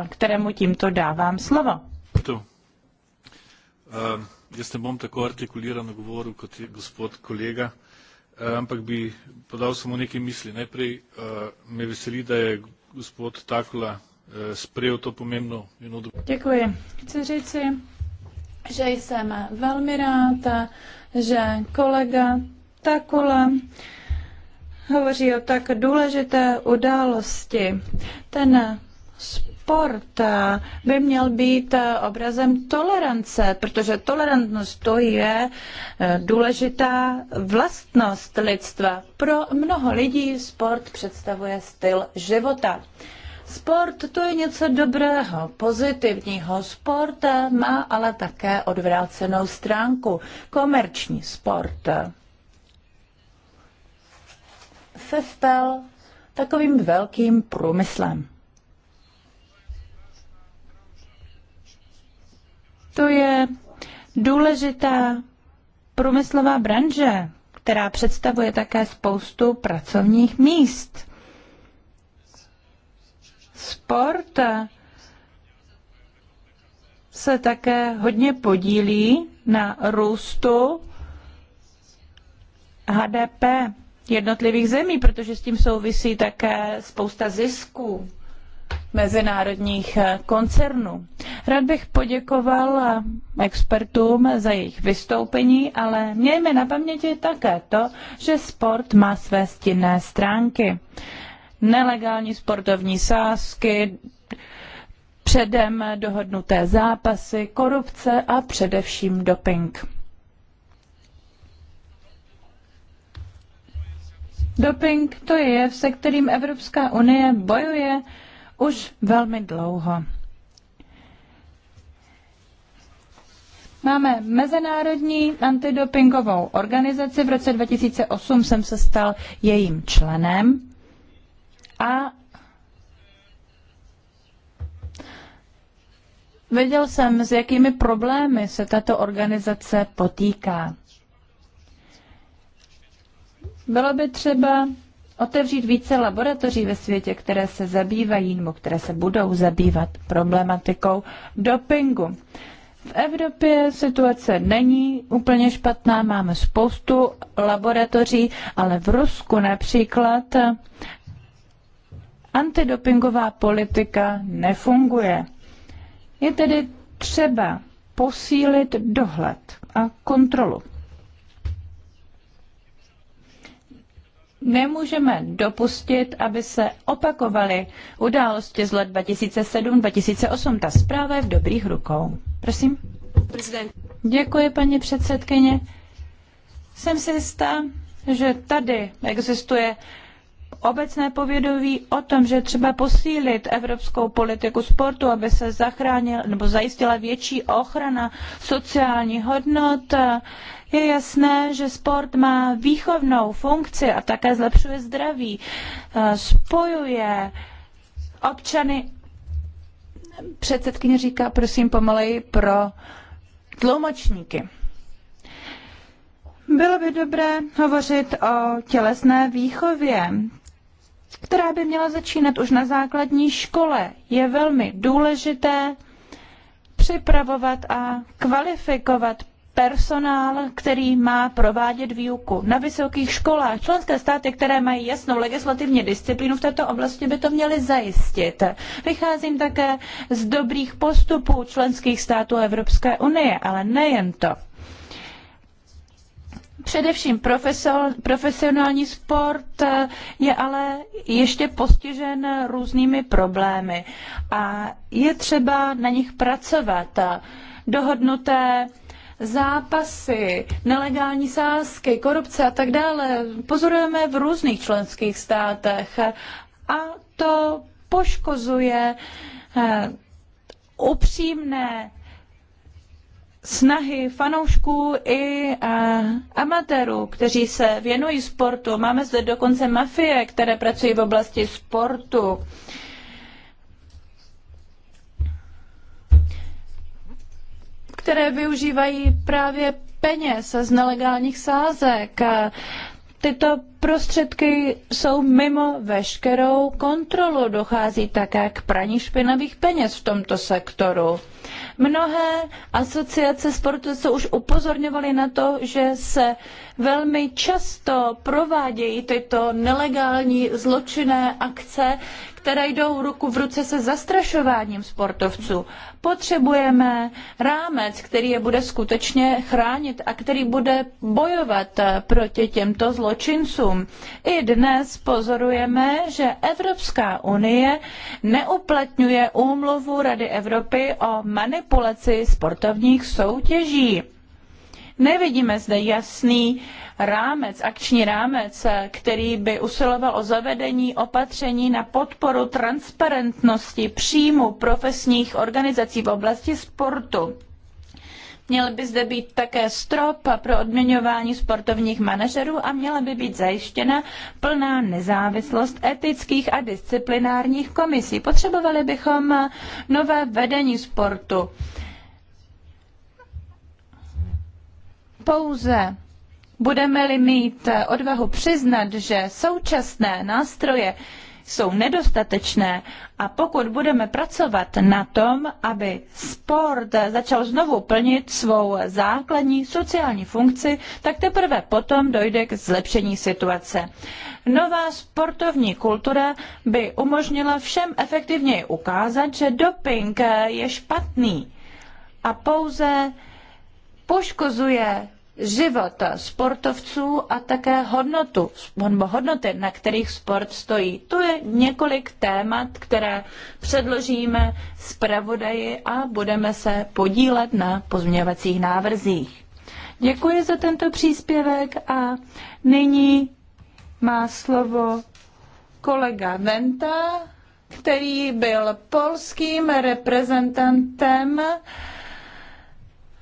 kterému tímto dávám slovo. To. Uh, jaz ne bom tako artikulirano govoril kot je gospod kolega, uh, ampak bi podal samo nekaj misli. Najprej uh, me veseli, da je gospod Takula sprejel to pomembno in Děkuji. Chci říci, že jsem velmi ráda, že kolega Takula hovoří o tak důležité události. Ten sport by měl být obrazem tolerance, protože tolerantnost to je eh, důležitá vlastnost lidstva. Pro mnoho lidí sport představuje styl života. Sport to je něco dobrého, pozitivního. Sport má ale také odvrácenou stránku. Komerční sport se stal takovým velkým průmyslem. To je důležitá průmyslová branže, která představuje také spoustu pracovních míst. Sport se také hodně podílí na růstu HDP jednotlivých zemí, protože s tím souvisí také spousta zisků mezinárodních eh, koncernů. Rád bych poděkoval eh, expertům za jejich vystoupení, ale mějme na paměti také to, že sport má své stinné stránky. Nelegální sportovní sázky, předem dohodnuté zápasy, korupce a především doping. Doping to je jev, se kterým Evropská unie bojuje už velmi dlouho. Máme Mezinárodní antidopingovou organizaci. V roce 2008 jsem se stal jejím členem a viděl jsem, s jakými problémy se tato organizace potýká. Bylo by třeba otevřít více laboratoří ve světě, které se zabývají nebo které se budou zabývat problematikou dopingu. V Evropě situace není úplně špatná, máme spoustu laboratoří, ale v Rusku například antidopingová politika nefunguje. Je tedy třeba posílit dohled a kontrolu. nemůžeme dopustit, aby se opakovaly události z let 2007-2008. Ta zpráva je v dobrých rukou. Prosím. Prezident. Děkuji, paní předsedkyně. Jsem si jistá, že tady existuje obecné povědomí o tom, že třeba posílit evropskou politiku sportu, aby se zachránil nebo zajistila větší ochrana sociální hodnot, je jasné, že sport má výchovnou funkci a také zlepšuje zdraví, spojuje občany. Předsedkyně říká, prosím, pomalej pro tlumočníky. Bylo by dobré hovořit o tělesné výchově která by měla začínat už na základní škole. Je velmi důležité připravovat a kvalifikovat personál, který má provádět výuku na vysokých školách. Členské státy, které mají jasnou legislativní disciplínu v této oblasti, by to měly zajistit. Vycházím také z dobrých postupů členských států Evropské unie, ale nejen to. Především profesionální sport eh, je ale ještě postižen různými problémy a je třeba na nich pracovat. Dohodnuté zápasy, nelegální sázky, korupce a tak dále pozorujeme v různých členských státech a to poškozuje eh, upřímné snahy fanoušků i eh, amatérů, kteří se věnují sportu. Máme zde dokonce mafie, které pracují v oblasti sportu. které využívají právě peněz z nelegálních sázek. Tyto prostředky jsou mimo veškerou kontrolu. Dochází také k praní špinavých peněz v tomto sektoru. Mnohé asociace sportu jsou už upozorňovaly na to, že se velmi často provádějí tyto nelegální zločinné akce, které jdou ruku v ruce se zastrašováním sportovců. Potřebujeme rámec, který je bude skutečně chránit a který bude bojovat proti těmto zločincům. I dnes pozorujeme, že Evropská unie neuplatňuje úmluvu Rady Evropy o manipulaci sportovních soutěží. Nevidíme zde jasný rámec, akční rámec, který by usiloval o zavedení opatření na podporu transparentnosti příjmu profesních organizací v oblasti sportu. Měl by zde být také strop pro odměňování sportovních manažerů a měla by být zajištěna plná nezávislost etických a disciplinárních komisí. Potřebovali bychom nové vedení sportu pouze budeme-li mít eh, odvahu přiznat, že současné nástroje jsou nedostatečné a pokud budeme pracovat na tom, aby sport eh, začal znovu plnit svou základní sociální funkci, tak teprve potom dojde k zlepšení situace. Nová sportovní kultura by umožnila všem efektivněji ukázat, že doping eh, je špatný a pouze poškozuje život sportovců a také hodnotu, hodnoty, na kterých sport stojí. To je několik témat, které předložíme zpravodaji a budeme se podílet na pozměňovacích návrzích. Děkuji za tento příspěvek a nyní má slovo kolega Venta, který byl polským reprezentantem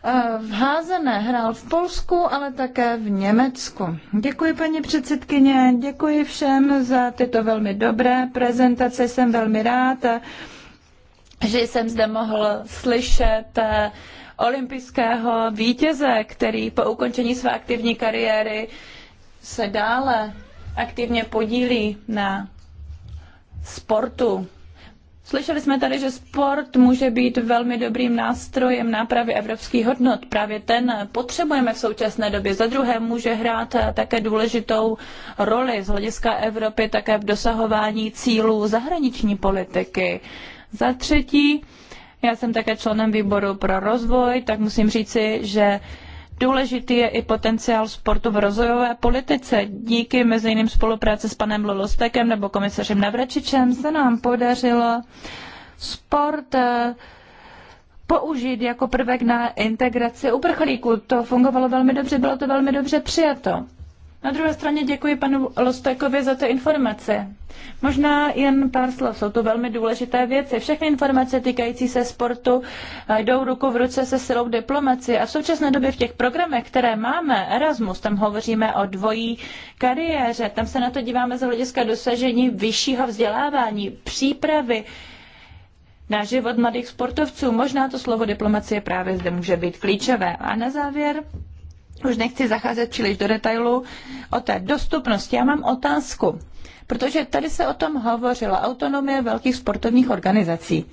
Eh, v házené hrál v Polsku, ale také v Německu. Děkuji paní předsedkyně, děkuji všem za tyto velmi dobré prezentace, jsem velmi rád, že jsem zde mohl slyšet eh, olympijského vítěze, který po ukončení své aktivní kariéry se dále aktivně podílí na sportu Slyšeli jsme tady, že sport může být velmi dobrým nástrojem nápravy evropských hodnot. Právě ten potřebujeme v současné době. Za druhé může hrát také důležitou roli z hlediska Evropy také v dosahování cílů zahraniční politiky. Za třetí, já jsem také členem výboru pro rozvoj, tak musím říci, že Důležitý je i potenciál sportu v rozvojové politice. Díky mezi jiným spolupráci s panem Lolostekem nebo komisařem Navračičem se nám podařilo sport eh, použít jako prvek na integraci uprchlíků. To fungovalo velmi dobře, bylo to velmi dobře přijato. Na druhé straně děkuji panu Lostekovi za ty informace. Možná jen pár slov, jsou to velmi důležité věci. Všechny informace týkající se sportu eh, jdou ruku v ruce se silou diplomacie a v současné době v těch programech, které máme, Erasmus, tam hovoříme o dvojí kariéře, tam se na to díváme z hlediska dosažení vyššího vzdělávání, přípravy na život mladých sportovců. Možná to slovo diplomacie právě zde může být klíčové. A na závěr už nechci zacházet příliš do detailu o té dostupnosti. Já mám otázku, protože tady se o tom hovořila autonomie velkých sportovních organizací.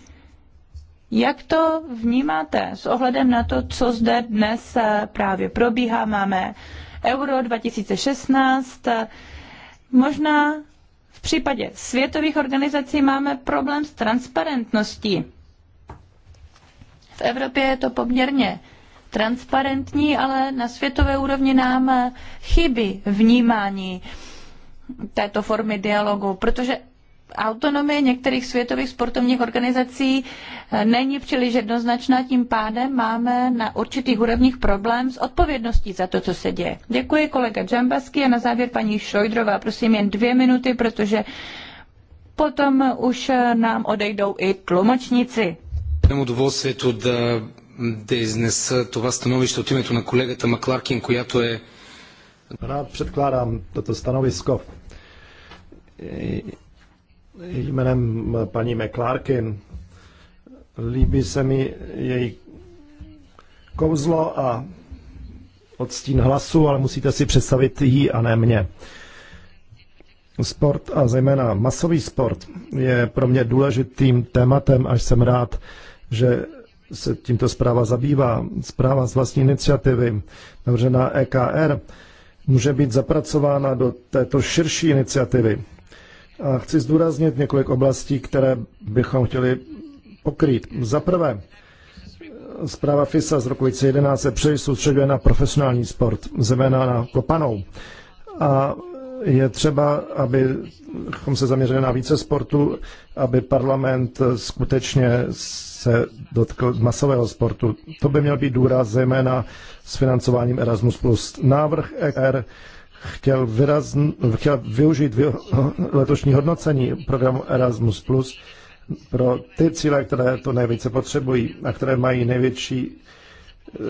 Jak to vnímáte s ohledem na to, co zde dnes eh, právě probíhá? Máme Euro 2016. Možná v případě světových organizací máme problém s transparentností. V Evropě je to poměrně transparentní, ale na světové úrovni nám chybí vnímání této formy dialogu, protože autonomie některých světových sportovních organizací eh, není příliš jednoznačná, tím pádem máme na určitých úrovních problém s odpovědností za to, co se děje. Děkuji kolega Džambasky a na závěr paní Šojdrová, prosím jen dvě minuty, protože potom už eh, nám odejdou i tlumočníci. da да изнеса това становище от името на колегата Макларкин, която е... Rád předkládám toto stanovisko jménem paní McClarkin. Líbí se mi její kouzlo a odstín hlasu, ale musíte si představit jí a ne mě. Sport a zejména masový sport je pro mě důležitým tématem, až jsem rád, že se tímto zpráva zabývá. Zpráva z vlastní iniciativy, navržená EKR, může být zapracována do této širší iniciativy. A chci zdůraznit několik oblastí, které bychom chtěli pokrýt. Za prvé, zpráva FISA z roku 2011 se přeji soustředuje na profesionální sport, zejména na kopanou. A je třeba, abychom se zaměřili na více sportu, aby parlament skutečně se dotkl masového sportu. To by měl být důraz zejména s financováním Erasmus+. Návrh ER chtěl, vyrazn, chtěl využít letošní hodnocení programu Erasmus+, pro ty cíle, které to nejvíce potřebují a které mají největší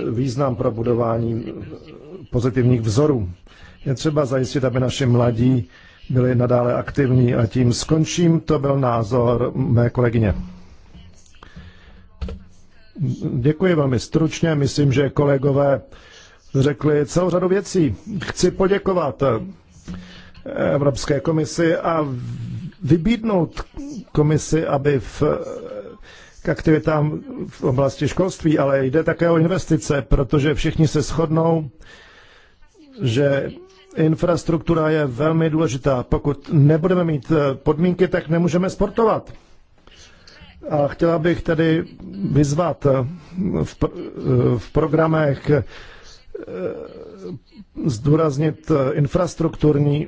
eh, význam pro budování pozitivních vzorů. Je třeba zajistit, aby naši mladí byli nadále aktivní a tím skončím. To byl názor mé kolegyně. Děkuji velmi stručně. Myslím, že kolegové řekli celou řadu věcí. Chci poděkovat Evropské komisi a vybídnout komisi, aby v, k aktivitám v oblasti školství, ale jde také o investice, protože všichni se shodnou, že infrastruktura je velmi důležitá. Pokud nebudeme mít eh, podmínky, tak nemůžeme sportovat. A chtěla bych tedy vyzvat eh, v, eh, v programech zdůraznit infrastrukturní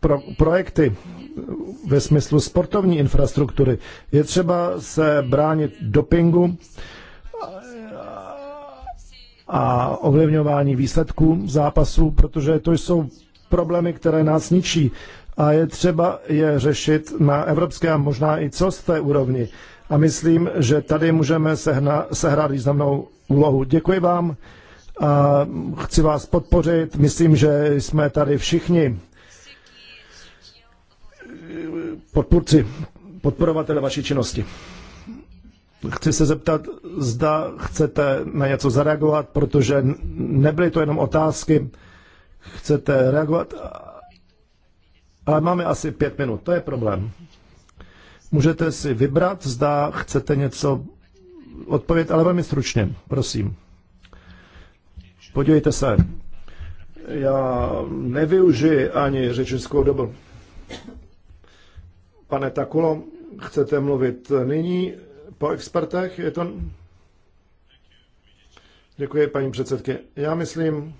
pro, projekty ve smyslu sportovní infrastruktury. Je třeba se bránit dopingu a ovlivňování výsledků zápasů, protože to jsou problémy, které nás ničí a je třeba je řešit na evropské a možná i celosté úrovni. A myslím, že tady můžeme sehna, sehrát významnou úlohu. Děkuji vám a chci vás podpořit. Myslím, že jsme tady všichni podpůrci, podporovatele vaší činnosti chci se zeptat, zda chcete na něco zareagovat, protože nebyly to jenom otázky, chcete reagovat, ale máme asi pět minut, to je problém. Můžete si vybrat, zda chcete něco odpovědět, ale velmi stručně, prosím. Podívejte se, já nevyužiji ani řečnickou dobu. Pane Takulo, chcete mluvit nyní po expertech? Je to... Děkuji, paní předsedky. Já myslím,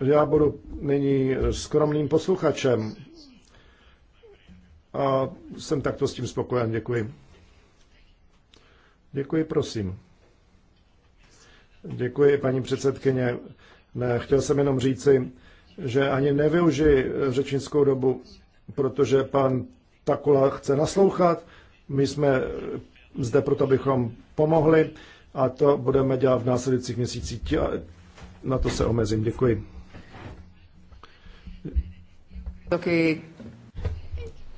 já budu nyní skromným posluchačem a jsem takto s tím spokojen. Děkuji. Děkuji, prosím. Děkuji, paní předsedkyně. Ne, chtěl jsem jenom říci, že ani nevyužiji řečnickou dobu, protože pan Takula chce naslouchat my jsme zde proto, abychom pomohli a to budeme dělat v následujících měsících. Na to se omezím. Děkuji.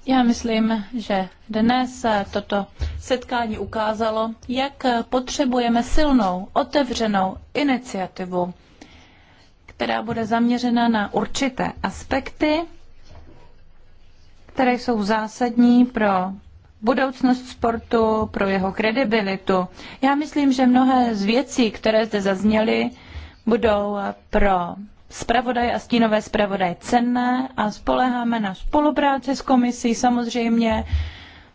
Já myslím, že dnes toto setkání ukázalo, jak potřebujeme silnou, otevřenou iniciativu, která bude zaměřena na určité aspekty, které jsou zásadní pro budoucnost sportu, pro jeho kredibilitu. Já myslím, že mnohé z věcí, které zde zazněly, budou pro zpravodaj a stínové zpravodaj cenné a spoleháme na spolupráci s komisí samozřejmě,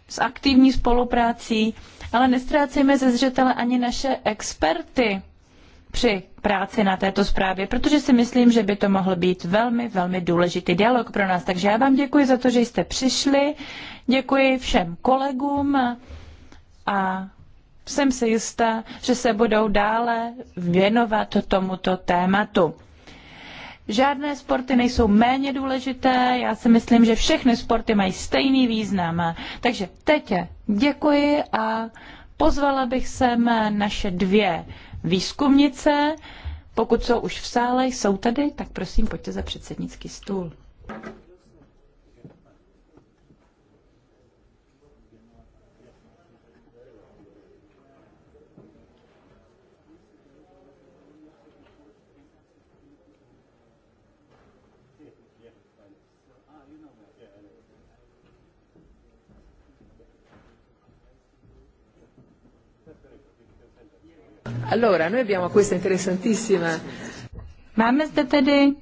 s aktivní spoluprácí, ale nestrácejme ze zřetele ani naše experty, při práci na této zprávě, protože si myslím, že by to mohl být velmi, velmi důležitý dialog pro nás. Takže já vám děkuji za to, že jste přišli, děkuji všem kolegům a jsem si jistá, že se budou dále věnovat tomuto tématu. Žádné sporty nejsou méně důležité, já si myslím, že všechny sporty mají stejný význam. Takže teď děkuji a pozvala bych sem naše dvě výzkumnice. Pokud jsou už v sále, jsou tady, tak prosím, pojďte za předsednický stůl. Allora, noi abbiamo questa interessantissima... Máme zde tedy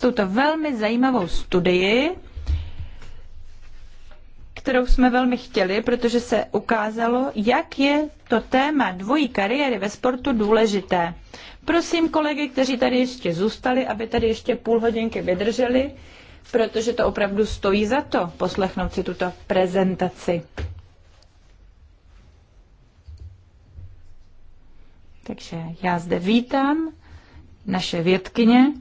tuto velmi zajímavou studii, kterou jsme velmi chtěli, protože se ukázalo, jak je to téma dvojí kariéry ve sportu důležité. Prosím kolegy, kteří tady ještě zůstali, aby tady ještě půl hodinky vydrželi, protože to opravdu stojí za to poslechnout si tuto prezentaci. Takže já zde vítám naše vědkyně.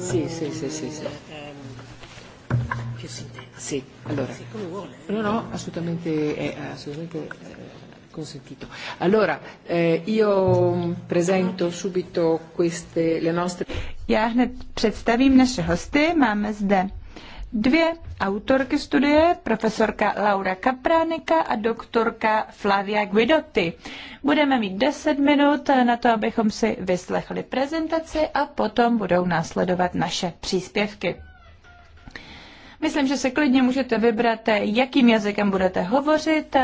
Sì, sì, sì, sì, sì. Sì, allora. No, no, assolutamente, è eh, assolutamente eh, consentito. Allora, eh, io presento subito queste, le nostre... Já hned představím naše hosty. Máme zde dvě autorky studie, profesorka Laura Kapránika a doktorka Flavia Guidotti. Budeme mít 10 minut na to, abychom si vyslechli prezentaci a potom budou následovat naše příspěvky. Myslím, že se klidně můžete vybrat, jakým jazykem budete hovořit.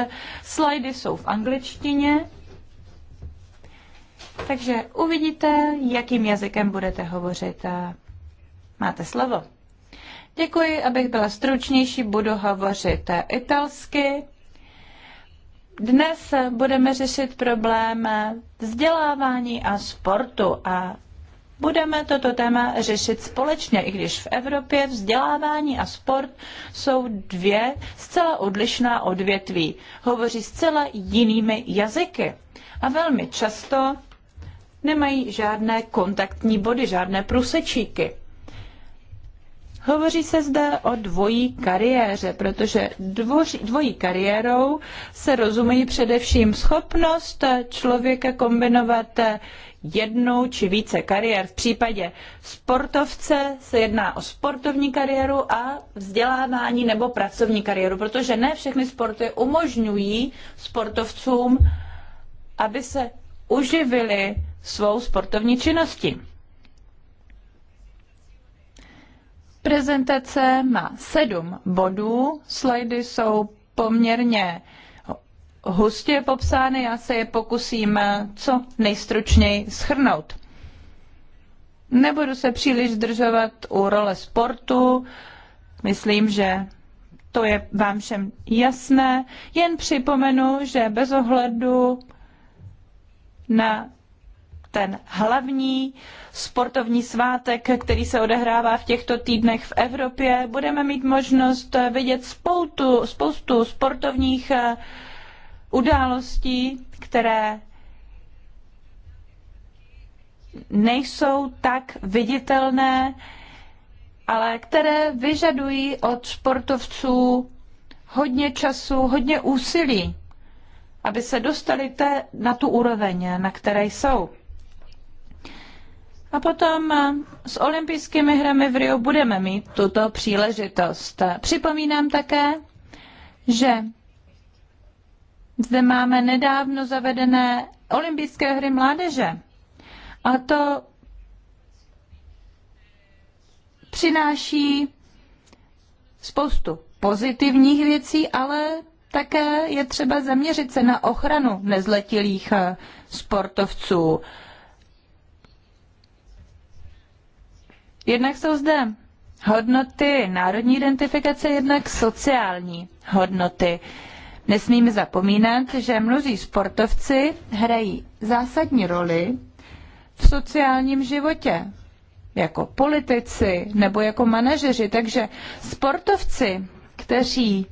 Slidy jsou v angličtině. Takže uvidíte, jakým jazykem budete hovořit. Máte slovo. Děkuji, abych byla stručnější, budu hovořit italsky. Dnes budeme řešit problém vzdělávání a sportu a budeme toto téma řešit společně, i když v Evropě vzdělávání a sport jsou dvě zcela odlišná odvětví. Hovoří zcela jinými jazyky a velmi často nemají žádné kontaktní body, žádné průsečíky. Hovoří se zde o dvojí kariéře, protože dvoř, dvojí kariérou se rozumí především schopnost člověka kombinovat jednu či více kariér. V případě sportovce se jedná o sportovní kariéru a vzdělávání nebo pracovní kariéru, protože ne všechny sporty umožňují sportovcům, aby se uživili svou sportovní činností. Prezentace má sedm bodů, slidy jsou poměrně hustě popsány, já se je pokusím co nejstručněji schrnout. Nebudu se příliš zdržovat u role sportu, myslím, že to je vám všem jasné. Jen připomenu, že bez ohledu na ten hlavní sportovní svátek, který se odehrává v těchto týdnech v Evropě. Budeme mít možnost vidět spoustu, spoustu sportovních eh, událostí, které nejsou tak viditelné, ale které vyžadují od sportovců hodně času, hodně úsilí, aby se dostali na tu úroveň, na které jsou. A potom eh, s olympijskými hrami v Rio budeme mít tuto příležitost. Připomínám také, že zde máme nedávno zavedené olympijské hry mládeže. A to přináší spoustu pozitivních věcí, ale také je třeba zaměřit se na ochranu nezletilých eh, sportovců. Jednak jsou zde hodnoty národní identifikace, jednak sociální hodnoty. Nesmíme zapomínat, že mnozí sportovci hrají zásadní roli v sociálním životě, jako politici nebo jako manažeři. Takže sportovci, kteří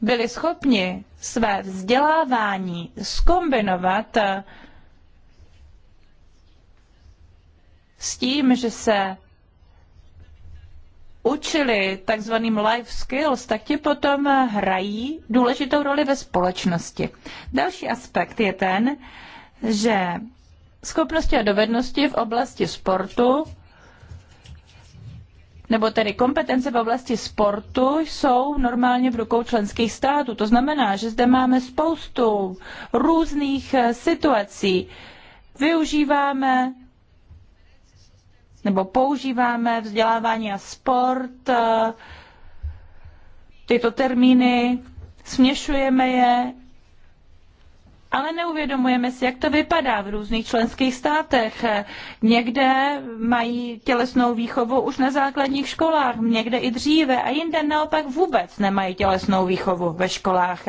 byli schopni své vzdělávání skombinovat eh, s tím, že se učili takzvaným life skills, tak ti potom hrají důležitou roli ve společnosti. Další aspekt je ten, že schopnosti a dovednosti v oblasti sportu nebo tedy kompetence v oblasti sportu jsou normálně v rukou členských států. To znamená, že zde máme spoustu různých eh, situací. Využíváme nebo používáme vzdělávání a sport, eh, tyto termíny, směšujeme je, ale neuvědomujeme si, jak to vypadá v různých členských státech. Někde mají tělesnou výchovu už na základních školách, někde i dříve a jinde naopak vůbec nemají tělesnou výchovu ve školách.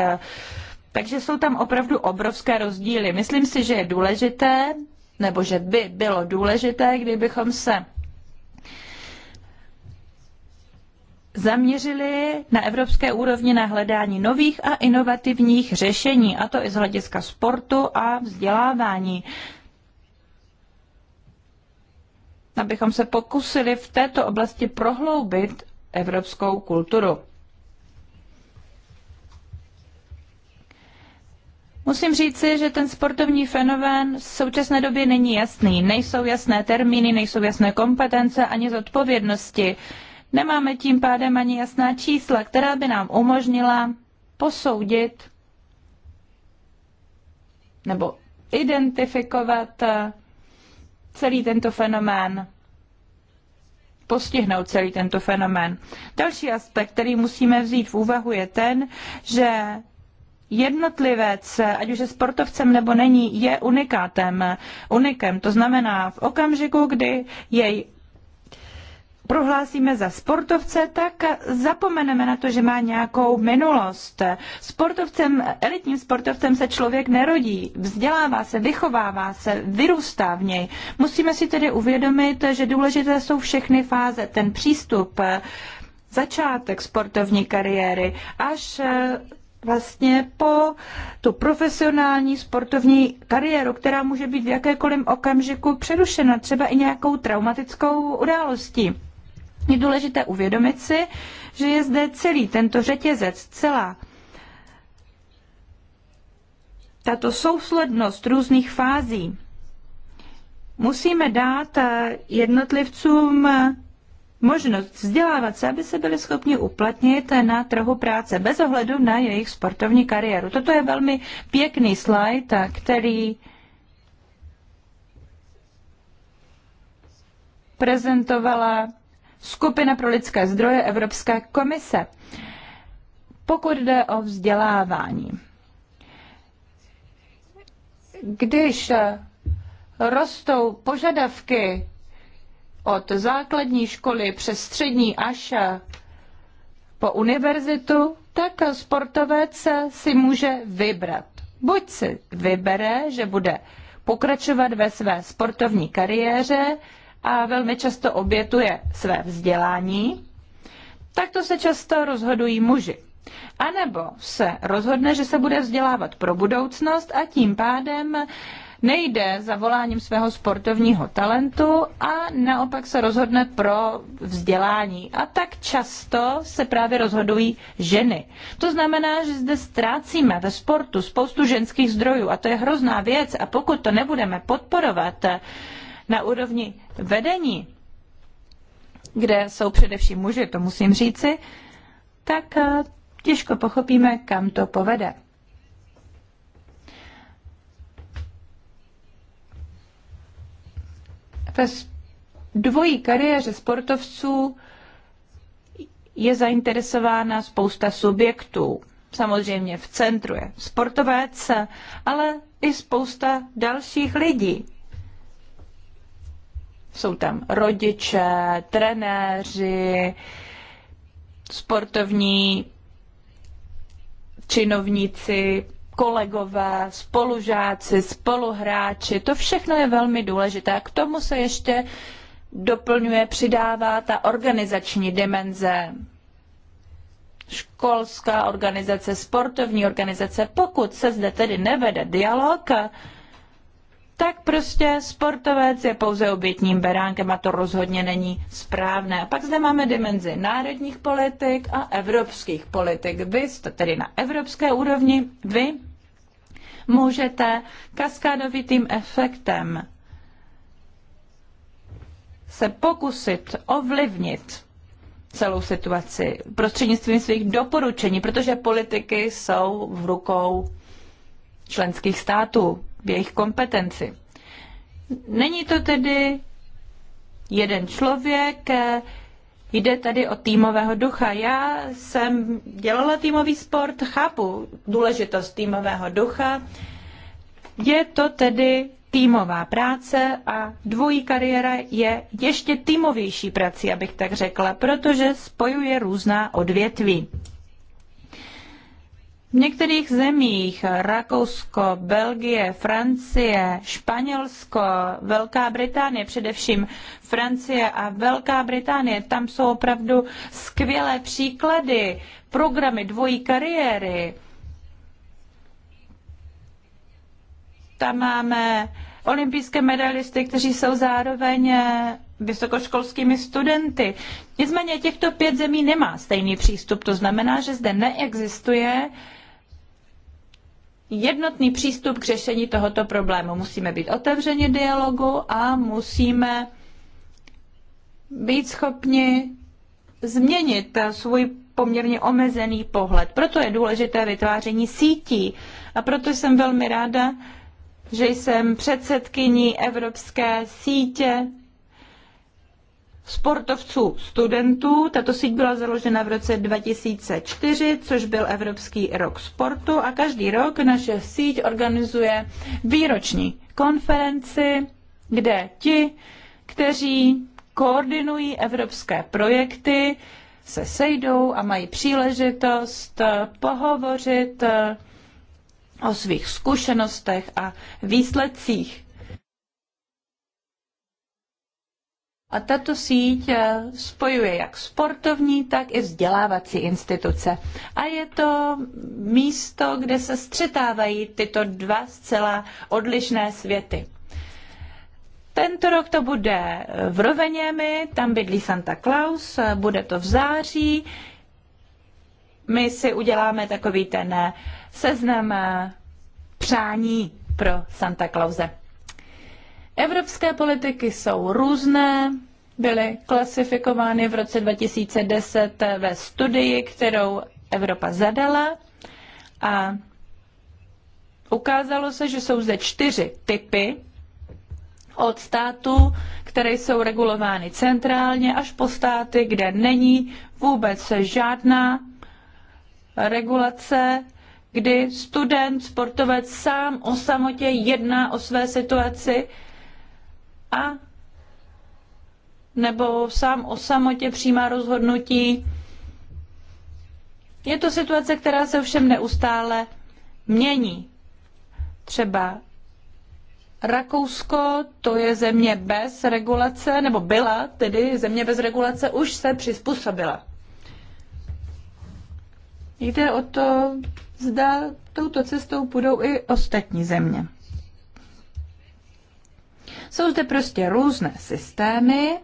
Takže jsou tam opravdu obrovské rozdíly. Myslím si, že je důležité nebo že by bylo důležité, kdybychom se zaměřili na evropské úrovni na hledání nových a inovativních řešení, a to i z hlediska sportu a vzdělávání. Abychom se pokusili v této oblasti prohloubit evropskou kulturu. Musím říci, že ten sportovní fenomén v současné době není jasný. Nejsou jasné termíny, nejsou jasné kompetence ani zodpovědnosti. Nemáme tím pádem ani jasná čísla, která by nám umožnila posoudit nebo identifikovat eh, celý tento fenomén, postihnout celý tento fenomén. Další aspekt, který musíme vzít v úvahu, je ten, že jednotlivec, ať už je sportovcem nebo není, je unikátem, unikem. To znamená, v okamžiku, kdy jej prohlásíme za sportovce, tak zapomeneme na to, že má nějakou minulost. Sportovcem, elitním sportovcem se člověk nerodí, vzdělává se, vychovává se, vyrůstá v něj. Musíme si tedy uvědomit, že důležité jsou všechny fáze, ten přístup, začátek sportovní kariéry, až vlastně po tu profesionální sportovní kariéru, která může být v jakékoliv okamžiku přerušena, třeba i nějakou traumatickou událostí. Je důležité uvědomit si, že je zde celý tento řetězec, celá tato souslednost různých fází. Musíme dát jednotlivcům možnost vzdělávat se, aby se byli schopni uplatnit na trhu práce bez ohledu na jejich sportovní kariéru. Toto je velmi pěkný slide, který prezentovala Skupina pro lidské zdroje Evropské komise. Pokud jde o vzdělávání, když rostou požadavky od základní školy přes střední až po univerzitu, tak sportovec si může vybrat. Buď si vybere, že bude pokračovat ve své sportovní kariéře a velmi často obětuje své vzdělání, tak to se často rozhodují muži. A nebo se rozhodne, že se bude vzdělávat pro budoucnost a tím pádem nejde za voláním svého sportovního talentu a naopak se rozhodne pro vzdělání. A tak často se právě rozhodují ženy. To znamená, že zde ztrácíme ve sportu spoustu ženských zdrojů a to je hrozná věc a pokud to nebudeme podporovat na úrovni vedení, kde jsou především muži, to musím říci, tak eh, těžko pochopíme, kam to povede. ve dvojí kariéře sportovců je zainteresována spousta subjektů. Samozřejmě v centru je sportovec, ale i spousta dalších lidí. Jsou tam rodiče, trenéři, sportovní činovníci, kolegové, spolužáci, spoluhráči, to všechno je velmi důležité. A k tomu se ještě doplňuje, přidává ta organizační dimenze. Školská organizace, sportovní organizace, pokud se zde tedy nevede dialog, tak prostě sportovec je pouze obětním beránkem a to rozhodně není správné. A pak zde máme dimenzi národních politik a evropských politik. Vy jste tedy na evropské úrovni, vy můžete kaskádovitým efektem se pokusit ovlivnit celou situaci prostřednictvím svých doporučení, protože politiky jsou v rukou členských států v jejich kompetenci. Není to tedy jeden člověk, jde tady o týmového ducha. Já jsem dělala týmový sport, chápu důležitost týmového ducha. Je to tedy týmová práce a dvojí kariéra je ještě týmovější prací, abych tak řekla, protože spojuje různá odvětví. V některých zemích, Rakousko, Belgie, Francie, Španělsko, Velká Británie, především Francie a Velká Británie, tam jsou opravdu skvělé příklady, programy dvojí kariéry. Tam máme olympijské medailisty, kteří jsou zároveň vysokoškolskými studenty. Nicméně těchto pět zemí nemá stejný přístup. To znamená, že zde neexistuje jednotný přístup k řešení tohoto problému. Musíme být otevřeni dialogu a musíme být schopni změnit svůj poměrně omezený pohled. Proto je důležité vytváření sítí a proto jsem velmi ráda, že jsem předsedkyní Evropské sítě sportovců, studentů. Tato síť byla založena v roce 2004, což byl Evropský rok sportu a každý rok naše síť organizuje výroční konferenci, kde ti, kteří koordinují evropské projekty, se sejdou a mají příležitost eh, pohovořit eh, o svých zkušenostech a výsledcích A tato síť eh, spojuje jak sportovní, tak i vzdělávací instituce. A je to místo, kde se střetávají tyto dva zcela odlišné světy. Tento rok to bude v Roveněmi, tam bydlí Santa Claus, eh, bude to v září. My si uděláme takový ten eh, seznam přání pro Santa Clause. Evropské politiky jsou různé, byly klasifikovány v roce 2010 ve studii, kterou Evropa zadala a ukázalo se, že jsou zde čtyři typy od států, které jsou regulovány centrálně, až po státy, kde není vůbec žádná regulace, kdy student, sportovec sám o samotě jedná o své situaci a nebo sám o samotě přijímá rozhodnutí. Je to situace, která se ovšem neustále mění. Třeba Rakousko, to je země bez regulace, nebo byla tedy země bez regulace, už se přizpůsobila. Jde o to, zda touto cestou půjdou i ostatní země. Jsou zde prostě různé systémy,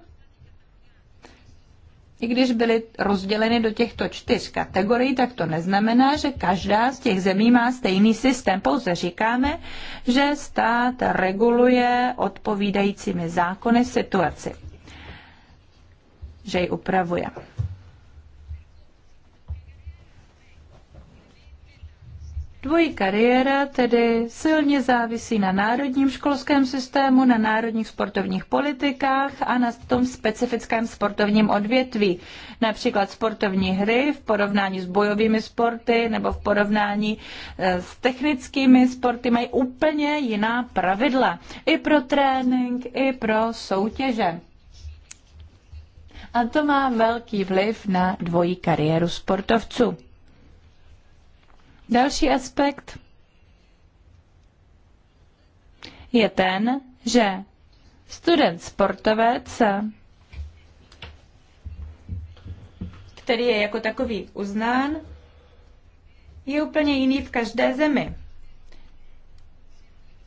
i když byly rozděleny do těchto čtyř kategorií, tak to neznamená, že každá z těch zemí má stejný systém. Pouze říkáme, že stát reguluje odpovídajícími zákony situaci, že ji upravuje. Dvojí kariéra tedy silně závisí na národním školském systému, na národních sportovních politikách a na tom specifickém sportovním odvětví. Například sportovní hry v porovnání s bojovými sporty nebo v porovnání eh, s technickými sporty mají úplně jiná pravidla. I pro trénink, i pro soutěže. A to má velký vliv na dvojí kariéru sportovců. Další aspekt je ten, že student sportovec, který je jako takový uznán, je úplně jiný v každé zemi.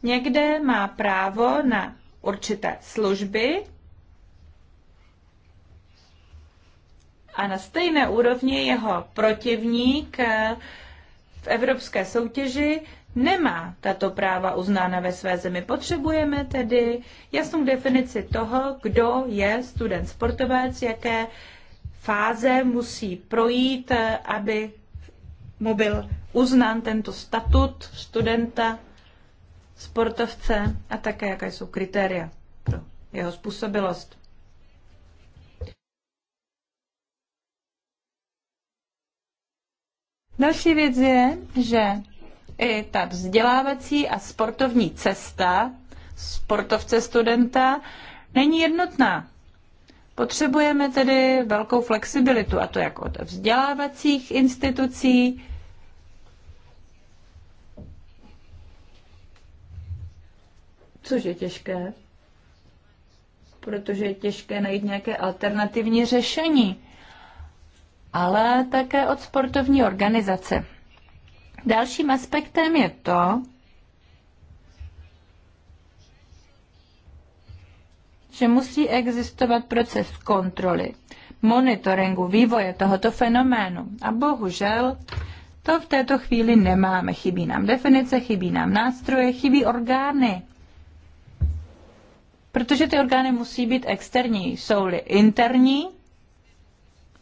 Někde má právo na určité služby a na stejné úrovni jeho protivník v evropské soutěži nemá tato práva uznána ve své zemi. Potřebujeme tedy jasnou definici toho, kdo je student sportovec, jaké fáze musí projít, aby mu byl uznán tento statut studenta, sportovce a také jaké jsou kritéria pro jeho způsobilost. Další věc je, že i ta vzdělávací a sportovní cesta sportovce studenta není jednotná. Potřebujeme tedy velkou flexibilitu, a to jak od vzdělávacích institucí, což je těžké, protože je těžké najít nějaké alternativní řešení ale také od sportovní organizace. Dalším aspektem je to, že musí existovat proces kontroly, monitoringu vývoje tohoto fenoménu. A bohužel to v této chvíli nemáme. Chybí nám definice, chybí nám nástroje, chybí orgány. Protože ty orgány musí být externí. Jsou-li interní,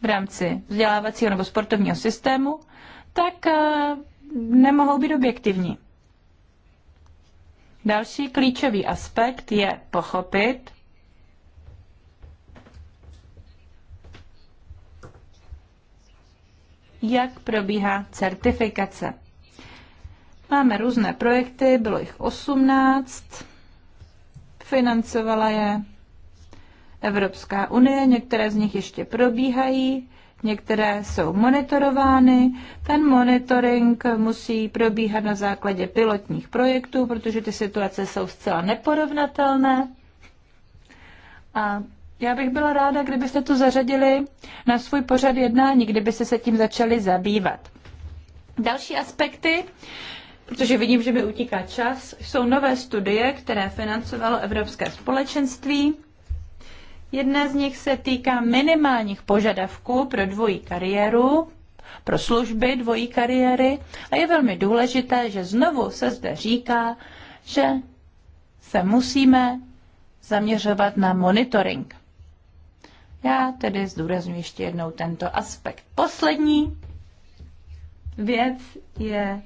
v rámci vzdělávacího nebo sportovního systému, tak eh, nemohou být objektivní. Další klíčový aspekt je pochopit, jak probíhá certifikace. Máme různé projekty, bylo jich 18, financovala je Evropská unie, některé z nich ještě probíhají, některé jsou monitorovány. Ten monitoring musí probíhat na základě pilotních projektů, protože ty situace jsou zcela neporovnatelné. A já bych byla ráda, kdybyste to zařadili na svůj pořad jednání, kdybyste se tím začali zabývat. Další aspekty, protože vidím, že mi utíká čas, jsou nové studie, které financovalo Evropské společenství Jedna z nich se týká minimálních požadavků pro dvojí kariéru, pro služby dvojí kariéry a je velmi důležité, že znovu se zde říká, že se musíme zaměřovat na monitoring. Já tedy zdůraznuju ještě jednou tento aspekt. Poslední věc je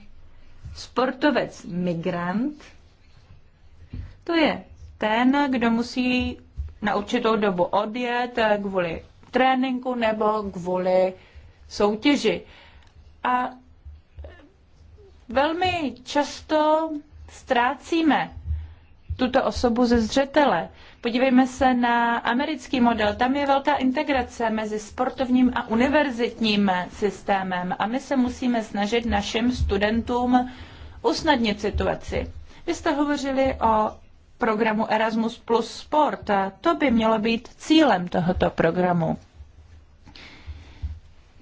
sportovec migrant. To je ten, kdo musí na určitou dobu odjet kvůli tréninku nebo kvůli soutěži. A velmi často ztrácíme tuto osobu ze zřetele. Podívejme se na americký model. Tam je velká integrace mezi sportovním a univerzitním systémem a my se musíme snažit našim studentům usnadnit situaci. Vy jste hovořili o programu Erasmus plus sport. A to by mělo být cílem tohoto programu.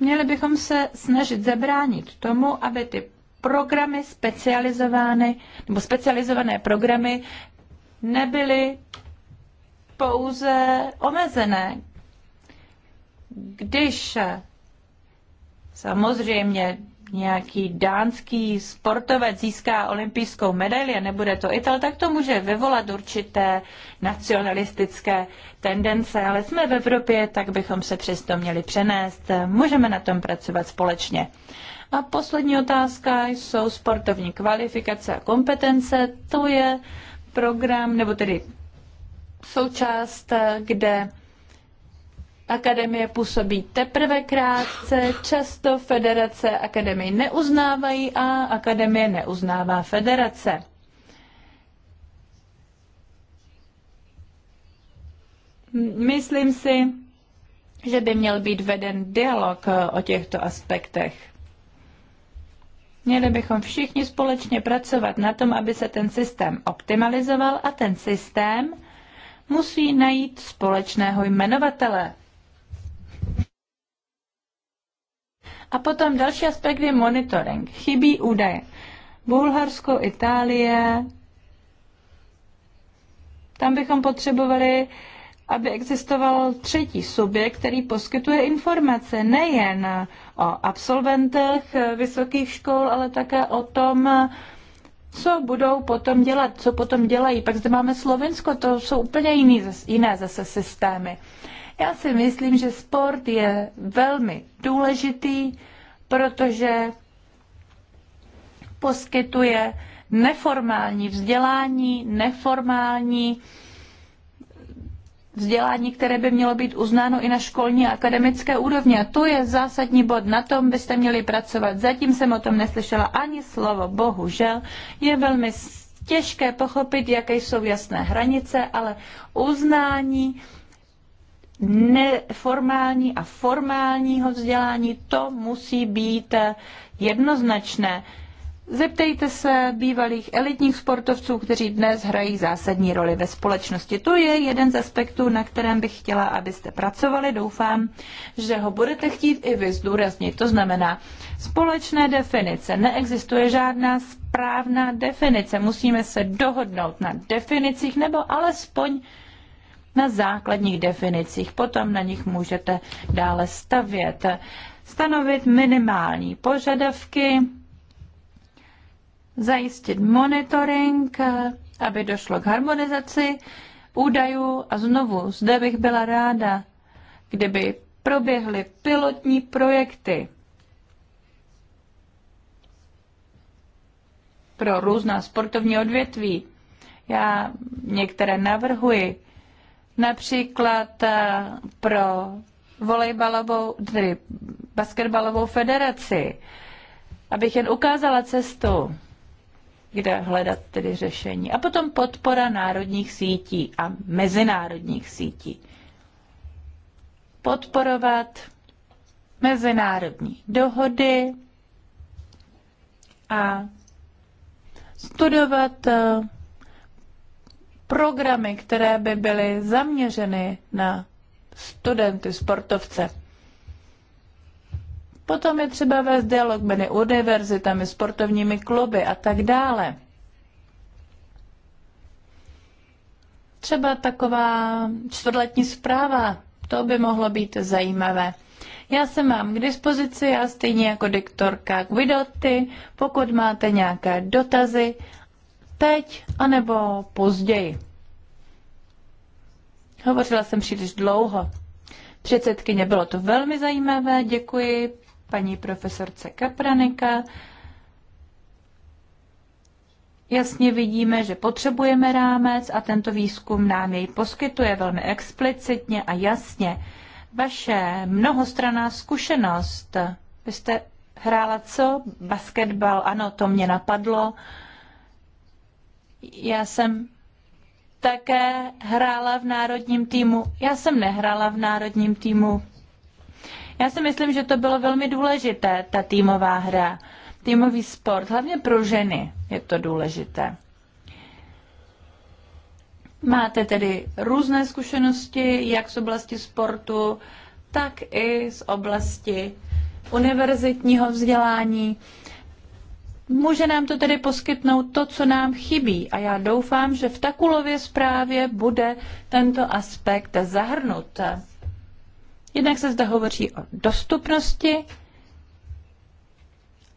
Měli bychom se snažit zabránit tomu, aby ty programy specializované, nebo specializované programy nebyly pouze omezené. Když samozřejmě nějaký dánský sportovec získá olympijskou medaili a nebude to Ital, tak to může vyvolat určité nacionalistické tendence, ale jsme v Evropě, tak bychom se přesto měli přenést. Můžeme na tom pracovat společně. A poslední otázka jsou sportovní kvalifikace a kompetence. To je program, nebo tedy součást, kde Akademie působí teprve krátce, často federace akademii neuznávají a akademie neuznává federace. Myslím si, že by měl být veden dialog o těchto aspektech. Měli bychom všichni společně pracovat na tom, aby se ten systém optimalizoval a ten systém musí najít společného jmenovatele A potom další aspekt je monitoring. Chybí údaje. Bulharsko, Itálie, tam bychom potřebovali, aby existoval třetí subjekt, který poskytuje informace nejen o absolventech vysokých škol, ale také o tom, co budou potom dělat, co potom dělají. Pak zde máme Slovensko, to jsou úplně jiný, jiné zase systémy. Já si myslím, že sport je velmi důležitý, protože poskytuje neformální vzdělání, neformální vzdělání, které by mělo být uznáno i na školní a akademické úrovni. A to je zásadní bod, na tom byste měli pracovat. Zatím jsem o tom neslyšela ani slovo, bohužel. Je velmi těžké pochopit, jaké jsou jasné hranice, ale uznání neformální a formálního vzdělání, to musí být jednoznačné. Zeptejte se bývalých elitních sportovců, kteří dnes hrají zásadní roli ve společnosti. To je jeden z aspektů, na kterém bych chtěla, abyste pracovali. Doufám, že ho budete chtít i vy zdůraznit. To znamená, společné definice. Neexistuje žádná správná definice. Musíme se dohodnout na definicích nebo alespoň na základních definicích. Potom na nich můžete dále stavět. Stanovit minimální požadavky, zajistit monitoring, aby došlo k harmonizaci údajů. A znovu, zde bych byla ráda, kdyby proběhly pilotní projekty pro různá sportovní odvětví. Já některé navrhuji, například eh, pro volejbalovou, tedy basketbalovou federaci, abych jen ukázala cestu, kde hledat tedy řešení. A potom podpora národních sítí a mezinárodních sítí. Podporovat mezinárodní dohody a studovat eh, programy, které by byly zaměřeny na studenty, sportovce. Potom je třeba vést dialog mezi univerzitami, sportovními kluby a tak dále. Třeba taková čtvrtletní zpráva, to by mohlo být zajímavé. Já se mám k dispozici, já stejně jako diktorka Guidoty, pokud máte nějaké dotazy teď anebo později. Hovořila jsem příliš dlouho. Předsedkyně, bylo to velmi zajímavé. Děkuji paní profesorce Kapranika. Jasně vidíme, že potřebujeme rámec a tento výzkum nám jej poskytuje velmi explicitně a jasně. Vaše mnohostraná zkušenost, vy jste hrála co? Basketbal, ano, to mě napadlo. Uh, já jsem také hrála v národním týmu. Já jsem nehrála v národním týmu. Já si myslím, že to bylo velmi důležité, ta týmová hra. Týmový sport, hlavně pro ženy je to důležité. Máte tedy různé zkušenosti, jak z oblasti sportu, tak i z oblasti univerzitního vzdělání. Může nám to tedy poskytnout to, co nám chybí a já doufám, že v Takulově zprávě bude tento aspekt zahrnut. Jednak se zde hovoří o dostupnosti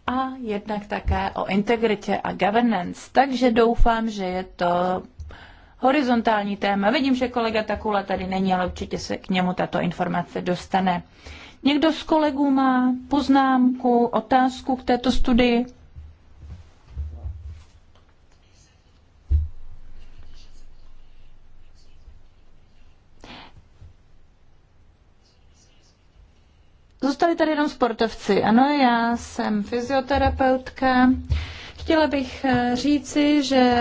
a jednak také o integritě a governance. Takže doufám, že je to horizontální téma. Vidím, že kolega Takula tady není, ale určitě se k němu tato informace dostane. Někdo z kolegů má poznámku, otázku k této studii? Zůstali tady jenom sportovci. Ano, já jsem fyzioterapeutka. Chtěla bych eh, říci, že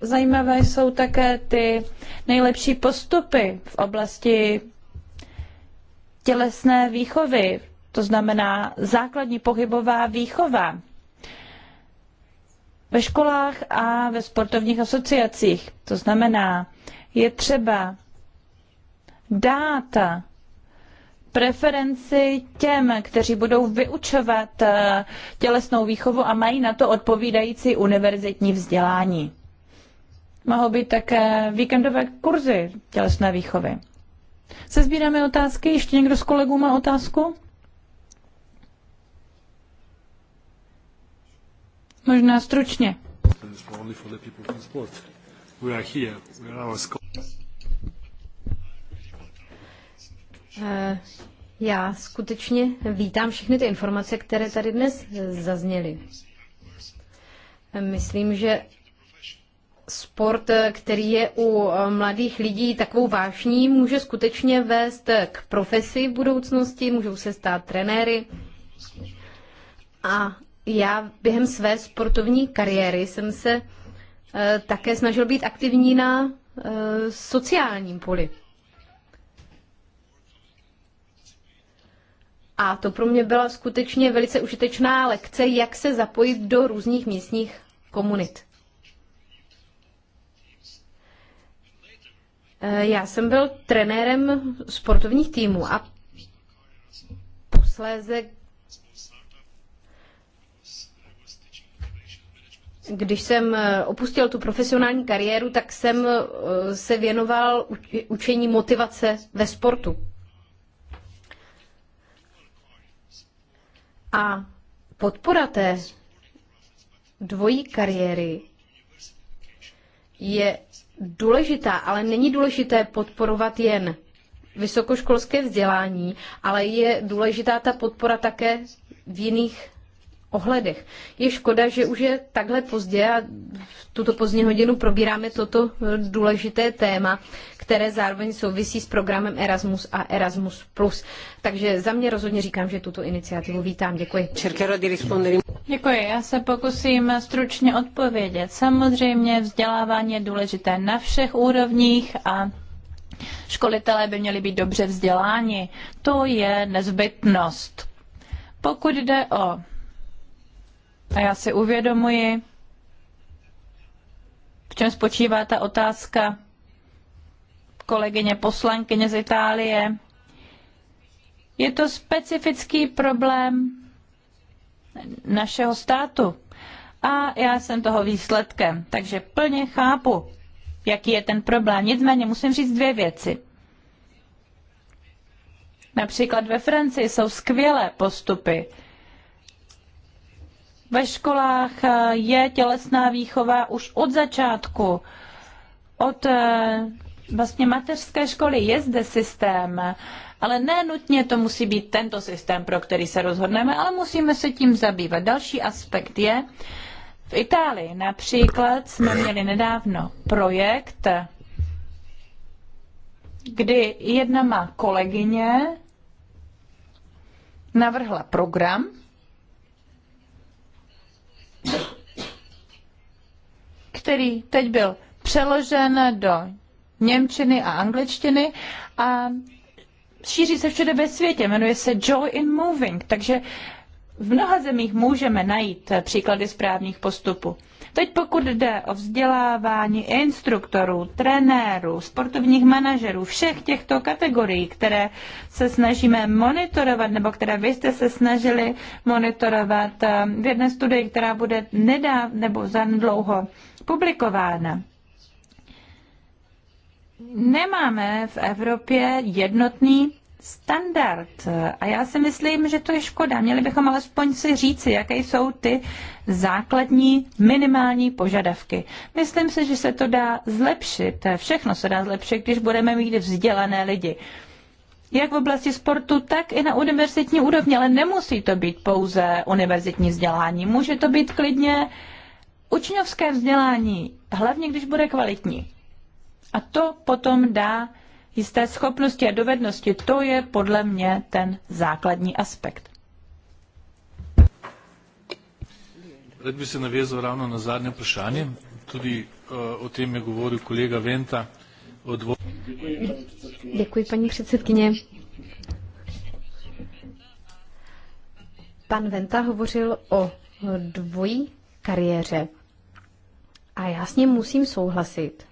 zajímavé jsou také ty nejlepší postupy v oblasti tělesné výchovy, to znamená základní pohybová výchova ve školách a ve sportovních asociacích. To znamená, je třeba dát preferenci těm, kteří budou vyučovat eh, tělesnou výchovu a mají na to odpovídající univerzitní vzdělání. Mohou být také víkendové kurzy tělesné výchovy. Sezbíráme otázky. Ještě někdo z kolegů má otázku? Možná stručně. Eh, já skutečně vítám všechny ty informace, které tady dnes zazněly. Myslím, že sport, který je u eh, mladých lidí takovou vášní, může skutečně vést k profesi v budoucnosti, můžou se stát trenéry. A já během své sportovní kariéry jsem se eh, také snažil být aktivní na sociálním poli. A to pro mě byla skutečně velice užitečná lekce, jak se zapojit do různých místních komunit. E, já jsem byl trenérem sportovních týmů a posléze, když jsem e, opustil tu profesionální kariéru, tak jsem e, se věnoval učení motivace ve sportu. A podpora té dvojí kariéry je důležitá, ale není důležité podporovat jen vysokoškolské vzdělání, ale je důležitá ta podpora také v jiných ohledech. Je škoda, že už je takhle pozdě a v tuto pozdní hodinu probíráme toto eh, důležité téma, které zároveň souvisí s programem Erasmus a Erasmus+. Takže za mě rozhodně říkám, že tuto iniciativu vítám. Děkuji. Děkuji. Já se pokusím stručně odpovědět. Samozřejmě vzdělávání je důležité na všech úrovních a školitelé by měli být dobře vzděláni. To je nezbytnost. Pokud jde o a já si uvědomuji, v čem spočívá ta otázka kolegyně poslankyně z Itálie. Je to specifický problém našeho státu a já jsem toho výsledkem, takže plně chápu, jaký je ten problém. Nicméně musím říct dvě věci. Například ve Francii jsou skvělé postupy ve školách eh, je tělesná výchova už od začátku. Od eh, vlastně mateřské školy je zde systém, ale ne nutně to musí být tento systém, pro který se rozhodneme, ale musíme se tím zabývat. Další aspekt je, v Itálii například jsme měli nedávno projekt, kdy jedna má kolegyně navrhla program, který teď byl přeložen do Němčiny a angličtiny a šíří se všude ve světě, jmenuje se Joy in Moving, takže v mnoha zemích můžeme najít příklady správných postupů. Teď pokud jde o vzdělávání instruktorů, trenérů, sportovních manažerů, všech těchto kategorií, které se snažíme monitorovat, nebo které vy jste se snažili monitorovat eh, v jedné studii, která bude nedá nebo zanedlouho publikována. Nemáme v Evropě jednotný standard. A já si myslím, že to je škoda. Měli bychom alespoň si říci, jaké jsou ty základní minimální požadavky. Myslím si, že se to dá zlepšit. Všechno se dá zlepšit, když budeme mít vzdělané lidi. Jak v oblasti sportu, tak i na univerzitní úrovni, ale nemusí to být pouze univerzitní vzdělání. Může to být klidně učňovské vzdělání, hlavně když bude kvalitní. A to potom dá jisté schopnosti a dovednosti. To je podle mě ten základní aspekt. Rád bych se navězal ravno na zadnje vprašanje. Tudi uh, o tem je govoril kolega Venta. Odvo... Děkuji, paní předsedkyně. Pan Venta hovořil o dvojí kariéře. A já s ním musím souhlasit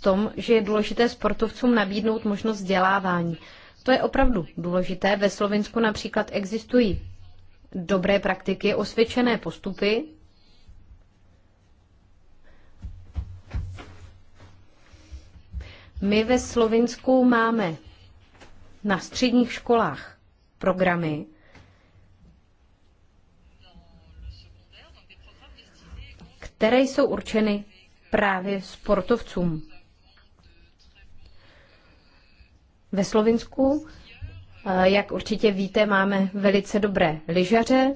tom, že je důležité sportovcům nabídnout možnost vzdělávání. To je opravdu důležité. Ve Slovensku například existují dobré praktiky, osvědčené postupy. My ve Slovinsku máme na středních školách programy, které jsou určeny právě sportovcům. Ve Slovinsku, eh, jak určitě víte, máme velice dobré lyžaře,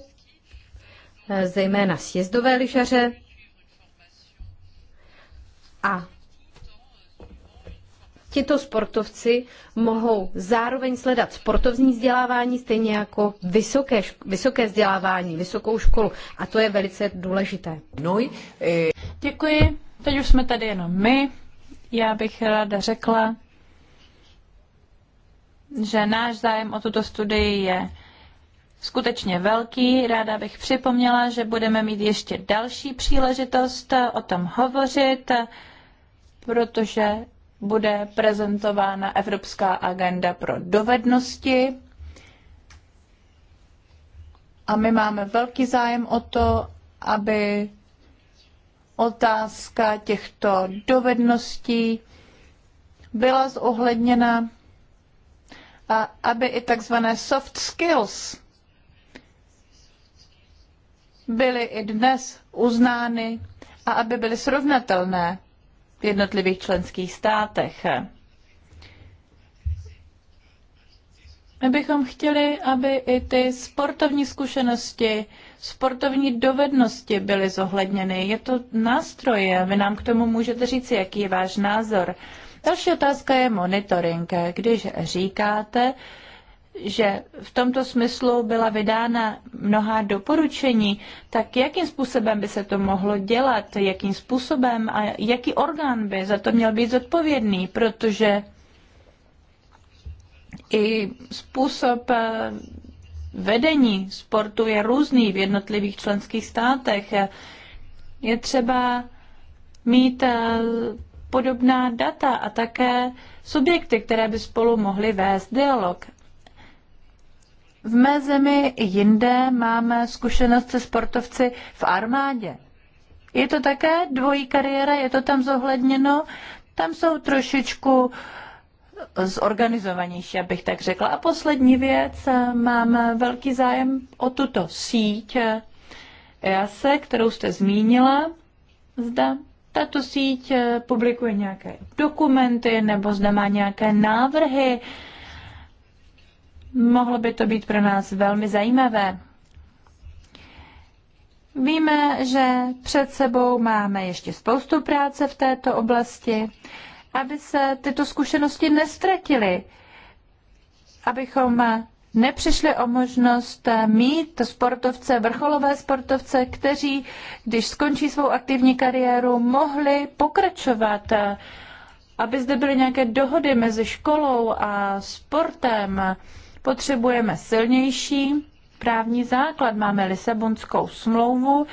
eh, zejména sjezdové lyžaře. A tito sportovci mohou zároveň sledat sportovní vzdělávání, stejně jako vysoké, vysoké vzdělávání, vysokou školu. A to je velice důležité. No, Děkuji. Teď už jsme tady jenom my. Já bych ráda řekla, že náš zájem o tuto studii je skutečně velký. Ráda bych připomněla, že budeme mít ještě další příležitost o tom hovořit, protože bude prezentována Evropská agenda pro dovednosti. A my máme velký zájem o to, aby otázka těchto dovedností byla zohledněna a aby i takzvané soft skills byly i dnes uznány a aby byly srovnatelné v jednotlivých členských státech. My bychom chtěli, aby i ty sportovní zkušenosti, sportovní dovednosti byly zohledněny. Je to nástroj vy nám k tomu můžete říct, jaký je váš názor. Další otázka je monitoring. Když říkáte, že v tomto smyslu byla vydána mnohá doporučení, tak jakým způsobem by se to mohlo dělat, jakým způsobem a jaký orgán by za to měl být zodpovědný, protože i způsob eh, vedení sportu je různý v jednotlivých členských státech. Je třeba mít eh, podobná data a také subjekty, které by spolu mohly vést dialog. V mé zemi i jinde máme zkušenost se sportovci v armádě. Je to také dvojí kariéra, je to tam zohledněno, tam jsou trošičku zorganizovanější, abych tak řekla. A poslední věc, mám velký zájem o tuto síť EASE, e, kterou jste zmínila. Zda tato síť eh, publikuje nějaké dokumenty nebo zde má nějaké návrhy. Mohlo by to být pro nás velmi zajímavé. Víme, že před sebou máme ještě spoustu práce v této oblasti, aby se tyto zkušenosti nestratily, abychom nepřišli o možnost eh, mít sportovce, vrcholové sportovce, kteří, když skončí svou aktivní kariéru, mohli pokračovat, eh, aby zde byly nějaké dohody mezi školou a sportem. Potřebujeme silnější právní základ. Máme Lisabonskou smlouvu,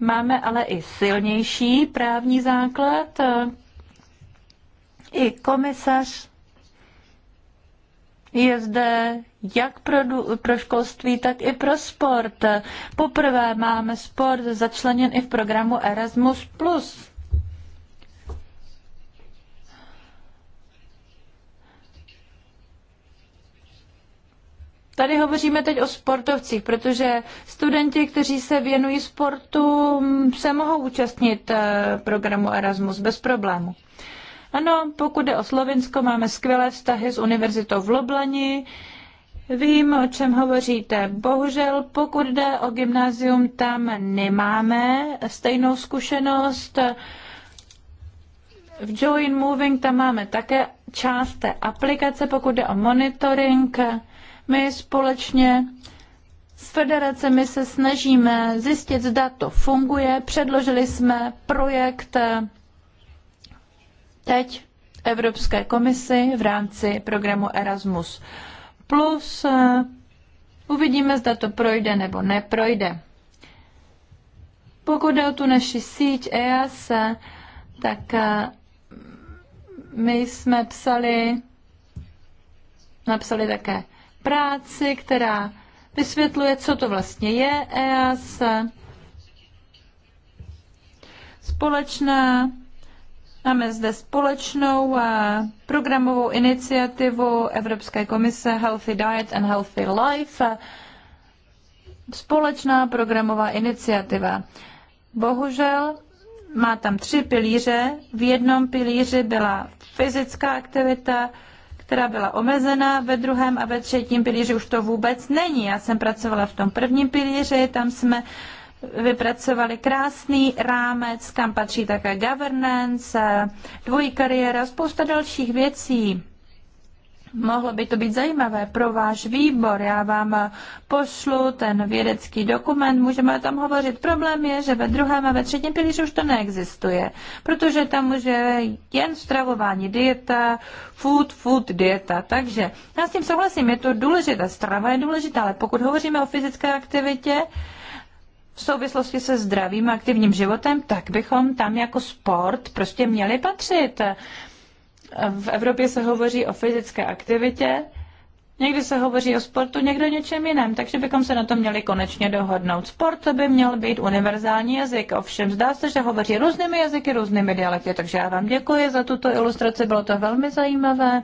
máme ale i silnější právní základ. Eh, I komisař je zde jak pro, pro školství, tak i pro sport. Poprvé máme sport začleněn i v programu Erasmus+. Tady hovoříme teď o sportovcích, protože studenti, kteří se věnují sportu, se mohou účastnit eh, programu Erasmus bez problému. Ano, pokud jde o Slovinsko, máme skvělé vztahy s univerzitou v Loblani. Vím, o čem hovoříte. Bohužel, pokud jde o gymnázium, tam nemáme stejnou zkušenost. V Join Moving tam máme také část té aplikace, pokud jde o monitoring. My společně s federacemi se snažíme zjistit, zda to funguje. Předložili jsme projekt teď Evropské komisi v rámci programu Erasmus. Plus eh, uvidíme, zda to projde nebo neprojde. Pokud jde o tu naši síť EAS, tak eh, my jsme psali, napsali také práci, která vysvětluje, co to vlastně je EAS, společná Máme zde společnou eh, programovou iniciativu Evropské komise Healthy Diet and Healthy Life. Společná programová iniciativa. Bohužel má tam tři pilíře. V jednom pilíři byla fyzická aktivita, která byla omezená, ve druhém a ve třetím pilíři už to vůbec není. Já jsem pracovala v tom prvním pilíři, tam jsme uh, vypracovali krásný rámec, kam patří také governance, dvojí kariéra, spousta dalších věcí. Mohlo by to být zajímavé pro váš výbor. Já vám pošlu ten vědecký dokument, můžeme o tom hovořit. Problém je, že ve druhém a ve třetím pilíři už to neexistuje, protože tam už je jen stravování dieta, food, food dieta. Takže já s tím souhlasím, je to důležité. Strava je důležitá, ale pokud hovoříme o fyzické aktivitě, v souvislosti se zdravým a aktivním životem, tak bychom tam jako sport prostě měli patřit. V Evropě se hovoří o fyzické aktivitě, někdy se hovoří o sportu, někdo o něčem jiném, takže bychom se na to měli konečně dohodnout. Sport by měl být univerzální jazyk, ovšem zdá se, že hovoří různými jazyky, různými dialekty, takže já vám děkuji za tuto ilustraci, bylo to velmi zajímavé.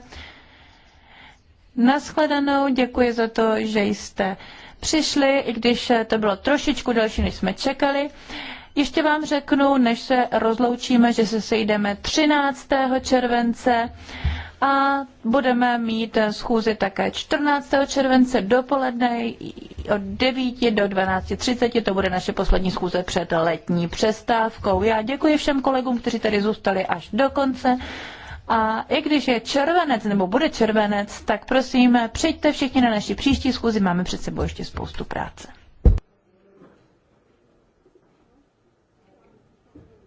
Naschledanou, děkuji za to, že jste přišli, i když eh, to bylo trošičku delší, než jsme čekali. Ještě vám řeknu, než se rozloučíme, že se sejdeme 13. července a budeme mít eh, schůzi také 14. července dopoledne od 9 do 12.30. To bude naše poslední schůze před letní přestávkou. Já děkuji všem kolegům, kteří tady zůstali až do konce. A i když je červenec nebo bude červenec, tak prosím, přijďte všichni na naši příští schůzi, máme před sebou ještě spoustu práce.